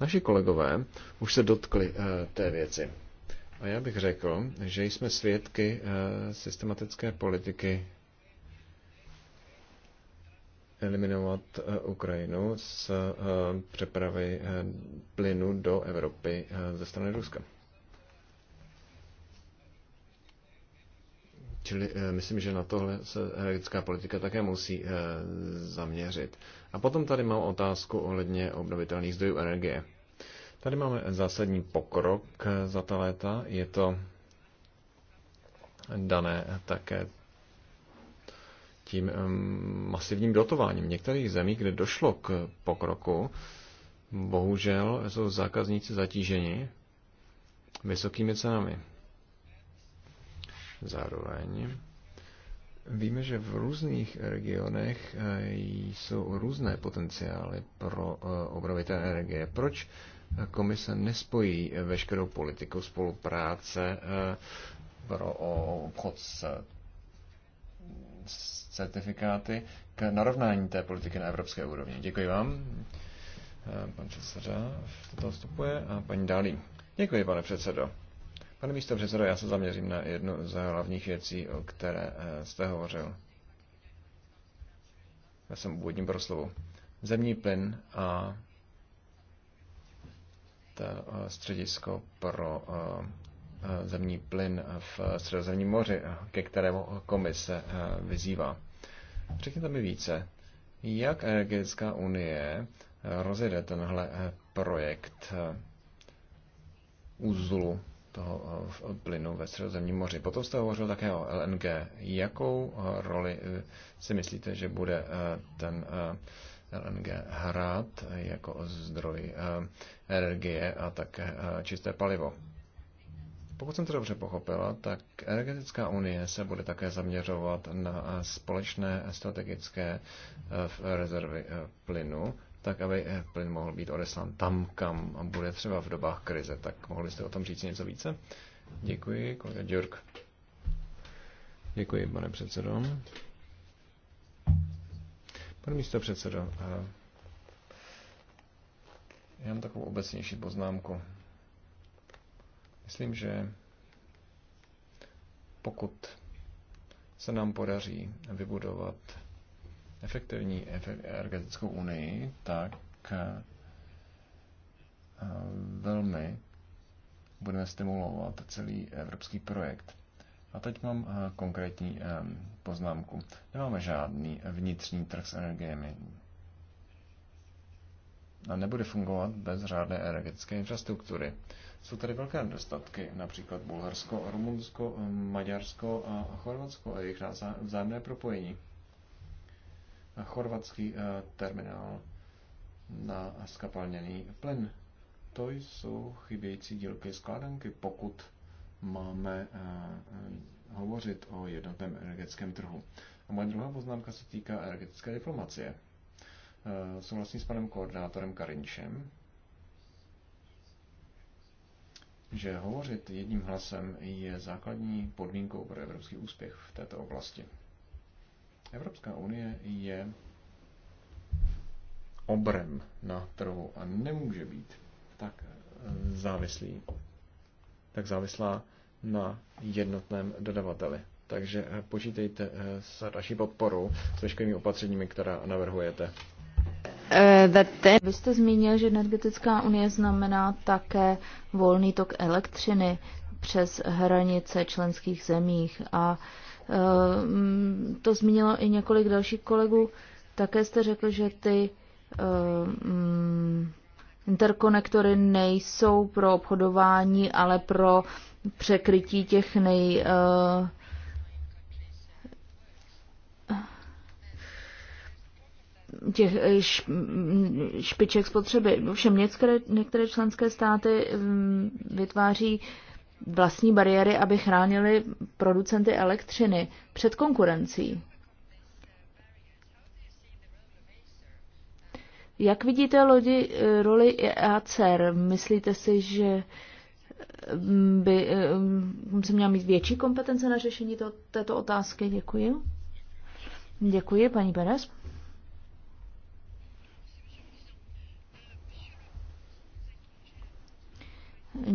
Naši kolegové už se dotkli té věci. A já bych řekl, že jsme svědky systematické politiky eliminovat Ukrajinu z přepravy plynu do Evropy ze strany Ruska. Čili eh, myslím, že na tohle se energetická politika také musí eh, zaměřit. A potom tady mám otázku ohledně obnovitelných zdrojů energie. Tady máme zásadní pokrok eh, za ta léta. Je to dané také tím ehm, masivním dotováním. V některých zemí, kde došlo k pokroku, bohužel jsou zákazníci zatíženi vysokými cenami. Zároveň víme, že v různých regionech eh, jsou různé potenciály pro eh, obnovitelné energie. Proč komise nespojí veškerou politiku spolupráce eh, pro obchod s certifikáty k narovnání té politiky na evropské úrovni. Děkuji vám. Pan předseda do toho vstupuje a paní Dálí. Děkuji, pane předsedo. Pane místo předsedo, já se zaměřím na jednu z hlavních věcí, o které eh, jste hovořil. Já jsem úvodním proslovu. Zemní plyn a to eh, středisko pro eh, zemní plyn v středozemním moři, ke kterému komise vyzývá. Řekněte mi více, jak Energetická unie rozjede tenhle projekt uzlu toho eh, plynu ve středozemním moři. Potom jste hovořil také o LNG. Jakou eh, roli eh, si myslíte, že bude ten LNG hrát jako zdroj energie a také čisté palivo? Pokud jsem to dobře pochopila, tak energetická unie se bude také zaměřovat na společné strategické rezervy plynu tak aby eh, plyn mohl být odeslán tam, kam bude třeba v dobách krize. Tak mohli jste o tom říct něco více? Děkuji, kolega Djurk. Děkuji, pane předsedo. Pane místo předsedo, eh, já mám takovou obecnější poznámku. Myslím, že pokud se nám podaří vybudovat efektivní energetickou unii, tak eh, velmi budeme stimulovat celý evropský projekt. A teď mám eh, konkrétní poznámku. Nemáme žádný vnitřní trh s energiemi. A nebude fungovat bez řádné energetické infrastruktury. Jsou tady velké nedostatky, například Bulharsko, Rumunsko, Maďarsko a Chorvatsko a jejich vzájemné propojení chorvatský eh, terminál na skapalněný plyn. To jsou chybějící dílky skládanky, pokud máme eh, eh, hovořit o jednotném energetickém trhu. A moje druhá poznámka se týká energetické diplomacie. Souhlasím s panem koordinátorem Karinčem, že hovořit jedním hlasem je základní podmínkou pro evropský úspěch v této oblasti. Evropská unie je obrem na trhu a nemůže být tak závislý, tak závislá na jednotném dodavateli. Takže počítejte eh, s naší podporou, s veškerými opatřeními, která navrhujete. Eh, Vy jste zmínil, že energetická unie znamená také volný tok elektřiny přes hranice členských zemích a Eh, to zmínilo i několik dalších kolegů. Také jste řekl, že ty eh, mm, interkonektory nejsou pro obchodování, ale pro překrytí těch nej eh, těch špiček spotřeby. Všem některé, některé členské státy mm, vytváří vlastní bariéry, aby chránili producenty elektřiny před konkurencí. Jak vidíte lodi, roli ACER? Myslíte si, že mm, mm, by se měla mít větší kompetence na řešení to, této otázky? Děkuji. Děkuji, paní Perez.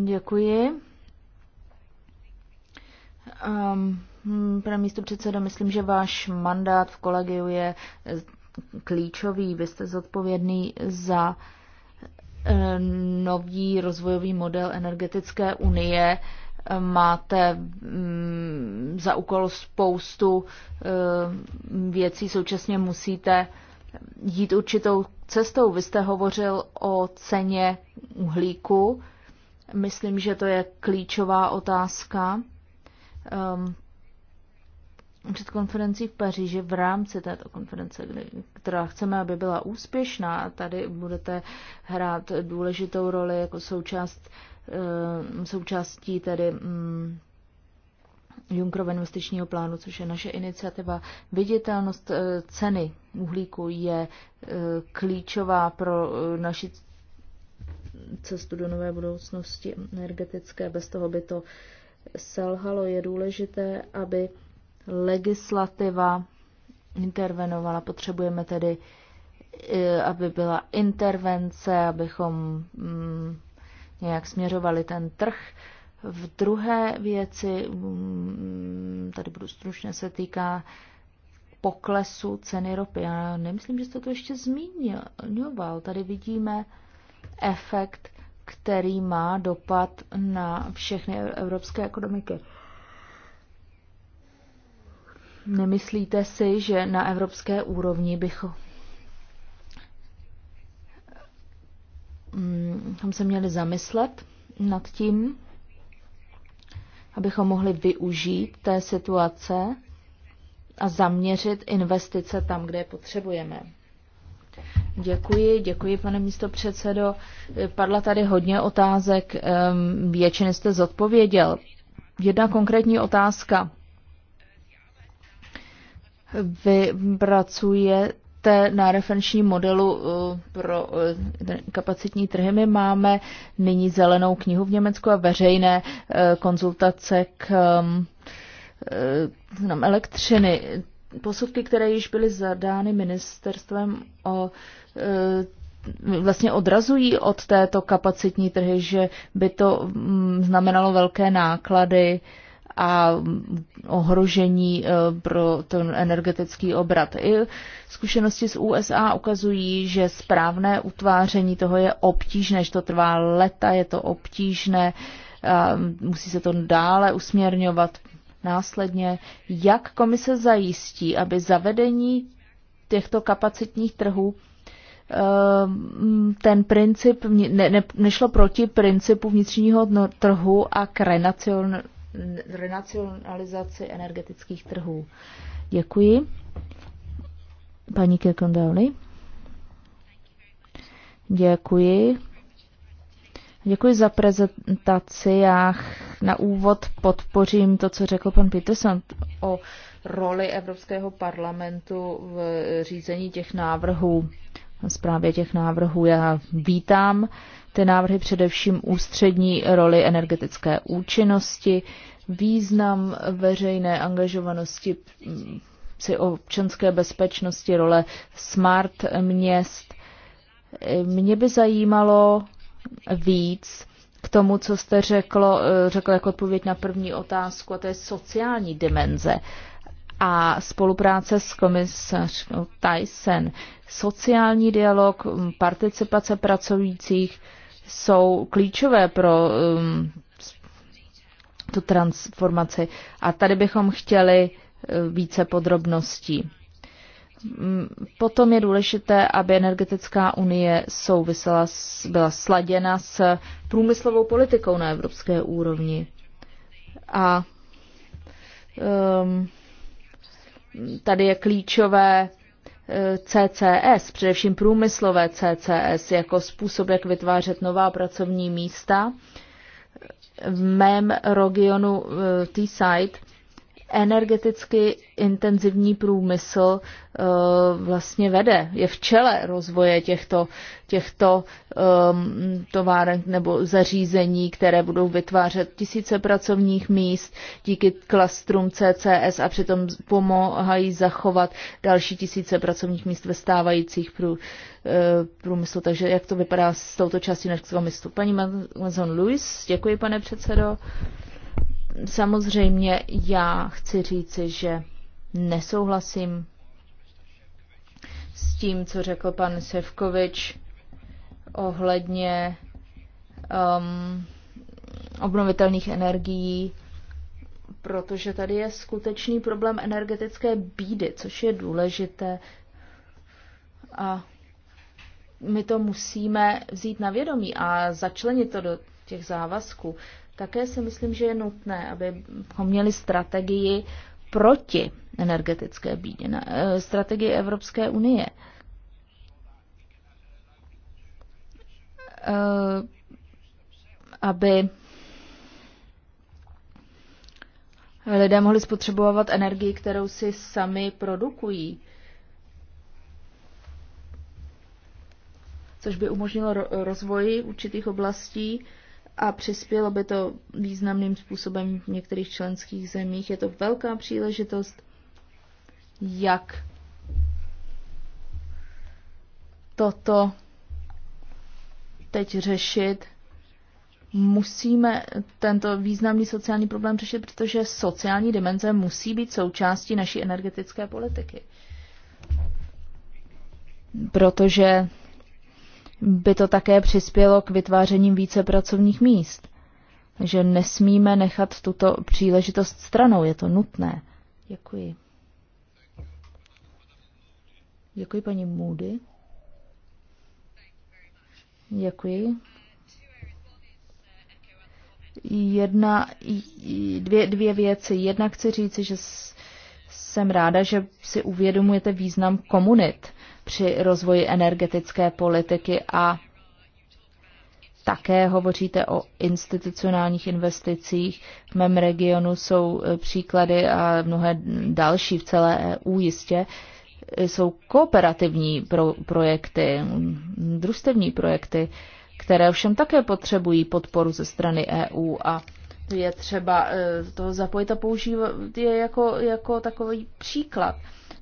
Děkuji. Um, hmm, pane místo předsedo, myslím, že váš mandát v kolegiu je klíčový. Vy jste zodpovědný za eh, nový rozvojový model energetické unie. Eh, máte mm, za úkol spoustu eh, věcí, současně musíte jít určitou cestou. Vy jste hovořil o ceně uhlíku. Myslím, že to je klíčová otázka um, před konferencí v Paříži v rámci této konference, kdy, která chceme, aby byla úspěšná a tady budete hrát důležitou roli jako součást, um, součástí tedy um, Junkrova investičního plánu, což je naše iniciativa. Viditelnost uh, ceny uhlíku je uh, klíčová pro uh, naši cestu do nové budoucnosti energetické. Bez toho by to selhalo. Je důležité, aby legislativa intervenovala. Potřebujeme tedy, eh, aby byla intervence, abychom mm, nějak směřovali ten trh. V druhé věci, mm, tady budu stručně, se týká poklesu ceny ropy. Já nemyslím, že jste to ještě zmínil. Tady vidíme efekt který má dopad na všechny evropské ekonomiky. Nemyslíte si, že na evropské úrovni bychom hmm, se měli zamyslet nad tím, abychom mohli využít té situace a zaměřit investice tam, kde je potřebujeme. Děkuji, děkuji, pane místo předsedo. Padla tady hodně otázek, většiny jste zodpověděl. Jedna konkrétní otázka. Vy pracujete na referenčním modelu eh, pro eh, kapacitní trhy. My máme nyní zelenou knihu v Německu a veřejné eh, konzultace k elektřiny posudky, které již byly zadány ministerstvem o E, vlastně odrazují od této kapacitní trhy, že by to mm, znamenalo velké náklady a ohrožení e, pro ten energetický obrat. I zkušenosti z USA ukazují, že správné utváření toho je obtížné, že to trvá leta, je to obtížné, musí se to dále usměrňovat následně. Jak komise zajistí, aby zavedení těchto kapacitních trhů Ehm, ten princip ne, ne, nešlo proti principu vnitřního trhu a k renacionalizaci energetických trhů. Děkuji. Paní Kirkondauli. Děkuji. Děkuji za prezentaci. Já na úvod podpořím to, co řekl pan Peterson o roli Evropského parlamentu v řízení těch návrhů zprávě těch návrhů. Já vítám ty návrhy především ústřední roli energetické účinnosti, význam veřejné angažovanosti při mm, občanské bezpečnosti, role smart měst. Mě by zajímalo víc k tomu, co jste řeklo, eh, řekl jako odpověď na první otázku, a to je sociální dimenze a spolupráce s komisařkou Tyson. Sociální dialog, participace pracujících jsou klíčové pro um, tu transformaci. A tady bychom chtěli uh, více podrobností. Potom je důležité, aby energetická unie souvisela, byla sladěna s průmyslovou politikou na evropské úrovni. A um, tady je klíčové eh, CCS, především průmyslové CCS, jako způsob, jak vytvářet nová pracovní místa. V mém regionu eh, T-Side energeticky intenzivní průmysl eh, vlastně vede, je v čele rozvoje těchto, těchto ehm, továren nebo zařízení, které budou vytvářet tisíce pracovních míst díky klastrům CCS a přitom pomáhají zachovat další tisíce pracovních míst ve stávajících prů, eh, průmyslu. Takže jak to vypadá s touto částí našeho městu? Paní Manzon Luis, děkuji pane předsedo. Samozřejmě já chci říci, že nesouhlasím s tím, co řekl pan Sevkovič ohledně um, obnovitelných energií, protože tady je skutečný problém energetické bídy, což je důležité. A my to musíme vzít na vědomí a začlenit to do těch závazků. Také si myslím, že je nutné, abychom měli strategii proti energetické bídě, eh, strategii Evropské unie. Eh, aby lidé mohli spotřebovat energii, kterou si sami produkují. Což by umožnilo rozvoji určitých oblastí, a přispělo by to významným způsobem v některých členských zemích. Je to velká příležitost, jak toto teď řešit. Musíme tento významný sociální problém řešit, protože sociální dimenze musí být součástí naší energetické politiky. Protože by to také přispělo k vytváření více pracovních míst. Takže nesmíme nechat tuto příležitost stranou, je to nutné. Děkuji. Děkuji paní Moody. Děkuji. Jedna, dvě, dvě věci. Jedna chci říci, že jsem ráda, že si uvědomujete význam komunit při rozvoji energetické politiky a také hovoříte o institucionálních investicích. V mém regionu jsou e, příklady a mnohé další v celé EU jistě. E, jsou kooperativní pro, projekty, družstevní projekty, které všem také potřebují podporu ze strany EU a je třeba e, to zapojit a používat je jako, jako takový příklad.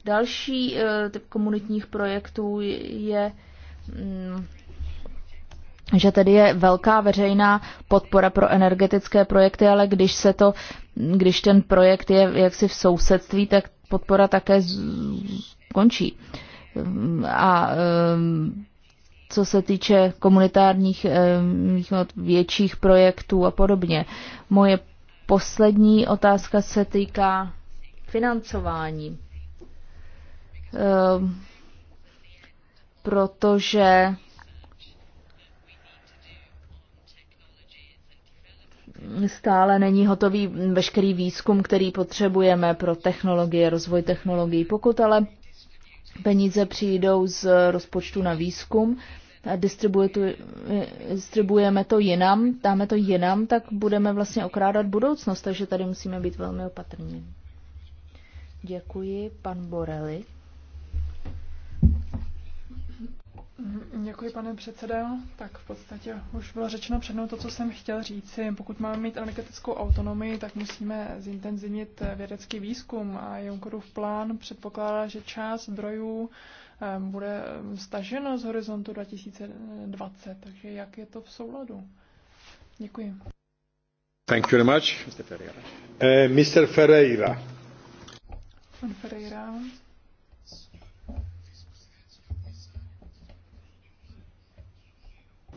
Další eh, typ komunitních projektů je, mm, že tedy je velká veřejná podpora pro energetické projekty, ale když se to, když ten projekt je jaksi v sousedství, tak podpora také končí. A ehm, co se týče komunitárních ehm, větších projektů a podobně. Moje poslední otázka se týká financování. Ehm, protože stále není hotový veškerý výzkum, který potřebujeme pro technologie, rozvoj technologií. Pokud ale peníze přijdou z rozpočtu na výzkum a distribuujeme to jinam, dáme to jinam, tak budeme vlastně okrádat budoucnost, takže tady musíme být velmi opatrní. Děkuji, pan Borelli. Mhm, děkuji, pane předsedo. Tak v podstatě už bylo řečeno před mnou to, co jsem chtěl říci. Pokud máme mít energetickou autonomii, tak musíme zintenzivnit vědecký výzkum a Junckerův plán předpokládá, že část zdrojů bude staženo z horizontu 2020. Takže jak je to v souladu? Děkuji. Thank you very much. Mr. Eh, Ferreira. Pan Ferreira.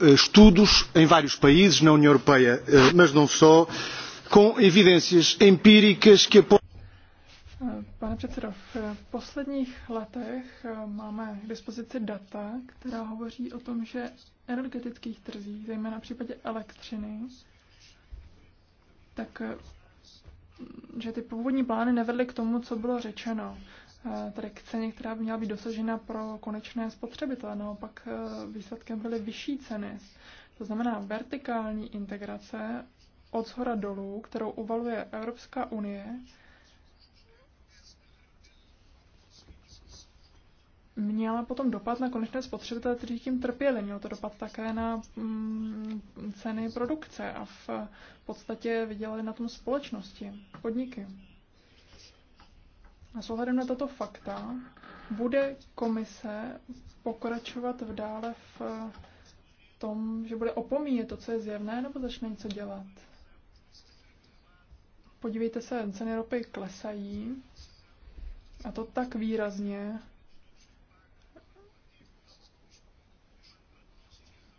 Eh, estudos em vários países na União Europeia, eh, mas não só, com evidências empíricas que apontam. Pane předsedo, v posledních letech eh, máme k dispozici data, která hovoří o tom, že energetických trzích, zejména v případě elektřiny, tak že ty původní plány nevedly k tomu, co bylo řečeno. Eh, tedy některá která by měla být dosažena pro konečné spotřebitele. Naopak eh, výsledkem byly vyšší ceny. To znamená vertikální integrace od shora dolů, kterou uvaluje Evropská unie, měla potom dopad na konečné spotřebitele, kteří tím trpěli. Mělo to dopad také na mm, ceny produkce a v podstatě vydělali na tom společnosti, podniky. A s ohledem na tato fakta bude komise pokračovat v dále v eh, tom, že bude opomíjet to, co je zjevné, nebo začne něco dělat? Podívejte se, ceny ropy klesají a to tak výrazně,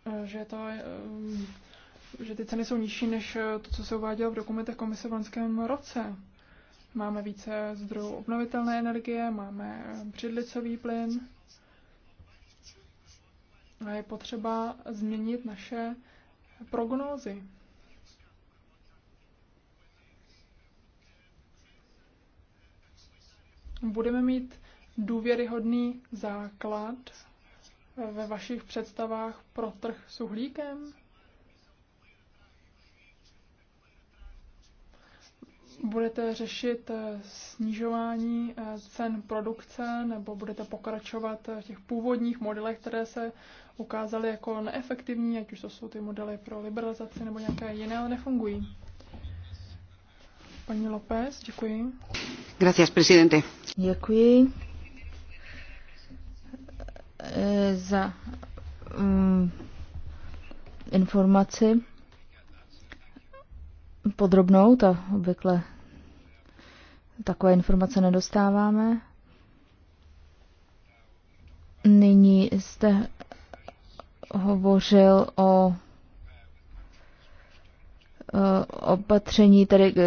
eh, že, to, eh, že ty ceny jsou nižší než to, co se uvádělo v dokumentech komise v loňském roce. Máme více zdrojů obnovitelné energie, máme břidlicový plyn a je potřeba změnit naše prognózy. Budeme mít důvěryhodný základ ve vašich představách pro trh s uhlíkem? budete řešit eh, snižování eh, cen produkce nebo budete pokračovat v těch původních modelech, které se ukázaly jako neefektivní, ať už to jsou ty modely pro liberalizaci nebo nějaké jiné, ale nefungují. Paní López, děkuji. Gracias, presidente. Děkuji eh, za mm, informaci podrobnou, ta obvykle Takové informace nedostáváme. Nyní jste hovořil o eh, opatření tedy eh,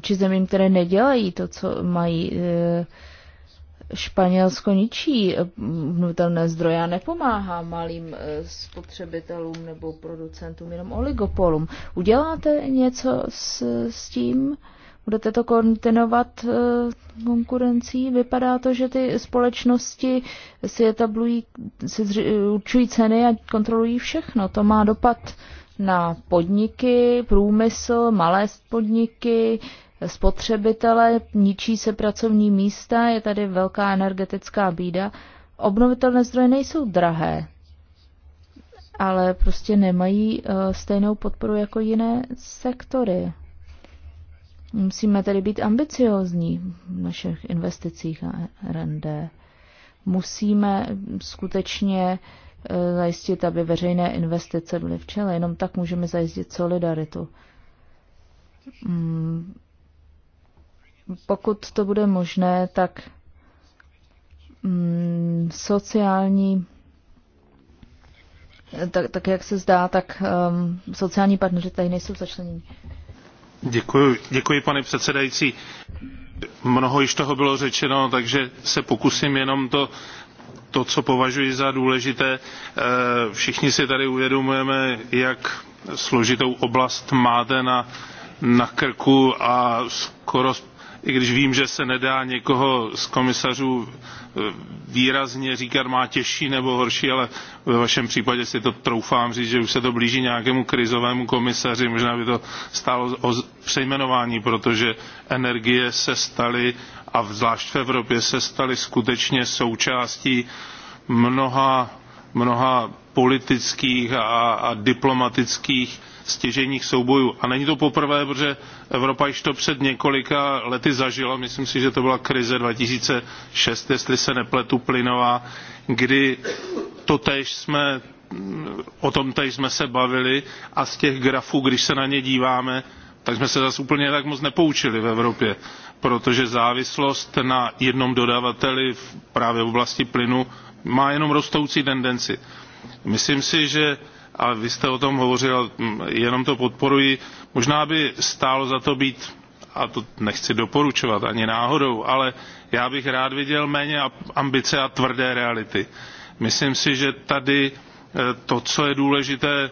či zemím, které nedělají to, co mají. Eh, Španělsko ničí vnutelné zdroje a nepomáhá malým spotřebitelům nebo producentům, jenom oligopolům. Uděláte něco s, s tím? Budete to kontinovat eh, konkurencí? Vypadá to, že ty společnosti si etablují, si určují ceny a kontrolují všechno. To má dopad na podniky, průmysl, malé podniky, spotřebitele, ničí se pracovní místa, je tady velká energetická bída. Obnovitelné zdroje nejsou drahé, ale prostě nemají eh, stejnou podporu jako jiné sektory. Musíme tedy být ambiciózní v našich investicích a RND. Musíme skutečně e, zajistit, aby veřejné investice byly včele. Jenom tak můžeme zajistit solidaritu. Mm. Pokud to bude možné, tak mm, sociální tak, tak jak se zdá, tak um, sociální partneři tady nejsou začleněni. Děkuji, pane předsedající. Mnoho již toho bylo řečeno, takže se pokusím jenom to co považuji za důležité. E, všichni si tady uvědomujeme, jak složitou oblast máte na, na krku a skoro, i když vím, že se nedá někoho z komisařů výrazně říkat má těžší nebo horší, ale ve vašem případě si to troufám říct, že už se to blíží nějakému krizovému komisaři, možná by to stálo o přejmenování, protože energie se staly a zvlášť v Evropě se staly skutečně součástí mnoha, mnoha politických a, a diplomatických stěžejních soubojů. A není to poprvé, protože Evropa již to před několika lety zažila, myslím si, že to byla krize 2006, jestli se nepletu, plynová, kdy to tež jsme o tom teď jsme se bavili a z těch grafů, když se na ně díváme, tak jsme se zase úplně tak moc nepoučili v Evropě, protože závislost na jednom dodavateli právě v oblasti plynu má jenom rostoucí tendenci. Myslím si, že a vy jste o tom hovořil, mm, jenom to podporuji. Možná by stálo za to být, a to nechci doporučovat ani náhodou, ale já bych rád viděl méně ambice a tvrdé reality. Myslím si, že tady e, to, co je důležité,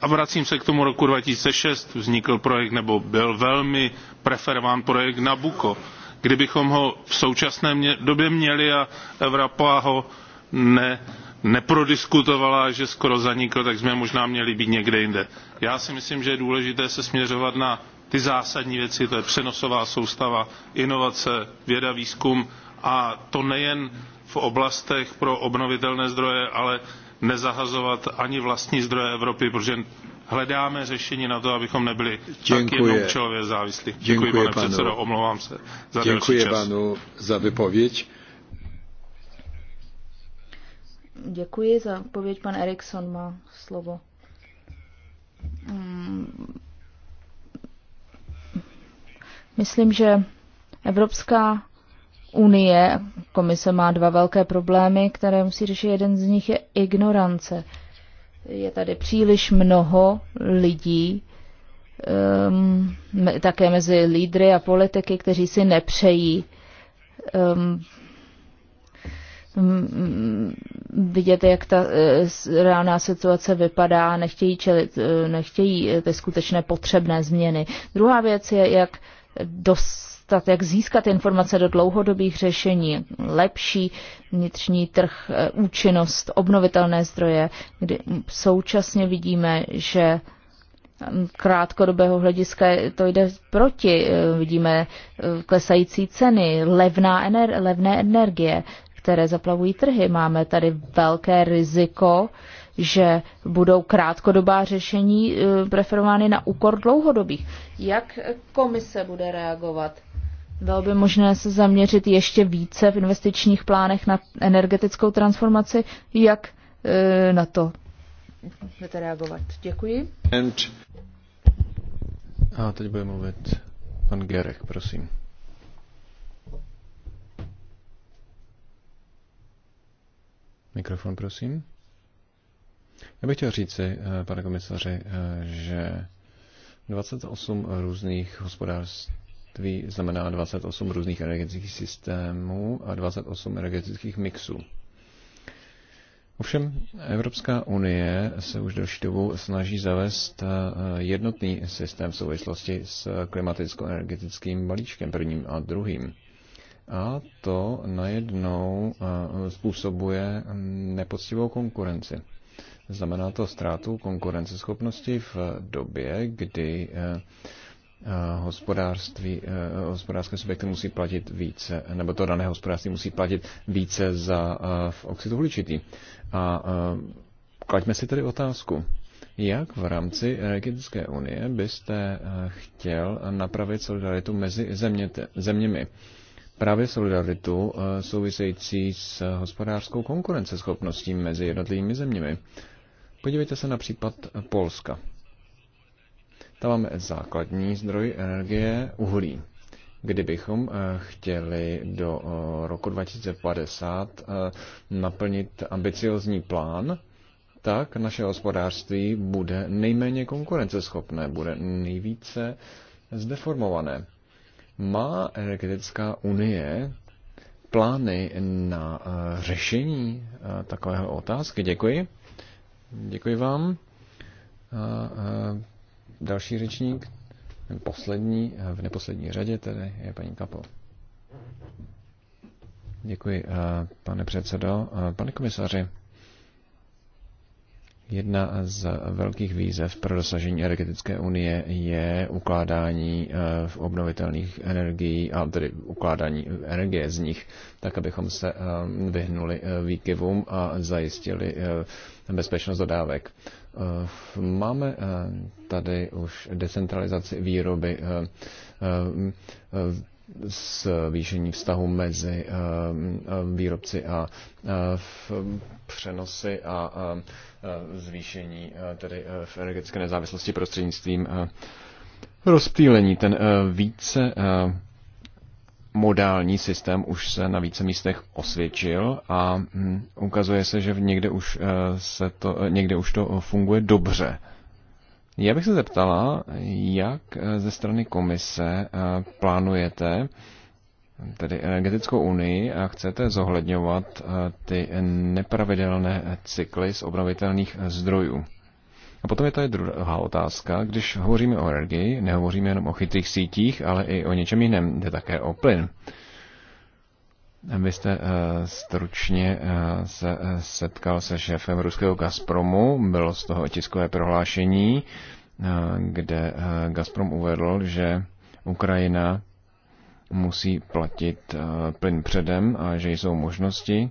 a vracím se k tomu roku 2006, vznikl projekt nebo byl velmi preferován projekt Nabuko. Kdybychom ho v současné době měli a Evropa ho ne, neprodiskutovala že skoro zanikl tak jsme možná měli být někde jinde. já si myslím že je důležité se směřovat na ty zásadní věci to je přenosová soustava inovace věda výzkum a to nejen v oblastech pro obnovitelné zdroje ale nezahazovat ani vlastní zdroje evropy protože hledáme řešení na to abychom nebyli děkuji. tak jednou závislí. děkuji, děkuji pane panu. předsedo omlouvám se za děkuji čas. panu za vypověď. Děkuji za odpověď. Pan Erikson má slovo. Mm. Myslím, že Evropská unie, komise má dva velké problémy, které musí řešit. Jeden z nich je ignorance. Je tady příliš mnoho lidí, um, také mezi lídry a politiky, kteří si nepřejí um, vidět, jak ta e, reálná situace vypadá, nechtějí čelit, e, nechtějí e, ty skutečné potřebné změny. Druhá věc je, jak dostat, jak získat informace do dlouhodobých řešení, lepší vnitřní trh, účinnost, obnovitelné zdroje, kdy současně vidíme, že krátkodobého hlediska to jde proti. Vidíme klesající ceny, levná ener- levné energie které zaplavují trhy. Máme tady velké riziko, že budou krátkodobá řešení e, preferovány na úkor dlouhodobých. Jak komise bude reagovat? Bylo by možné se zaměřit ještě více v investičních plánech na energetickou transformaci. Jak e, na to budete reagovat? Děkuji. And... A teď bude mluvit pan Gerek, prosím. Mikrofon, prosím. Já bych chtěl říci, eh, pane komisaři, eh, že 28 různých hospodářství znamená 28 různých energetických systémů a 28 energetických mixů. Ovšem Evropská unie se už delší dobu snaží zavést eh, jednotný systém v souvislosti s klimaticko-energetickým balíčkem prvním a druhým. A to najednou způsobuje nepoctivou konkurenci. Znamená to ztrátu konkurenceschopnosti v době, kdy e, e, hospodářství, e, hospodářské subjekty musí platit více, nebo to dané hospodářství musí platit více za oxid uhličitý. A klaďme si tedy otázku, jak v rámci energetické unie byste chtěl napravit solidaritu mezi země, zeměmi? právě solidaritu eh, související s hospodářskou konkurenceschopností mezi jednotlivými zeměmi. Podívejte se na případ Polska. Tam máme základní zdroj energie uhlí. Kdybychom eh, chtěli do eh, roku 2050 naplnit ambiciozní plán, tak naše hospodářství bude nejméně konkurenceschopné, bude nejvíce zdeformované. Má energetická unie plány na eh, řešení eh, takového otázky? Děkuji. Děkuji vám. A eh, další řečník, poslední, v neposlední řadě tedy, je paní Kapo. Děkuji, pane předsedo. Pane komisaři, Jedna z velkých výzev pro dosažení energetické unie je ukládání eh, v obnovitelných energií, a tedy ukládání energie z nich, tak abychom se eh, vyhnuli eh, výkyvům a zajistili bezpečnost dodávek. Máme tady už decentralizaci výroby zvýšení vztahu mezi výrobci a přenosy a Eh, zvýšení eh, tedy eh, v energetické nezávislosti prostřednictvím rozptýlení. Ten více modální systém už se na více místech osvědčil a hm, ukazuje se, že někde už, se to, někde už to funguje dobře. Já bych se zeptala, jak ze strany komise plánujete tedy eh, energetickou unii a chcete zohledňovat eh, ty nepravidelné cykly z obnovitelných eh, zdrojů. A potom je tady druhá otázka. Když hovoříme o energii, nehovoříme jenom o chytrých sítích, ale i o něčem jiném. Jde také o plyn. Vy jste stručně se setkal se šéfem ruského Gazpromu, bylo z toho tiskové prohlášení, kde Gazprom uvedl, že Ukrajina musí platit eh, plyn předem a že jsou možnosti,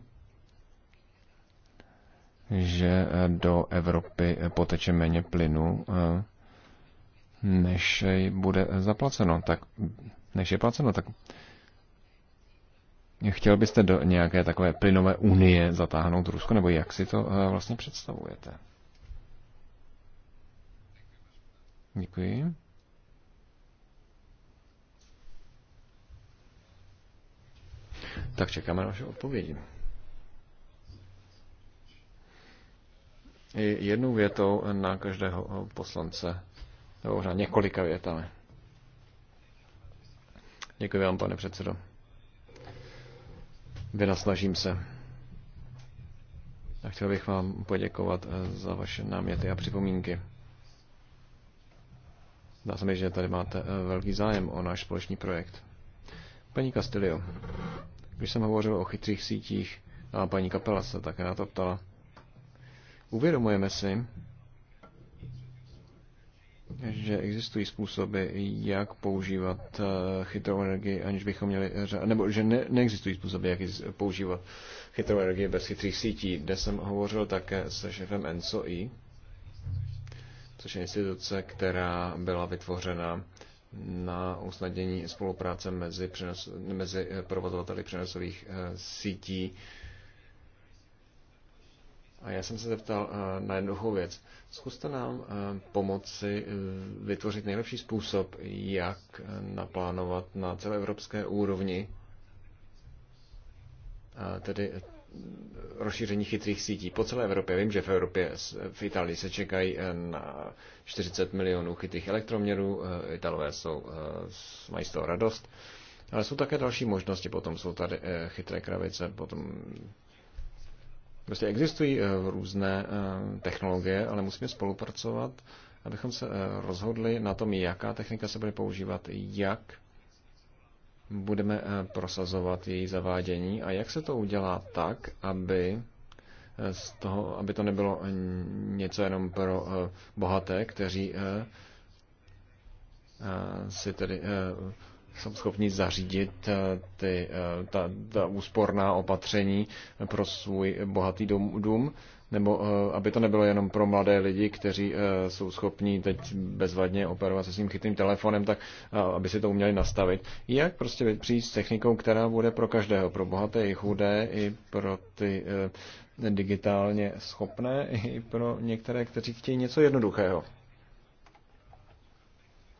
že eh, do Evropy eh, poteče méně plynu, než bude zaplaceno, tak než je placeno, tak chtěl byste do nějaké takové plynové unie zatáhnout Rusko, nebo jak si to vlastně představujete? Děkuji. tak čekáme na vaše odpovědi. jednou větou na každého poslance, nebo několika větami. Děkuji vám, pane předsedo. Vynasnažím se. A chtěl bych vám poděkovat za vaše náměty a připomínky. Dá se mi, že tady máte velký zájem o náš společný projekt. Paní Castilio. Když jsem hovořil o chytrých sítích, a paní Kapela se také na to ptala, uvědomujeme si, že existují způsoby, jak používat eh, chytrou energii, aniž bychom měli, nebo že ne, neexistují způsoby, jak používat chytrou energii bez chytrých sítí. kde jsem hovořil také se šefem ENSOI, což je instituce, která byla vytvořena na usnadnění spolupráce mezi, přenos, mezi eh, provozovateli přenosových eh, sítí. A já jsem se zeptal eh, na jednoduchou věc. Zkuste nám pomoci vytvořit nejlepší způsob, jak naplánovat na celoevropské úrovni tedy rozšíření chytrých sítí po celé Evropě. Vím, že v Evropě, v Itálii se čekají eh, na 40 milionů chytrých elektroměrů, eh, Italové jsou, eh, mají z toho radost, ale jsou také další možnosti, potom jsou tady chytré kravice, potom prostě existují různé technologie, ale musíme spolupracovat, abychom se rozhodli na tom, jaká technika se bude používat, jak budeme eh, prosazovat její zavádění a jak se to udělá tak, aby eh, z toho, aby to nebylo eh, něco jenom pro bohaté, kteří si tedy jsou schopni zařídit ty, ta, ta úsporná opatření pro svůj bohatý dům, dům nebo eh, aby to nebylo jenom pro mladé lidi, kteří eh, jsou schopní teď bezvadně operovat se svým chytrým telefonem, tak eh, aby si to uměli nastavit. Jak prostě přijít s technikou, která bude pro každého, pro bohaté i chudé, i pro ty digitálně schopné, i pro některé, kteří chtějí něco jednoduchého.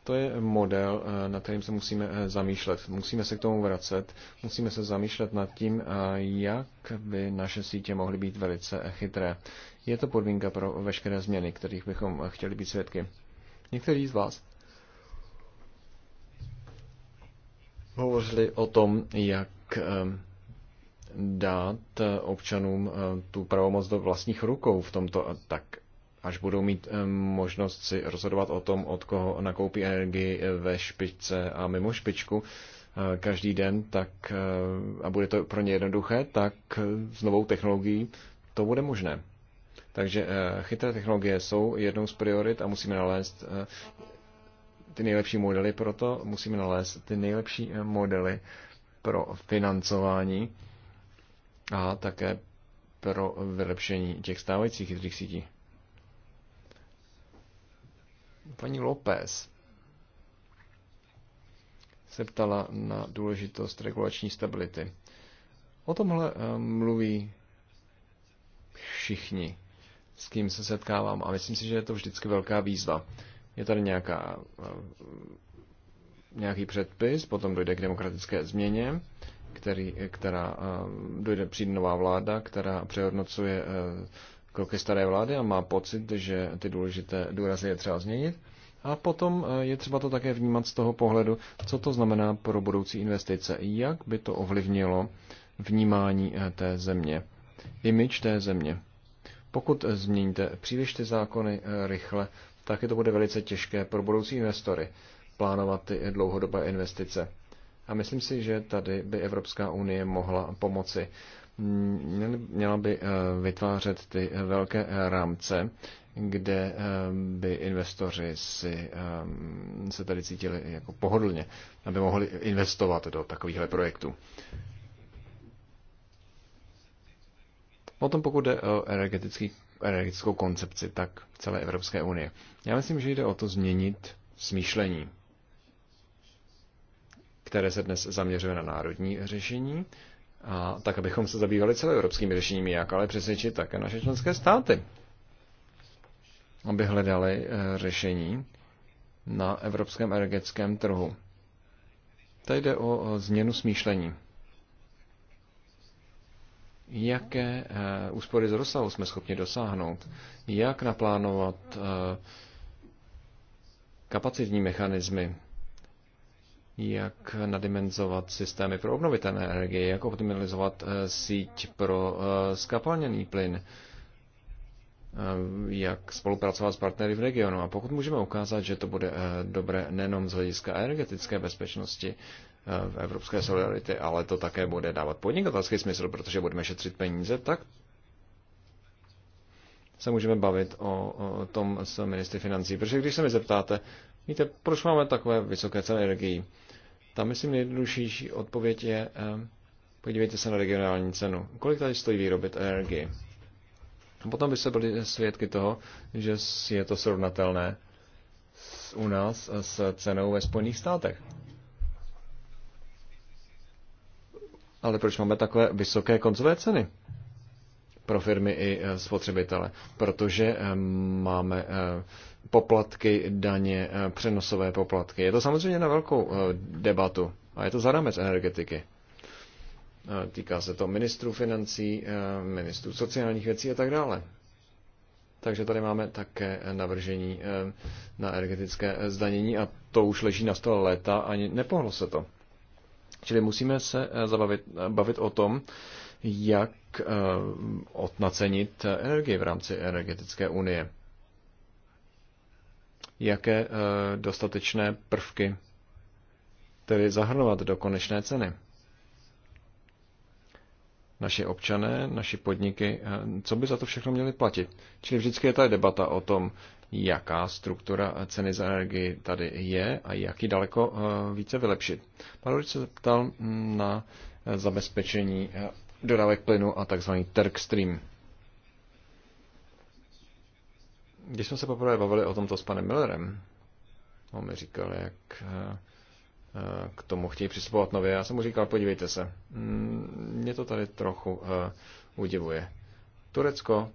To je model, eh, na kterým se musíme eh, zamýšlet. Musíme se k tomu vracet, musíme se zamýšlet nad tím, eh, jak by naše sítě mohly být velice chytré. Je to podmínka pro veškeré změny, kterých bychom chtěli být svědky. Někteří z vás hovořili o tom, jak dát občanům tu pravomoc do vlastních rukou v tomto. Tak až budou mít eh, možnost si rozhodovat o tom, od koho nakoupí energii eh, ve špičce a mimo špičku eh, každý den, tak a bude to pro ně jednoduché, tak s novou technologií to bude možné. Takže chytré technologie jsou jednou z priorit a musíme nalézt ty nejlepší modely, proto musíme nalézt ty nejlepší modely pro financování a také pro vylepšení těch stávajících chytrých sítí. Paní López se ptala na důležitost regulační stability. O tomhle eh, mluví všichni, s kým se setkávám a myslím si, že je to vždycky velká výzva. Je tady nějaká, eh, nějaký předpis, potom dojde k demokratické změně, který, eh, která dojde, přijde nová vláda, která přehodnocuje kroky staré vlády a má pocit, že ty důležité důrazy je třeba změnit. A potom eh, je třeba to také vnímat z toho pohledu, co to znamená pro budoucí investice, jak by to ovlivnilo vnímání eh, té země, image té země. Pokud změníte příliš ty zákony eh, rychle, tak je to bude velice těžké pro budoucí investory plánovat ty dlouhodobé investice. A myslím si, že tady by Evropská unie mohla pomoci měla by eh, vytvářet ty eh, velké eh, rámce, kde by investoři si, se tady cítili jako pohodlně, aby mohli investovat do takovýchhle projektů. Potom pokud jde o energetický, energetickou koncepci, tak celé Evropské unie. Já myslím, že jde o to změnit smýšlení, které se dnes zaměřuje na národní řešení, a tak, abychom se zabývali celoevropskými řešeními, jak ale přesvědčit také naše členské státy, aby hledali eh, řešení na evropském energetickém trhu. Tady jde o změnu smýšlení. Jaké eh, úspory z rozsahu jsme schopni dosáhnout? Jak naplánovat eh, kapacitní mechanismy jak nadimenzovat systémy pro obnovitelné energie, jak optimalizovat eh, síť pro skapalněný eh, plyn, eh, jak spolupracovat s partnery v regionu. A pokud můžeme ukázat, že to bude dobré nejenom z hlediska energetické bezpečnosti v evropské solidarity, ale to také bude dávat podnikatelský smysl, protože budeme šetřit peníze, tak se můžeme bavit o, o tom s ministry financí. Protože když se mi zeptáte, Víte, proč máme takové vysoké ceny energií? Tam, myslím, nejjednodušší odpověď je, eh, podívejte se na regionální cenu. Kolik tady stojí výrobit energii? A potom byste byli svědky toho, že je to srovnatelné u nás s cenou ve Spojených státech. Ale proč máme takové vysoké koncové ceny? Pro firmy i eh, spotřebitele. Protože eh, máme poplatky, daně, eh, přenosové poplatky. Je to samozřejmě na velkou eh, debatu a je to za rámec energetiky. Eh, týká se to ministrů financí, ministrů sociálních věcí a tak dále. Takže tady máme také navržení na energetické zdanění a to už leží na stole léta a nepohlo se to. Čili musíme se zabavit, bavit o tom, jak odnacenit energii v rámci energetické unie jaké eh, dostatečné prvky tedy zahrnovat do konečné ceny. Naši občané, naši podniky, eh, co by za to všechno měli platit? Čili vždycky je tady debata o tom, jaká struktura ceny za energii tady je a jak ji daleko eh, více vylepšit. Pan se ptal mm, na zabezpečení dodávek plynu a takzvaný Turkstream. Když jsme se poprvé bavili o tomto s panem Millerem, on mi říkal, jak eh, eh, k tomu chtějí přistupovat nově. Já jsem mu říkal, podívejte se, mm, mě to tady trochu eh, udivuje. Turecko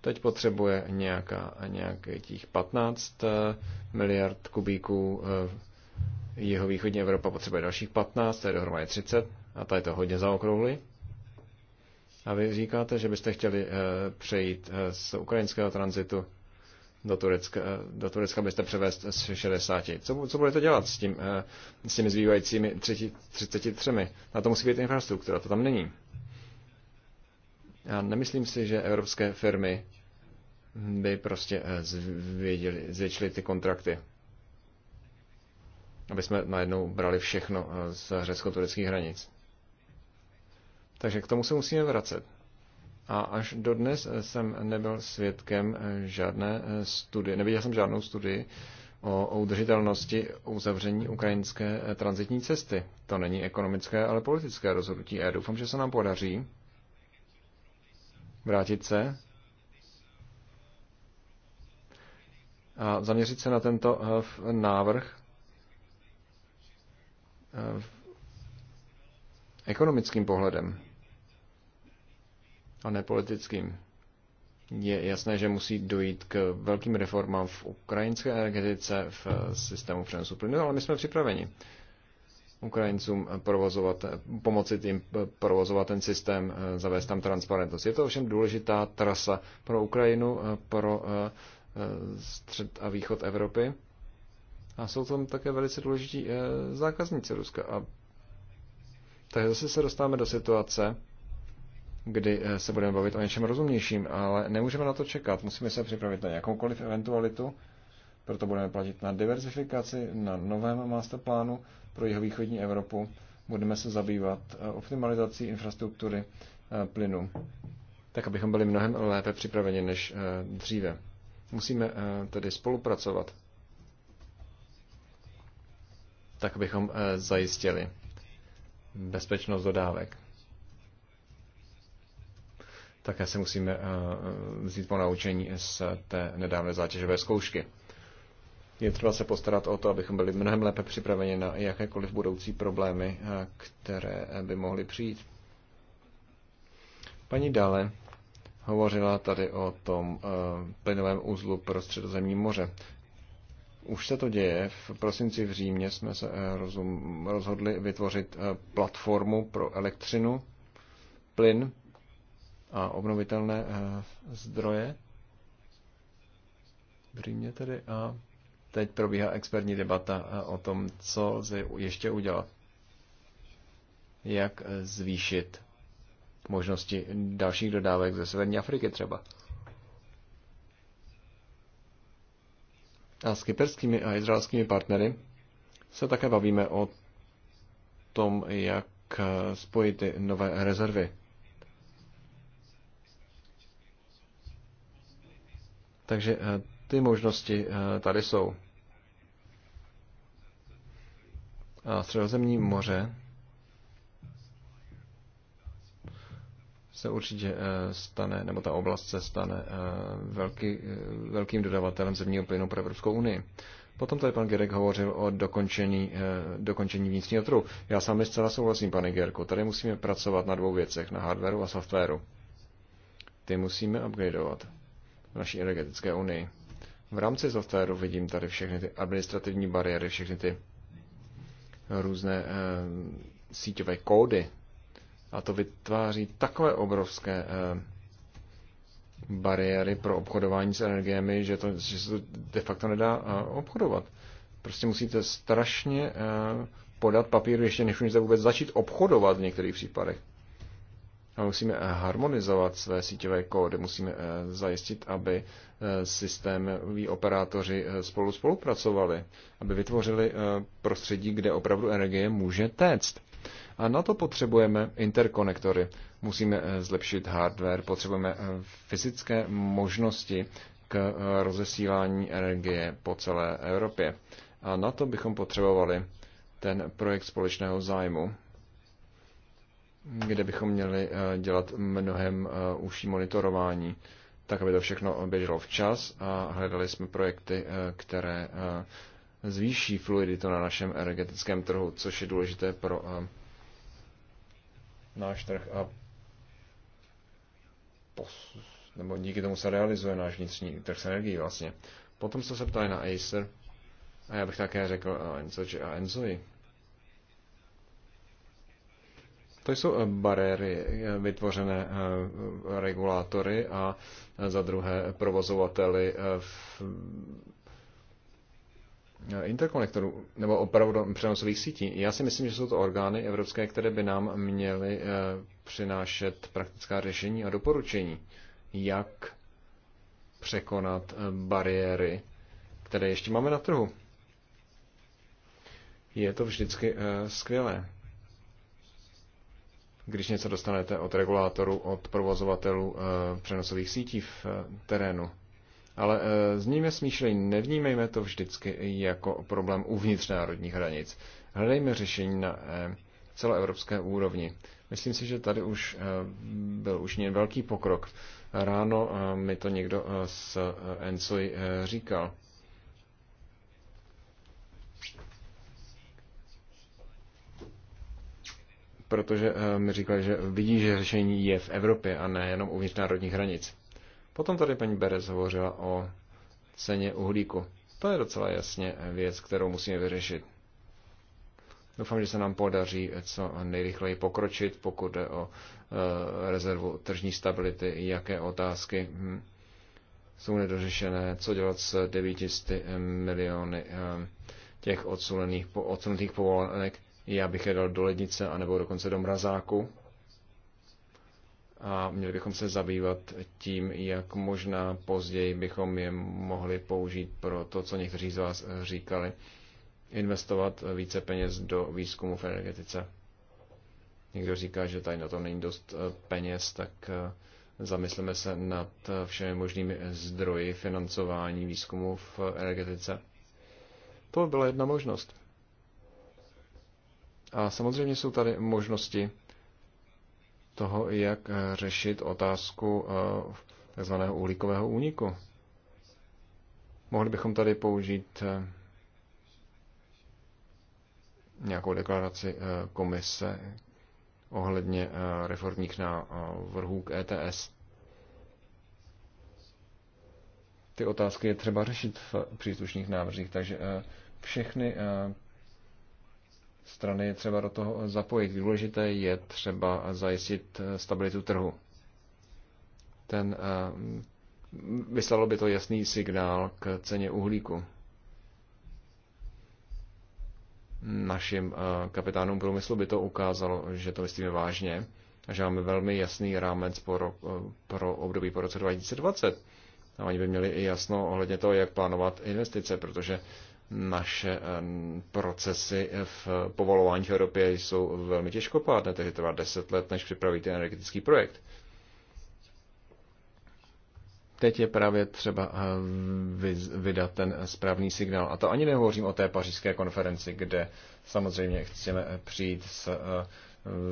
teď potřebuje nějaká, nějakých 15 miliard kubíků, jeho východní Evropa potřebuje dalších 15, to je dohromady 30 a tady to hodně zaokrouhli. A vy říkáte, že byste chtěli přejít z ukrajinského tranzitu do Turecka, do Turecka byste převést z 60. Co, co budete dělat s, tím, eh, s těmi zbývajícími 33? Na to musí být infrastruktura, to tam není. Já nemyslím si, že evropské firmy by prostě eh, zvěděli, zvětšili ty kontrakty. Aby jsme najednou brali všechno eh, z řecko-tureckých hranic. Takže k tomu se musíme vracet. A až dodnes eh, jsem nebyl svědkem eh, žádné eh, studie, neviděl jsem žádnou studii o udržitelnosti uzavření ukrajinské transitní cesty. To není ekonomické, ale politické rozhodnutí. A já doufám, že se nám podaří vrátit se a zaměřit se na tento návrh ekonomickým pohledem a ne politickým. Je jasné, že musí dojít k velkým reformám v ukrajinské energetice, v systému přenosu plynu, ale my jsme připraveni Ukrajincům provozovat, pomoci jim provozovat ten systém, zavést tam transparentnost. Je to ovšem důležitá trasa pro Ukrajinu, pro eh, střed a východ Evropy. A jsou tam také velice důležití eh, zákazníci Ruska. A takže zase se dostáváme do situace, kdy eh, se budeme bavit o něčem rozumnějším, ale nemůžeme na to čekat. Musíme se připravit na jakoukoliv eventualitu, proto budeme platit na diverzifikaci, na novém masterplánu pro jeho východní Evropu. Budeme se zabývat eh, optimalizací infrastruktury eh, plynu, tak abychom byli mnohem lépe připraveni než dříve. Musíme tedy spolupracovat, tak abychom zajistili bezpečnost dodávek. Také se musíme eh, vzít po naučení z té nedávné zátěžové zkoušky. Je třeba se postarat o to, abychom byli mnohem lépe připraveni na jakékoliv budoucí problémy, eh, které eh, by mohly přijít. Paní Dále hovořila tady o tom plynovém úzlu pro středozemní moře. Už se to děje. V prosinci v Římě jsme se rozhodli vytvořit platformu pro elektřinu, plyn a obnovitelné eh, zdroje v Římě tedy a teď probíhá expertní debata eh, o tom, co lze ještě udělat. Jak eh, zvýšit možnosti dalších dodávek ze Severní Afriky třeba. A s kyperskými a izraelskými partnery se také bavíme o tom, jak spojit ty nové rezervy. Takže eh, ty možnosti eh, tady jsou. A středozemní moře se určitě eh, stane, nebo ta oblast se stane velký, velkým dodavatelem zemního plynu pro Evropskou unii. Potom tady pan Gerek hovořil o dokončení, dokončení vnitřního trhu. Já sám mi zcela souhlasím, pane Gerku. Tady musíme pracovat na dvou věcech, na hardwareu a softwaru. Ty musíme upgradeovat v naší energetické unii. V rámci softwaru vidím tady všechny ty administrativní bariéry, všechny ty různé e, síťové kódy. A to vytváří takové obrovské e, bariéry pro obchodování s energiemi, že, to, že se to de facto nedá e, obchodovat. Prostě musíte strašně e, podat papír, ještě než můžete vůbec začít obchodovat v některých případech musíme eh, harmonizovat své síťové kódy, musíme eh, zajistit, aby eh, systémoví operátoři spolu spolupracovali, aby vytvořili prostředí, kde opravdu energie může téct. A na to potřebujeme interkonektory. Musíme zlepšit hardware, potřebujeme fyzické možnosti k rozesílání energie po celé Evropě. A na to bychom potřebovali ten projekt společného zájmu, kde bychom měli eh, dělat mnohem eh, užší monitorování, tak aby to všechno běželo včas a hledali jsme projekty, eh, které zvýší fluiditu na našem energetickém trhu, což je důležité pro náš trh a nebo díky tomu se realizuje náš vnitřní trh s energií vlastně. Potom jste se ptali na Acer a já bych také řekl a a Enzoji. To jsou eh, bariéry eh, vytvořené eh, regulátory a za druhé provozovateli v interkonektorů nebo opravdu přenosových sítí. Já si myslím, že jsou to orgány evropské, které by nám měly přinášet praktická řešení a doporučení, jak překonat bariéry, které ještě máme na trhu. Je to vždycky skvělé když něco dostanete od regulátoru, od provozovatelů eh, přenosových sítí v eh, terénu. Ale s ním je smýšlej, nevnímejme to vždycky jako problém uvnitř národních hranic. Hledejme řešení na eh, celoevropské úrovni. Myslím si, že tady už byl už velký pokrok. Ráno mi to někdo z ENSOI říkal. protože eh, mi říkali, že vidí, že řešení je v Evropě a ne jenom uvnitř národních hranic. Potom tady paní Berez hovořila o ceně uhlíku. To je docela jasně věc, kterou musíme vyřešit. Doufám, že se nám podaří co nejrychleji pokročit, pokud jde o eh, rezervu tržní stability, jaké otázky hm, jsou nedořešené, co dělat s 900 miliony eh, těch odsunených, odsunutých povolenek, já bych je dal do lednice anebo dokonce do mrazáku. A měli bychom se zabývat tím, jak možná později bychom je mohli použít pro to, co někteří z vás říkali, investovat více peněz do výzkumu v energetice. Někdo říká, že tady na to není dost eh, peněz, tak eh, zamysleme se nad eh, všemi možnými zdroji financování výzkumu v energetice. To by byla jedna možnost. A samozřejmě jsou tady možnosti toho, jak eh, řešit otázku eh, tzv. uhlíkového úniku. Mohli bychom tady použít eh, nějakou deklaraci komise ohledně reformních návrhů k ETS. Ty otázky je třeba řešit v příslušných návrzích, takže všechny strany je třeba do toho zapojit. Důležité je třeba zajistit stabilitu trhu. Ten, eh, vyslalo by to jasný signál k ceně uhlíku našim eh, kapitánům průmyslu by to ukázalo, že to myslíme vážně a že máme velmi jasný rámec pro, rok, eh, pro období po roce 2020. A oni by měli i jasno ohledně toho, jak plánovat investice, protože naše eh, procesy v povolování v Evropě jsou velmi těžkopádné, takže trvá deset let, než připravíte energetický projekt. Teď je právě třeba eh, vydat ten správný signál. A to ani nehovořím o té pařížské konferenci, kde samozřejmě chceme přijít s eh,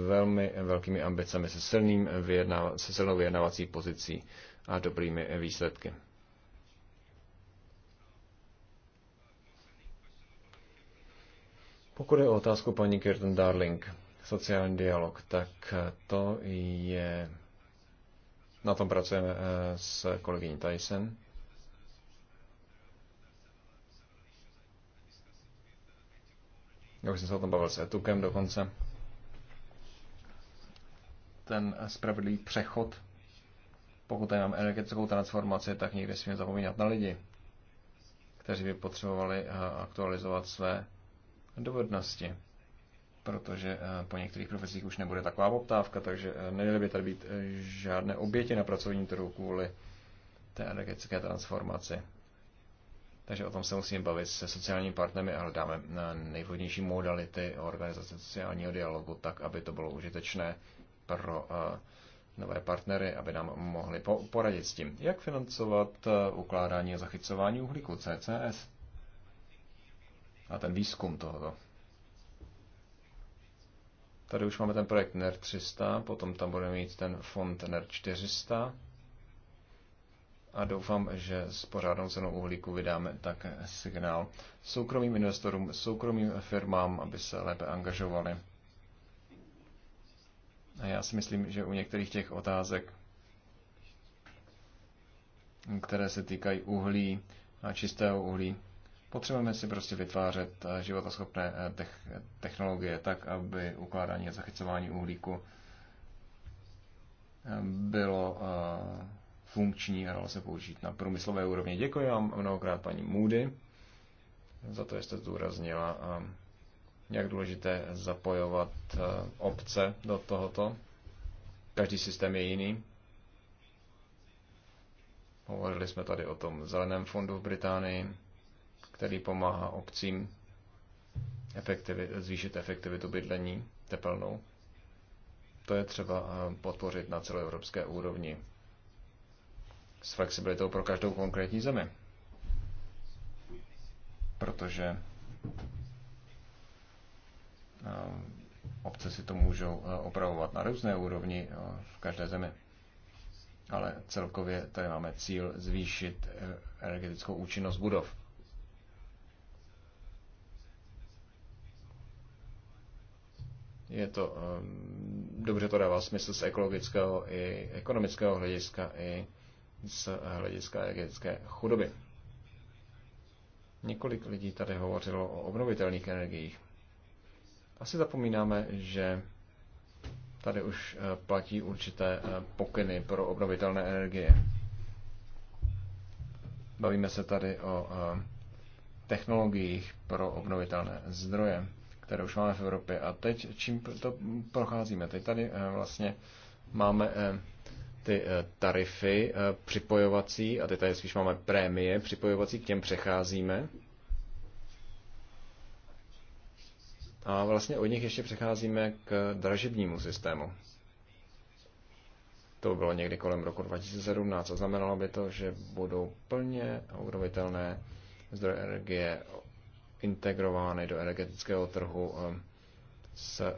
velmi velkými ambicemi, se, silným vyjednáv- se silnou vyjednavací pozicí a dobrými výsledky. Pokud je o otázku paní Kirton Darling, sociální dialog, tak to je... Na tom pracujeme eh, s kolegyní Tyson. Já už jsem se o tom bavil s Etukem dokonce. Ten spravedlivý přechod, pokud tady mám energetickou transformaci, tak nikdy smím zapomínat na lidi, kteří by potřebovali eh, aktualizovat své dovednosti, protože eh, po některých profesích už nebude taková poptávka, takže eh, neměly by tady být eh, žádné oběti na pracovním trhu kvůli té energetické transformaci. Takže o tom se musíme bavit se sociálními partnery a hledáme nejvhodnější modality organizace sociálního dialogu tak, aby to bylo užitečné pro nové partnery, aby nám mohli poradit s tím, jak financovat ukládání a zachycování uhlíku CCS a ten výzkum tohoto. Tady už máme ten projekt NER 300, potom tam budeme mít ten fond NER 400 a doufám, že s pořádnou cenou uhlíku vydáme tak signál soukromým investorům, soukromým firmám, aby se lépe angažovali. A já si myslím, že u některých těch otázek, které se týkají uhlí a čistého uhlí, Potřebujeme si prostě vytvářet eh, životaschopné eh, technologie tak, aby ukládání a zachycování uhlíku eh, bylo funkční a dalo se použít na průmyslové úrovni. Děkuji vám mnohokrát paní Moody za to, že jste zdůraznila, jak důležité zapojovat obce do tohoto. Každý systém je jiný. Hovořili jsme tady o tom zeleném fondu v Británii který pomáhá obcím efektivit, zvýšit efektivitu bydlení tepelnou. To je třeba eh, podpořit na celoevropské úrovni s flexibilitou pro každou konkrétní zemi. Protože eh, obce si to můžou eh, opravovat na různé úrovni v každé zemi. Ale celkově tady máme cíl zvýšit energetickou účinnost budov. Je to, ehm, dobře to dává smysl z ekologického i ekonomického hlediska i z hlediska energetické chudoby. Několik lidí tady hovořilo o obnovitelných energiích. Asi zapomínáme, že tady už eh, platí určité eh, pokyny pro obnovitelné energie. Bavíme se tady o eh, technologiích pro obnovitelné zdroje které už máme v Evropě. A teď, čím to procházíme? Teď tady eh, vlastně máme eh, ty eh, tarify připojovací, a teď tady spíš máme prémie připojovací, k těm přecházíme. A vlastně od nich ještě přecházíme k dražebnímu systému. To bylo někdy kolem roku 2017 a znamenalo by to, že budou plně obnovitelné zdroje energie integrovány do energetického trhu eh, s, eh,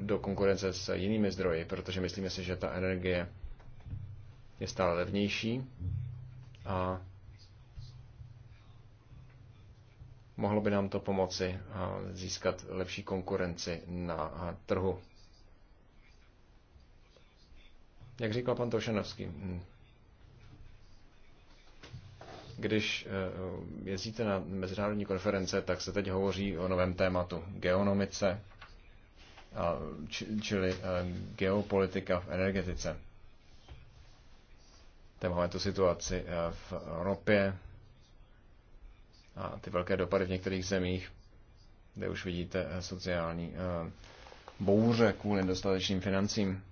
do konkurence s jinými zdroji, protože myslíme si, že ta energie je stále levnější a mohlo by nám to pomoci eh, získat lepší konkurenci na trhu. Jak říkal pan Tošenovský, hm, když eh, jezdíte na mezinárodní konference, tak se teď hovoří o novém tématu geonomice, čili eh, geopolitika v energetice. Tam máme tu situaci eh, v Evropě a ty velké dopady v některých zemích, kde už vidíte sociální bouře kvůli nedostatečným financím.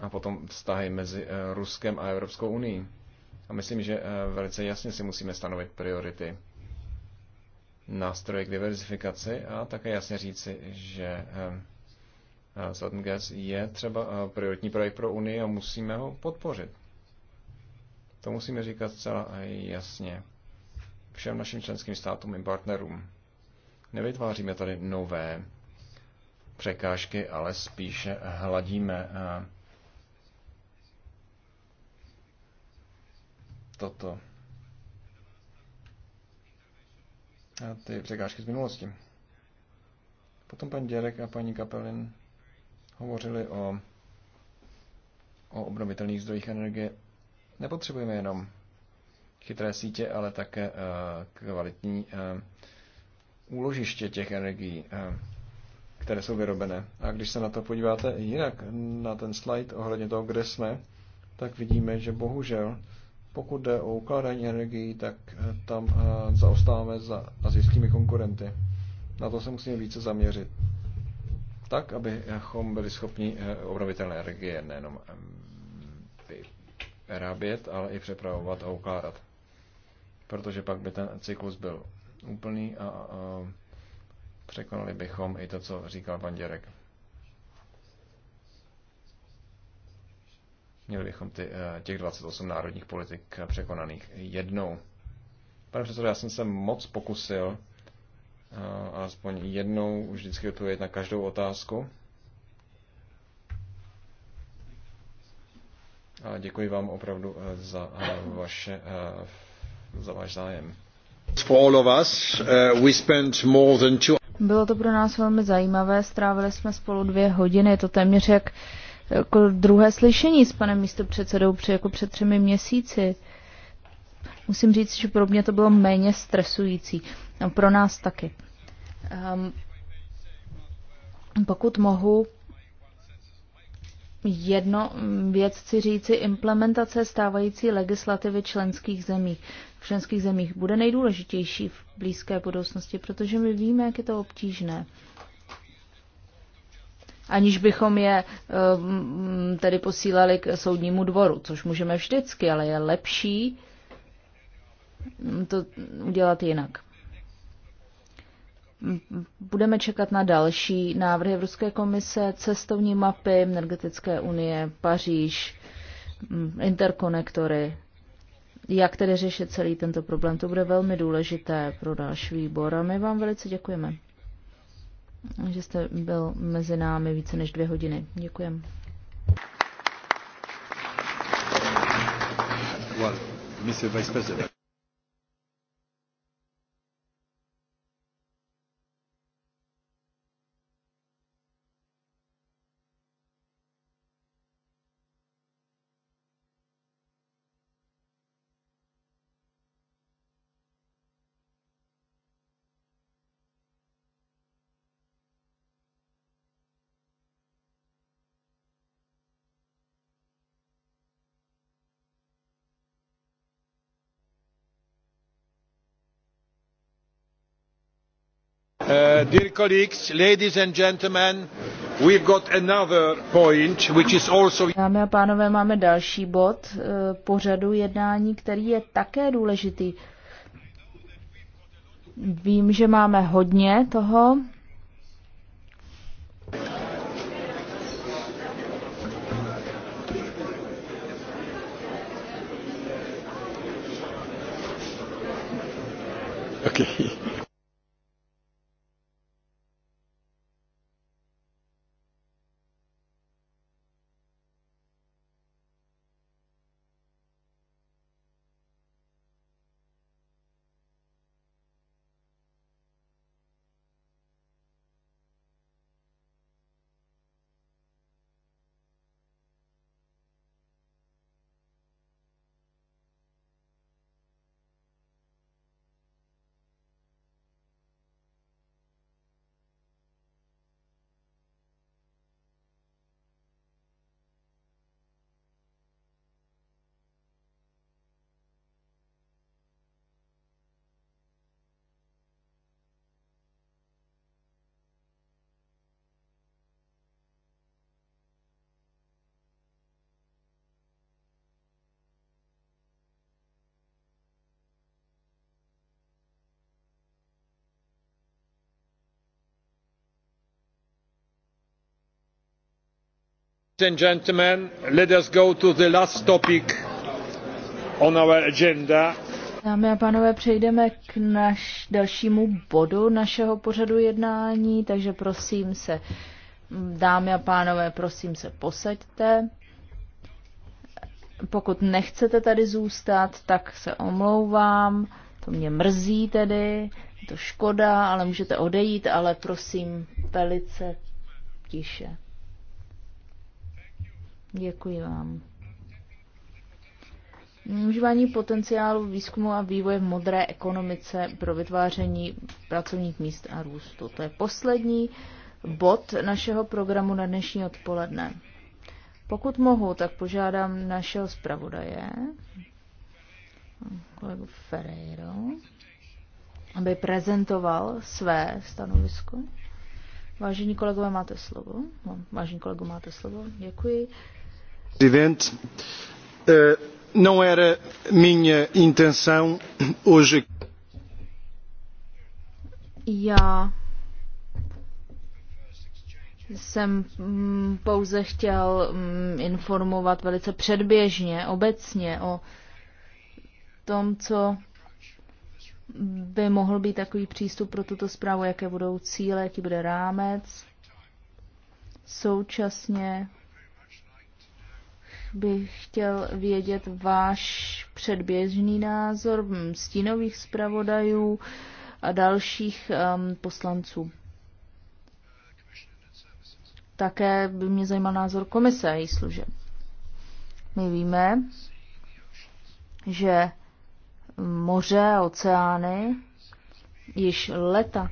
A potom vztahy mezi Ruskem a Evropskou unii. A myslím, že eh, velice jasně si musíme stanovit priority nástroje k diverzifikaci a také jasně říci, že eh, eh, Southern Gas je třeba prioritní projekt pro Unii a musíme ho podpořit. To musíme říkat zcela jasně všem našim členským státům i partnerům. Nevytváříme tady nové překážky, ale spíše hladíme toto. A ty překážky z minulosti. Potom pan Děrek a paní Kapelin hovořili o, o obnovitelných zdrojích energie. Nepotřebujeme jenom chytré sítě, ale také eh, kvalitní eh, úložiště těch energií, eh, které jsou vyrobené. A když se na to podíváte jinak, na ten slide ohledně toho, kde jsme, tak vidíme, že bohužel pokud jde o ukládání energií, tak eh, tam eh, zaostáváme za azijskými konkurenty. Na to se musíme více zaměřit. Tak, abychom byli schopni eh, obnovitelné energie nejenom vyrábět, ale i přepravovat a ukládat. Protože pak by ten cyklus byl úplný a, a překonali bychom i to, co říkal pan Děrek. Měli bychom ty, eh, těch 28 národních politik eh, překonaných jednou. Pane předsedo, já jsem se moc pokusil eh, alespoň jednou už vždycky odpovědět na každou otázku. A děkuji vám opravdu za vaše za váš zájem. Bylo to pro nás velmi zajímavé, strávili jsme spolu dvě hodiny, je to téměř jak jako druhé slyšení s panem místopředsedou při, jako před třemi měsíci. Musím říct, že pro mě to bylo méně stresující. No, pro nás taky. Um, pokud mohu, jedno mm, věc chci říci, implementace stávající legislativy členských zemí. V členských zemích bude nejdůležitější v blízké budoucnosti, protože my víme, jak je to obtížné aniž bychom je eh, tedy posílali k soudnímu dvoru, což můžeme vždycky, ale je lepší mm, to udělat jinak. Budeme čekat na další návrhy Evropské komise, cestovní mapy, energetické unie, Paříž, mm, interkonektory, jak tedy řešit celý tento problém. To bude velmi důležité pro další výbor a my vám velice děkujeme že jste byl mezi námi více než dvě hodiny. Děkujem. Well, Mr. Vice President. Uh, dear colleagues, ladies and gentlemen, we've got another point, which is also... Dámy a pánové, máme další bod uh, pořadu jednání, který je také důležitý. Vím, že máme hodně toho, and gentlemen, let us go to the last topic on our agenda. Dámy a pánové, přejdeme k naš, dalšímu bodu našeho pořadu jednání, takže prosím se, dámy a pánové, prosím se, posaďte. Pokud nechcete tady zůstat, tak se omlouvám, to mě mrzí tedy, je to škoda, ale můžete odejít, ale prosím, velice tiše. Děkuji vám. Využívání potenciálu výzkumu a vývoje v modré ekonomice pro vytváření pracovních míst a růstu. To je poslední bod našeho programu na dnešní odpoledne. Pokud mohu, tak požádám našeho zpravodaje, kolegu Ferreiro, aby prezentoval své stanovisko. Vážení kolegové, máte slovo. Vážení kolego, máte slovo. Děkuji. Presidente, eh, não era minha intenção hoje. Já jsem mm, pouze chtěl mm, informovat velice předběžně, obecně o tom, co by mohl být takový přístup pro tuto zprávu, jaké budou cíle, jaký bude rámec. Současně bych chtěl vědět váš předběžný názor stínových zpravodajů a dalších um, poslanců. Také by mě zajímal názor komise a její služeb. My víme, že moře a oceány již leta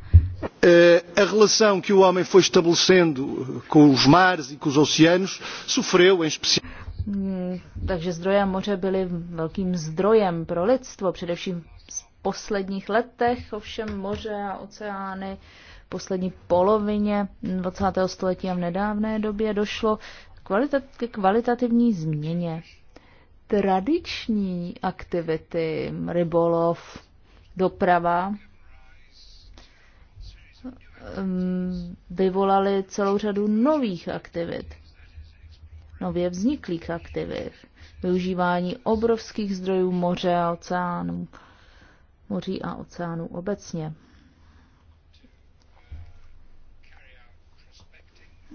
eh, a relação que o homem foi estabelecendo com os mares e com os oceanos sofreu em especial Eh, takže zdroje moře byly velkým zdrojem pro lidstvo, především v posledních letech, ovšem moře a oceány v poslední polovině 20. století a v nedávné době došlo k kvalitativní změně. Tradiční aktivity, rybolov, doprava, mm, vyvolaly celou řadu nových aktivit – nově vzniklých aktivit, využívání obrovských zdrojů moře a oceánů, moří a oceánů obecně.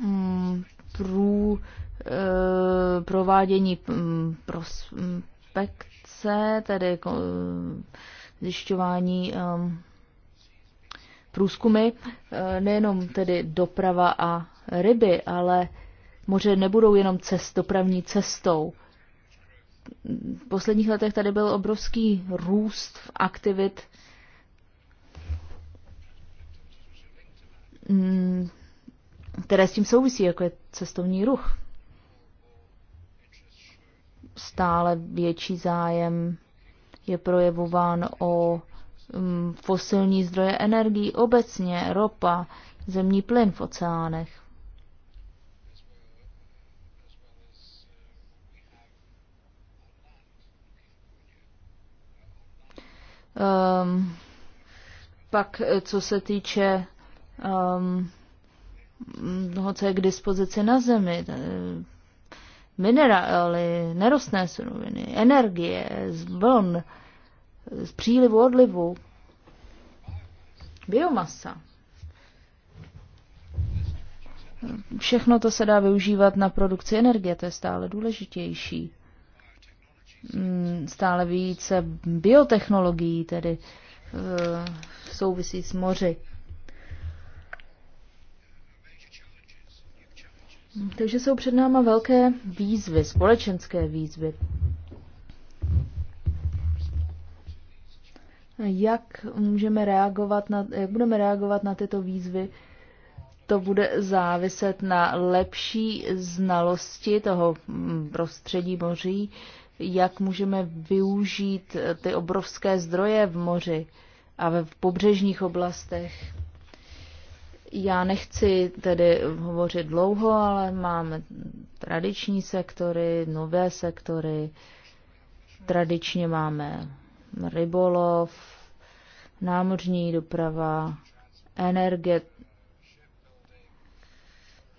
Mm, prů, e, provádění mm, prospekce, tedy eh, zjišťování ehm, průzkumy, eh, nejenom tedy doprava a ryby, ale moře nebudou jenom cest, dopravní cestou. V posledních letech tady byl obrovský růst v aktivit mm, které s tím souvisí, jako je cestovní ruch. Stále větší zájem je projevován o mm, fosilní zdroje energií obecně, ropa, zemní plyn v oceánech. Um, pak, eh, co se týče um, toho, co je k dispozici na Zemi, minerály, nerostné suroviny, energie, zvln, z přílivu, odlivu, biomasa. Všechno to se dá využívat na produkci energie, to je stále důležitější. Mm, stále více biotechnologií, tedy eh, souvisí s moři. Takže jsou před náma velké výzvy, společenské výzvy. Jak můžeme reagovat na, jak budeme reagovat na tyto výzvy, to bude záviset na lepší znalosti toho mm, prostředí moří, jak můžeme využít ty obrovské zdroje v moři a v pobřežních oblastech. Já nechci tedy hovořit dlouho, ale máme tradiční sektory, nové sektory. Tradičně máme rybolov, námořní doprava, energet,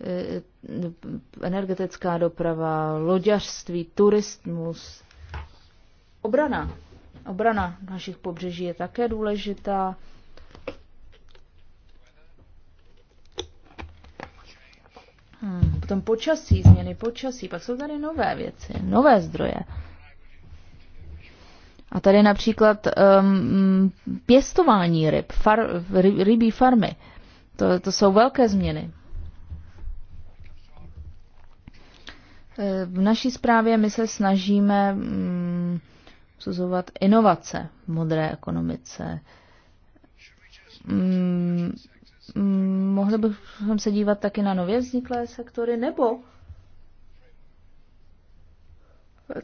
Eh, energetická doprava, loďařství, turismus, obrana. Obrana našich pobřeží je také důležitá. Hmm, potom počasí, změny počasí, pak jsou tady nové věci, nové zdroje. A tady například um, pěstování ryb, far, rybí farmy. To, to jsou velké změny. Eh, v naší zprávě my se snažíme mm, posuzovat inovace v modré ekonomice. Mm, mm, mohli bychom se dívat taky na nově vzniklé sektory, nebo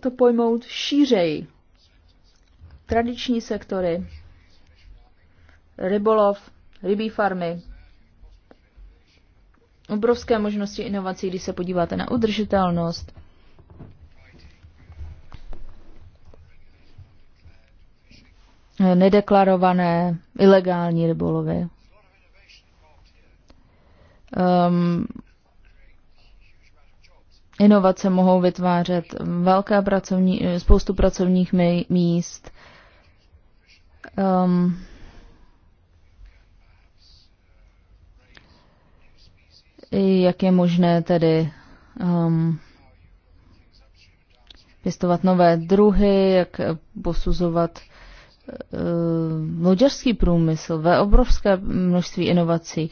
to pojmout šířej. Tradiční sektory, rybolov, rybí farmy, obrovské možnosti inovací, když se podíváte na udržitelnost. Nedeklarované, ilegální rybolovy. Um, inovace mohou vytvářet velké pracovní, spoustu pracovních míst. Um, Jak je možné tedy um, pěstovat nové druhy, jak eh, posuzovat uh, loďařský průmysl, ve obrovské množství inovací.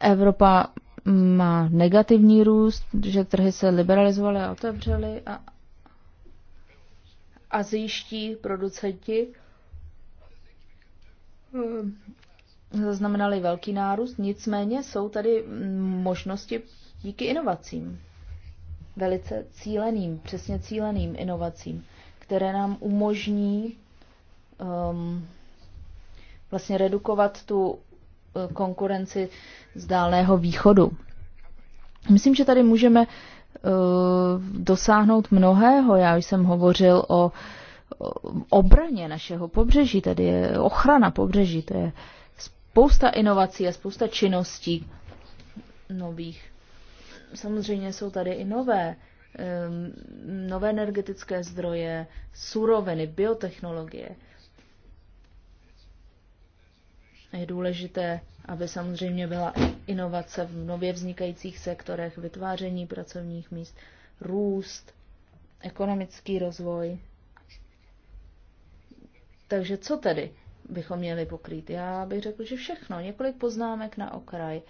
Evropa mm, má negativní růst, že trhy se liberalizovaly a otevřely a azijští producenti eh, zaznamenali velký nárůst, nicméně jsou tady možnosti díky inovacím. Velice cíleným, přesně cíleným inovacím, které nám umožní um, vlastně redukovat tu uh, konkurenci z dálného východu. Myslím, že tady můžeme uh, dosáhnout mnohého. Já už jsem hovořil o obraně našeho pobřeží, tedy ochrana pobřeží, to je uh, spousta inovací a spousta činností nových. Samozřejmě jsou tady i nové, ehm, nové energetické zdroje, suroviny, biotechnologie. Je důležité, aby samozřejmě byla inovace v nově vznikajících sektorech, vytváření pracovních míst, růst, ekonomický rozvoj. Takže co tedy? bychom měli pokrýt? Já bych řekl, že všechno. Několik poznámek na okraj.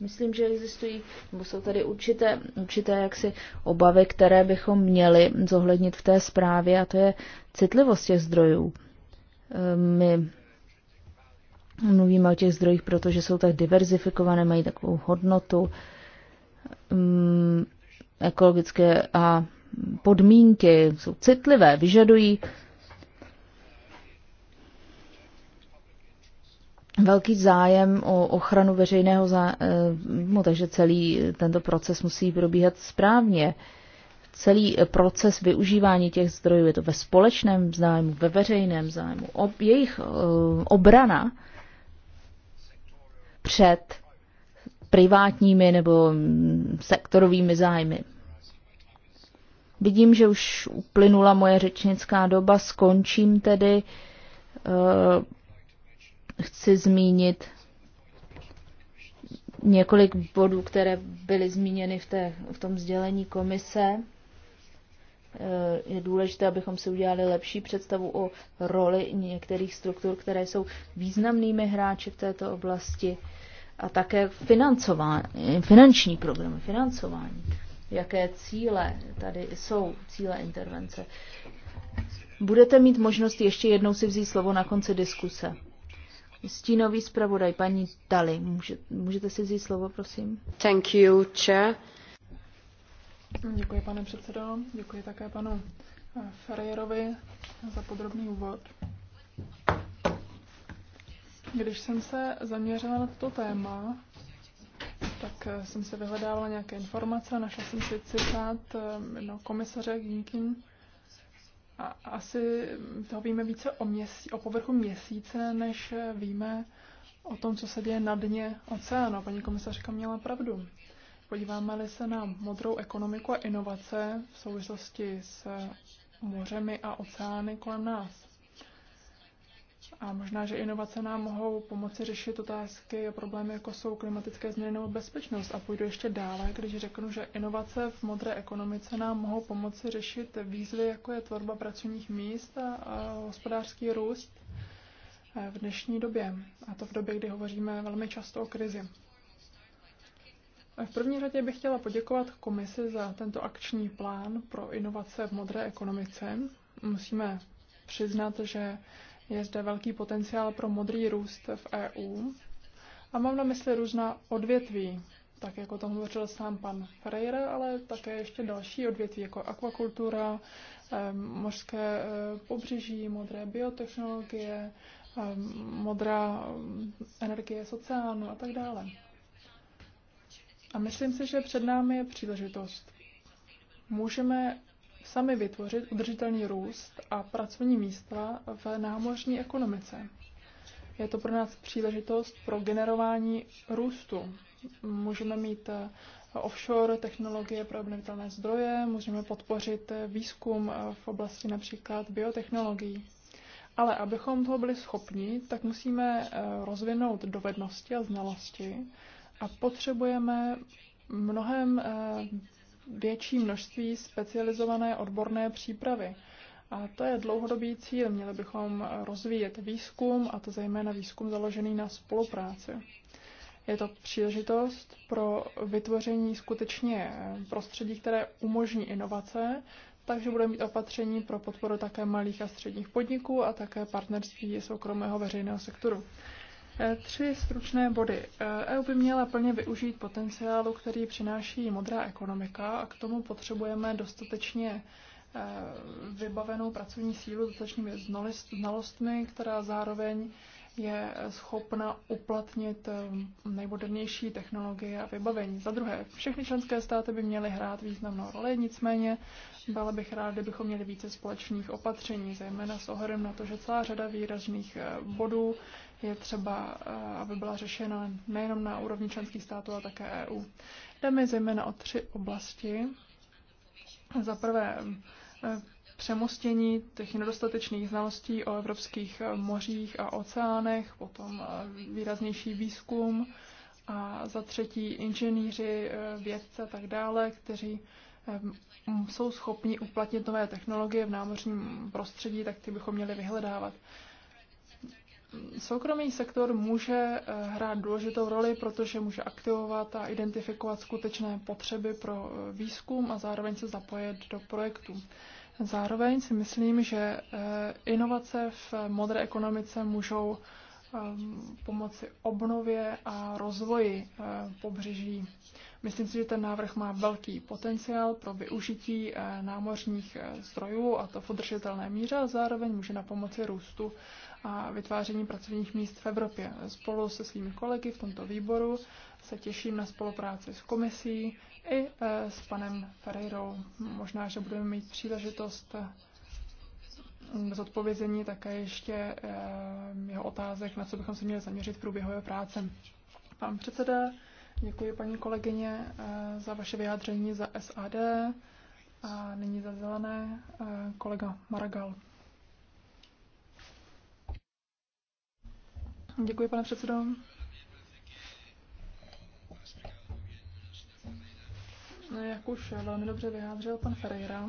Myslím, že existují, nebo jsou tady určité, určité jaksi obavy, které bychom měli zohlednit v té zprávě, a to je citlivost těch zdrojů. Ehm, my mluvíme o těch zdrojích, protože jsou tak diverzifikované, mají takovou hodnotu. Ehm, ekologické a podmínky jsou citlivé, vyžadují velký zájem o ochranu veřejného zájmu, takže celý tento proces musí probíhat správně. Celý proces využívání těch zdrojů je to ve společném zájmu, ve veřejném zájmu. Ob, jejich eh, obrana před privátními nebo sektorovými zájmy. Vidím, že už uplynula moje řečnická doba, skončím tedy. Eh, chci zmínit několik bodů, které byly zmíněny v, té, v tom sdělení komise. Eh, je důležité, abychom si udělali lepší představu o roli některých struktur, které jsou významnými hráči v této oblasti a také financování, finanční programy, financování. Jaké cíle tady jsou, cíle intervence. Budete mít možnost ještě jednou si vzít slovo na konci diskuse. Stínový zpravodaj, paní Dali, můžete si vzít slovo, prosím? Thank you, chair. Děkuji, pane předsedo. Děkuji také panu eh, Ferrierovi za podrobný úvod. Když jsem se zaměřila na toto téma, tak eh, jsem se vyhledávala nějaké informace, našla jsem si citát no, komisaře Ginkin. A asi toho víme více o, měsí, o povrchu měsíce, než eh, víme o tom, co se děje na dně oceánu. Paní komisařka měla pravdu. Podíváme-li se na modrou ekonomiku a inovace v souvislosti s mořemi a oceány kolem nás. A možná, že inovace nám mohou pomoci řešit otázky a problémy, jako jsou klimatické změny nebo bezpečnost. A půjdu ještě dále, když řeknu, že inovace v modré ekonomice nám mohou pomoci řešit výzvy, jako je tvorba pracovních míst a, a hospodářský růst eh, v dnešní době. A to v době, kdy hovoříme velmi často o krizi. V první řadě bych chtěla poděkovat komisi za tento akční plán pro inovace v modré ekonomice. Musíme přiznat, že je zde velký potenciál pro modrý růst v EU. A mám na mysli různá odvětví, tak jako to hovořil sám pan Ferreira, ale také ještě další odvětví, jako akvakultura, mořské eh, pobřeží, modré biotechnologie, modrá energie z oceánu a tak dále. A myslím si, že před námi je příležitost. Můžeme sami vytvořit udržitelný růst a pracovní místa v námořní ekonomice. Je to pro nás příležitost pro generování růstu. Můžeme mít eh, offshore technologie pro obnovitelné zdroje, můžeme podpořit eh, výzkum eh, v oblasti například biotechnologií. Ale abychom toho byli schopni, tak musíme rozvinout dovednosti a znalosti a potřebujeme mnohem větší množství specializované odborné přípravy. A to je dlouhodobý cíl. Měli bychom rozvíjet výzkum, a to zejména výzkum založený na spolupráci. Je to příležitost pro vytvoření skutečně prostředí, které umožní inovace, takže budeme mít opatření pro podporu také malých a středních podniků a také partnerství soukromého veřejného sektoru. Tři stručné body. EU e by měla plně využít potenciálu, který přináší modrá ekonomika a k tomu potřebujeme dostatečně e, vybavenou pracovní sílu, dostatečnými znalostmi, která zároveň je schopna uplatnit eh, nejmodernější technologie a vybavení. Za druhé, všechny členské státy by měly hrát významnou roli, nicméně byla bych rád, kdybychom měli více společných opatření, zejména s ohledem na to, že celá řada výrazných eh, bodů je třeba, eh, aby byla řešena nejenom na úrovni členských států, ale také EU. Jdeme zejména o tři oblasti. Za prvé, přemostění těch nedostatečných znalostí o evropských eh, mořích a oceánech, potom eh, výraznější výzkum a za třetí inženýři, eh, vědce a tak dále, kteří jsou schopni uplatnit nové technologie v námořním prostředí, tak ty bychom měli vyhledávat. Soukromý sektor může hrát důležitou roli, protože může aktivovat a identifikovat skutečné potřeby pro výzkum a zároveň se zapojit do projektů. Zároveň si myslím, že eh, inovace v modré ekonomice můžou eh, pomoci obnově a rozvoji eh, pobřeží. Myslím si, že ten návrh má velký potenciál pro využití námořních zdrojů a to v udržitelné míře a zároveň může na pomoci růstu a vytváření pracovních míst v Evropě. Spolu se svými kolegy v tomto výboru se těším na spolupráci s komisí i eh, s panem Ferreirou. Možná, že budeme mít příležitost eh, zodpovězení také ještě eh, jeho otázek, na co bychom se měli zaměřit v průběhu jeho práce. Pan předseda, děkuji paní kolegyně za vaše vyjádření za SAD a nyní za zelené kolega Maragal. Děkuji, pane předsedo. Jak už velmi dobře vyjádřil pan Ferreira,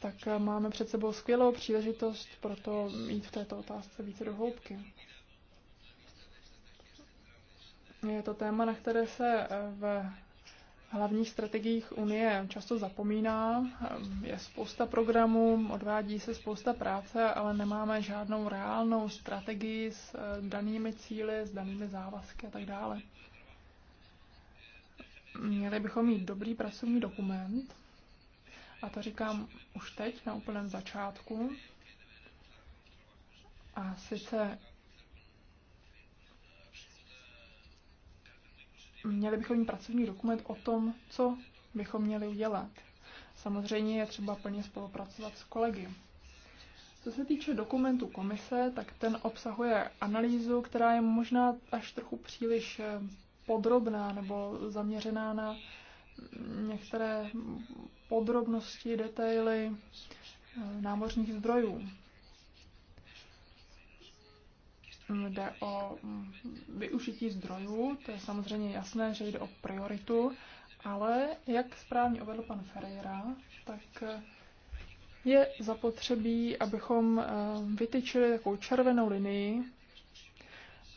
tak máme před sebou skvělou příležitost pro to jít v této otázce více do hloubky. Je to téma, na které se v hlavních strategiích Unie často zapomíná. Je spousta programů, odvádí se spousta práce, ale nemáme žádnou reálnou strategii s eh, danými cíly, s danými závazky a tak dále. Měli bychom mít dobrý pracovní dokument, a to říkám už teď na úplném začátku, a sice měli bychom mít pracovní dokument o tom, co bychom měli udělat. Samozřejmě je třeba plně spolupracovat s kolegy. Co se týče dokumentu komise, tak ten obsahuje analýzu, která je možná až trochu příliš eh, podrobná nebo zaměřená na některé podrobnosti, detaily eh, námořních zdrojů. Mm, jde o mm, využití zdrojů, to je samozřejmě jasné, že jde o prioritu, ale jak správně uvedl pan Ferreira, tak eh, je zapotřebí, abychom eh, vytyčili takovou červenou linii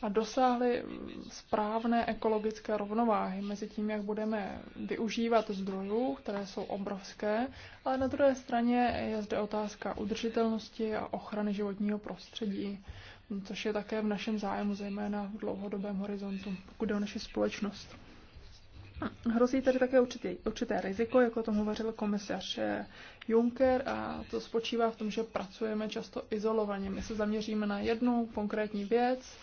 a dosáhli mm, správné ekologické rovnováhy mezi tím, jak budeme využívat zdrojů, které jsou obrovské, ale na druhé straně je zde otázka udržitelnosti a ochrany životního prostředí což je také v našem zájmu, zejména v dlouhodobém horizontu, pokud jde o naši společnost. Hrozí tady také určitý, určité riziko, jako o tom hovořil komisař Juncker, a to spočívá v tom, že pracujeme často izolovaně. My se zaměříme na jednu konkrétní věc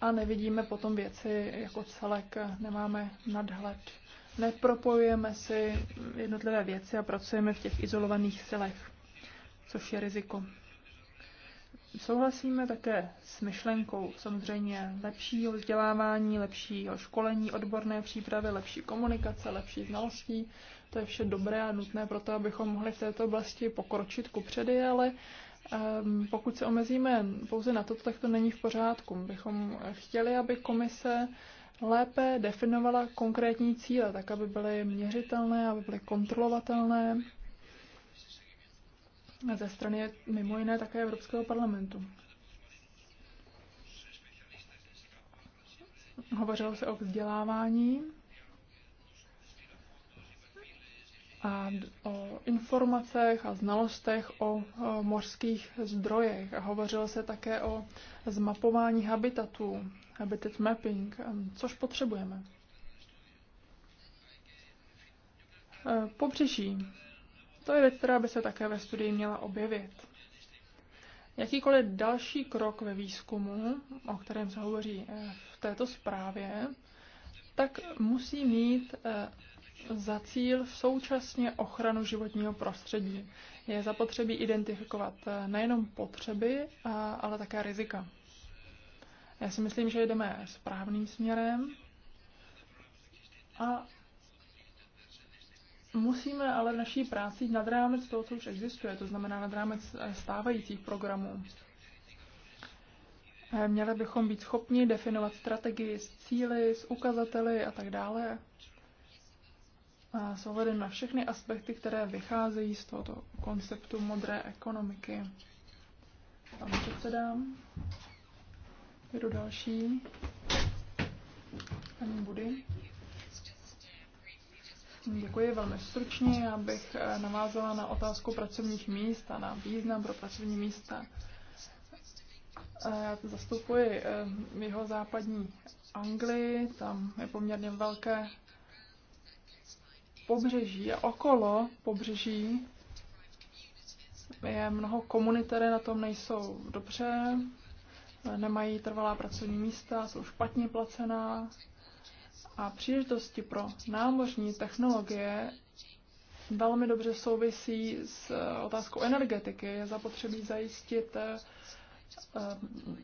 a nevidíme potom věci jako celek, nemáme nadhled. Nepropojujeme si jednotlivé věci a pracujeme v těch izolovaných silech, což je riziko. Souhlasíme také s myšlenkou samozřejmě lepšího vzdělávání, lepšího školení, odborné přípravy, lepší komunikace, lepší znalostí. To je vše dobré a nutné pro to, abychom mohli v této oblasti pokročit předy, ale ehm, pokud se omezíme pouze na to, tak to není v pořádku. Bychom chtěli, aby komise lépe definovala konkrétní cíle, tak aby byly měřitelné, aby byly kontrolovatelné ze strany mimo jiné také Evropského parlamentu. Hovořilo se o vzdělávání a o informacech a znalostech o mořských zdrojech. A hovořilo se také o zmapování habitatů, habitat mapping, což potřebujeme. E, pobřeží to je věc, která by se také ve studii měla objevit. Jakýkoliv další krok ve výzkumu, o kterém se hovoří eh, v této zprávě, tak musí mít eh, za cíl současně ochranu životního prostředí. Je zapotřebí identifikovat eh, nejenom potřeby, ale také rizika. Já si myslím, že jdeme správným směrem a Musíme ale v naší práci nad rámec toho, co už existuje, to znamená nad rámec eh, stávajících programů. Eh, měli bychom být schopni definovat strategii s cíly, s ukazateli a tak dále. A s ohledem na všechny aspekty, které vycházejí z tohoto konceptu modré ekonomiky. Tam předsedám. Jdu další. Paní Budy. Děkuji velmi stručně. Já bych eh, navázala na otázku pracovních míst a na význam pro pracovní místa. Eh, já zastupuji eh, jeho západní Anglii, tam je poměrně velké pobřeží a okolo pobřeží je mnoho komunit, které na tom nejsou dobře, nemají trvalá pracovní místa, jsou špatně placená, a příležitosti pro námořní technologie velmi dobře souvisí s eh, otázkou energetiky. Je zapotřebí zajistit eh, eh,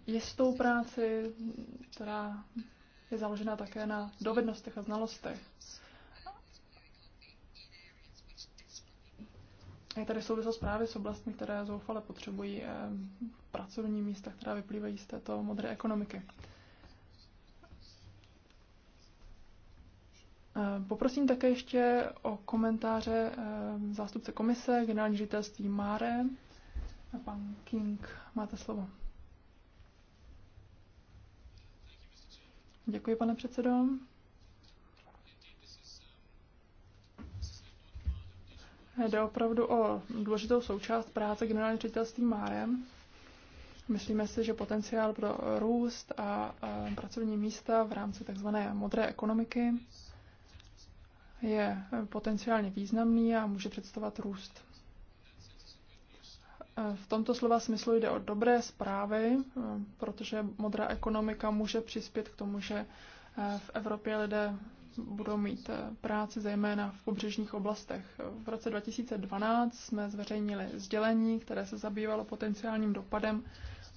jistou práci, která je založena také na dovednostech a znalostech. Je tady souvislost právě s oblastmi, které zoufale potřebují pracovní místa, která vyplývají z této modré ekonomiky. Eh, poprosím také ještě o komentáře eh, zástupce komise, generální ředitelství Máre. Pan King, máte slovo. Děkuji, pane předsedo. Jde opravdu o důležitou součást práce generální ředitelství Márem. Myslíme si, že potenciál pro růst a eh, pracovní místa v rámci tzv. modré ekonomiky je eh, potenciálně významný a může představovat růst. Eh, v tomto slova smyslu jde o dobré zprávy, eh, protože modrá ekonomika může přispět k tomu, že v Evropě lidé budou mít práci zejména v pobřežních oblastech. V roce 2012 jsme zveřejnili sdělení, které se zabývalo potenciálním dopadem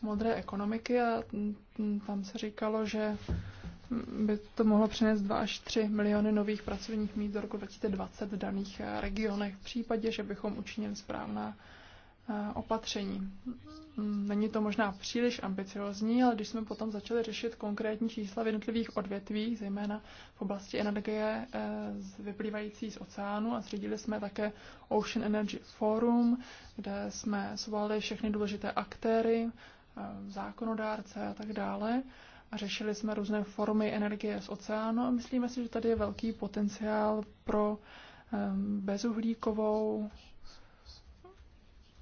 modré ekonomiky a mm, mm, tam se říkalo, že by to mohlo přinést 2 až 3 miliony nových pracovních míst do roku 2020 v daných eh, regionech v případě, že bychom učinili správná eh, opatření. Mm, není to možná příliš ambiciozní, ale když jsme potom začali řešit konkrétní čísla v jednotlivých odvětvích, zejména v oblasti energie eh, vyplývající z oceánu a zřídili jsme také Ocean Energy Forum, kde jsme svolali všechny důležité aktéry, zákonodárce a tak dále a řešili jsme různé formy energie z oceánu a myslíme si, že tady je velký potenciál pro ehm, bezuhlíkovou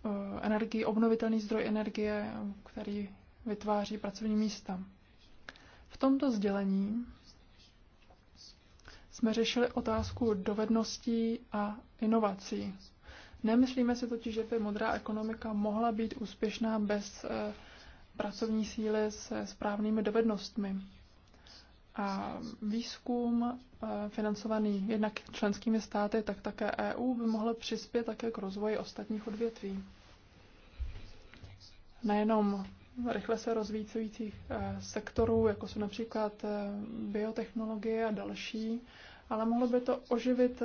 eh, energii, obnovitelný zdroj energie, který vytváří pracovní místa. V tomto sdělení jsme řešili otázku dovedností a inovací. Nemyslíme si totiž, že by modrá ekonomika mohla být úspěšná bez eh, pracovní síly se správnými dovednostmi. A výzkum eh, financovaný jednak členskými státy, tak také EU by mohl přispět také k rozvoji ostatních odvětví. Nejenom rychle se rozvíjících eh, sektorů, jako jsou například eh, biotechnologie a další, ale mohlo by to oživit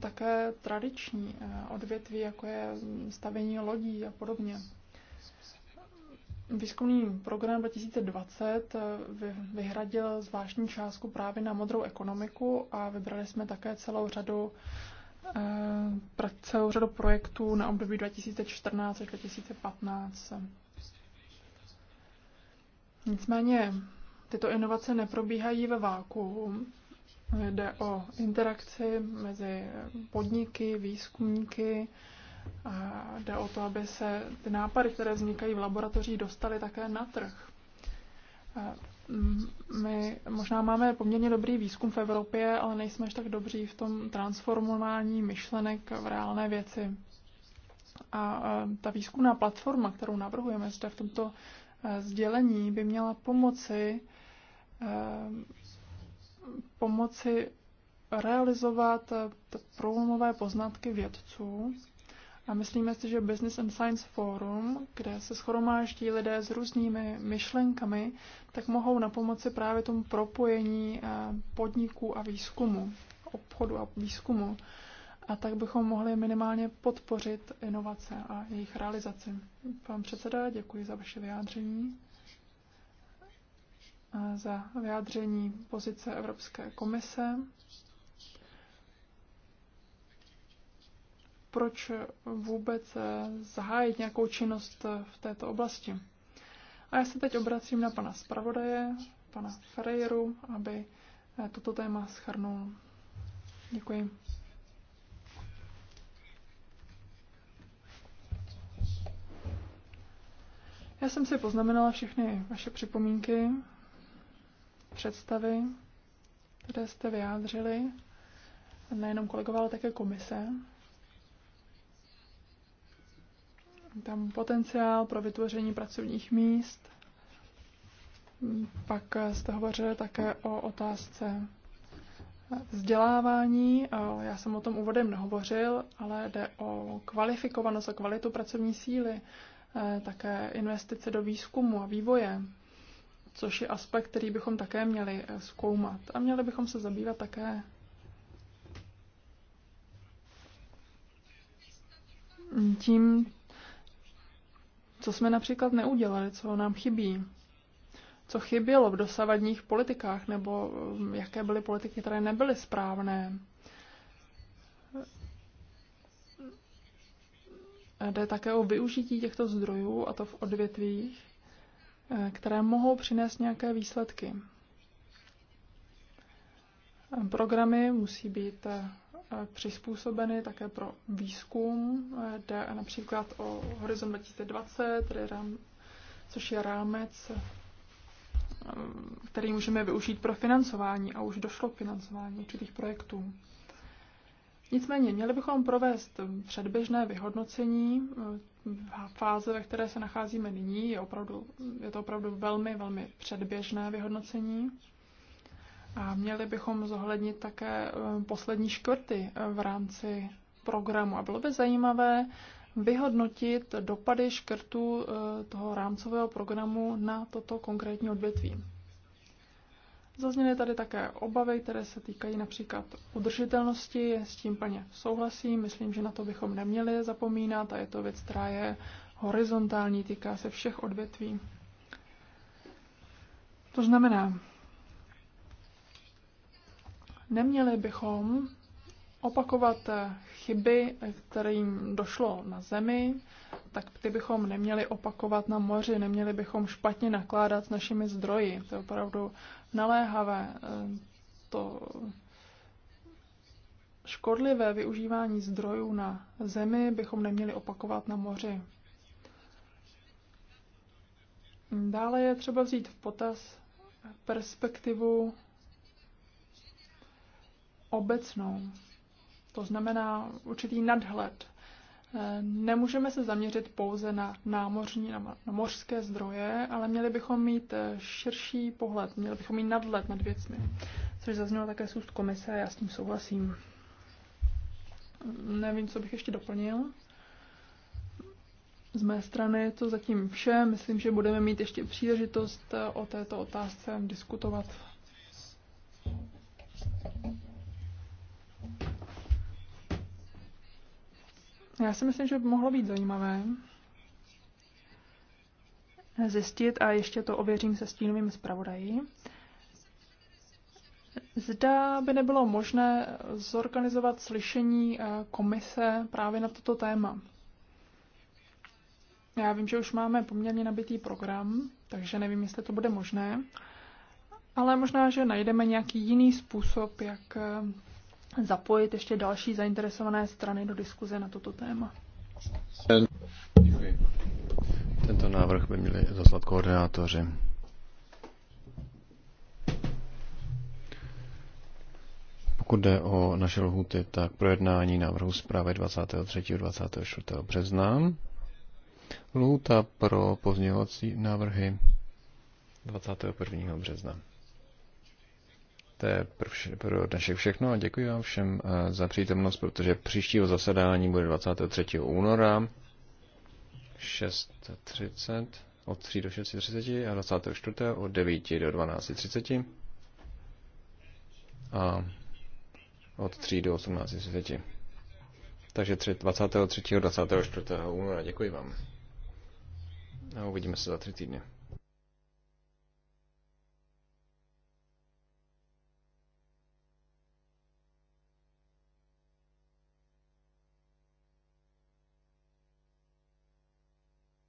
také tradiční odvětví, jako je stavění lodí a podobně. Výzkumný program 2020 eh, vyhradil zvláštní částku právě na modrou ekonomiku a vybrali jsme také celou řadu eh, celou řadu projektů na období 2014 až 2015. Nicméně tyto inovace neprobíhají ve váku. Jde o interakci mezi podniky, výzkumníky, a jde o to, aby se ty nápady, které vznikají v laboratoři, dostaly také na trh. Mm, my možná máme poměrně dobrý výzkum v Evropě, ale nejsme až tak dobří v tom transformování myšlenek v reálné věci. A ta výzkumná platforma, kterou navrhujeme zde v tomto e, sdělení, by měla pomoci e, pomoci realizovat e, průlomové poznatky vědců a myslíme si, že Business and Science Forum, kde se schromáždí lidé s různými myšlenkami, tak mohou na pomoci právě tomu propojení eh, podniků a výzkumu, obchodu a výzkumu. A tak bychom mohli minimálně podpořit inovace a jejich realizaci. Pan předseda, děkuji za vaše vyjádření, za vyjádření pozice Evropské komise. proč vůbec eh, zahájit nějakou činnost eh, v této oblasti. A já se teď obracím na pana zpravodaje, pana Ferreiru, aby eh, toto téma schrnul. Děkuji. Já jsem si poznamenala všechny vaše připomínky, představy, které jste vyjádřili, nejenom kolegové, ale také komise. tam potenciál pro vytvoření pracovních míst. Pak eh, jste hovořili také o otázce vzdělávání. Já jsem o tom úvodem nehovořil, ale jde o kvalifikovanost a kvalitu pracovní síly, eh, také investice do výzkumu a vývoje, což je aspekt, který bychom také měli eh, zkoumat. A měli bychom se zabývat také tím, co jsme například neudělali, co nám chybí, co chybělo v dosavadních politikách, nebo um, jaké byly politiky, které nebyly správné. Jde také o využití těchto zdrojů, a to v odvětvích, eh, které mohou přinést nějaké výsledky. Programy musí být eh, Eh, přizpůsobeny také pro výzkum. Eh, jde například o Horizon 2020, tedy rám, což je rámec, eh, který můžeme využít pro financování a už došlo k financování určitých projektů. Nicméně, měli bychom provést předběžné vyhodnocení. Fáze, ve které se nacházíme nyní, je, opravdu, je to opravdu velmi, velmi předběžné vyhodnocení. A měli bychom zohlednit také eh, poslední škvrty eh, v rámci programu. A bylo by zajímavé vyhodnotit dopady škrtů eh, toho rámcového programu na toto konkrétní odvětví. Zazněly tady také obavy, které se týkají například udržitelnosti, s tím plně souhlasím, myslím, že na to bychom neměli zapomínat a je to věc, která je horizontální, týká se všech odvětví. To znamená, Neměli bychom opakovat chyby, kterým došlo na zemi, tak ty bychom neměli opakovat na moři, neměli bychom špatně nakládat s našimi zdroji. To je opravdu naléhavé. Eh, to škodlivé využívání zdrojů na zemi bychom neměli opakovat na moři. Dále je třeba vzít v potaz perspektivu obecnou. To znamená určitý nadhled. Eh, nemůžeme se zaměřit pouze na námořní, na mořské zdroje, ale měli bychom mít eh, širší pohled, měli bychom mít nadhled nad věcmi, což zaznělo také z úst komise a já s tím souhlasím. Nevím, co bych ještě doplnil. Z mé strany je to zatím vše. Myslím, že budeme mít ještě příležitost eh, o této otázce diskutovat Já si myslím, že by mohlo být zajímavé zjistit, a ještě to ověřím se stínovým zpravodají, zda by nebylo možné zorganizovat slyšení eh, komise právě na toto téma. Já vím, že už máme poměrně nabitý program, takže nevím, jestli to bude možné, ale možná, že najdeme nějaký jiný způsob, jak eh, zapojit ještě další zainteresované strany do diskuze na toto téma. Tento návrh by měli zaslat koordinátoři. Pokud jde o naše lhuty, tak projednání návrhu zprávy 23. a 24. března. Lhuta pro pozdějovací návrhy 21. března. To je pro, vše, pro dnešek všechno a děkuji vám všem eh, za přítomnost, protože příštího zasedání bude 23. února 6.30 od 3 do 6.30 a 24. od 9 do 12.30 a od 3 do 18.30. Takže 23. 24. února. Děkuji vám. A uvidíme se za tři týdny.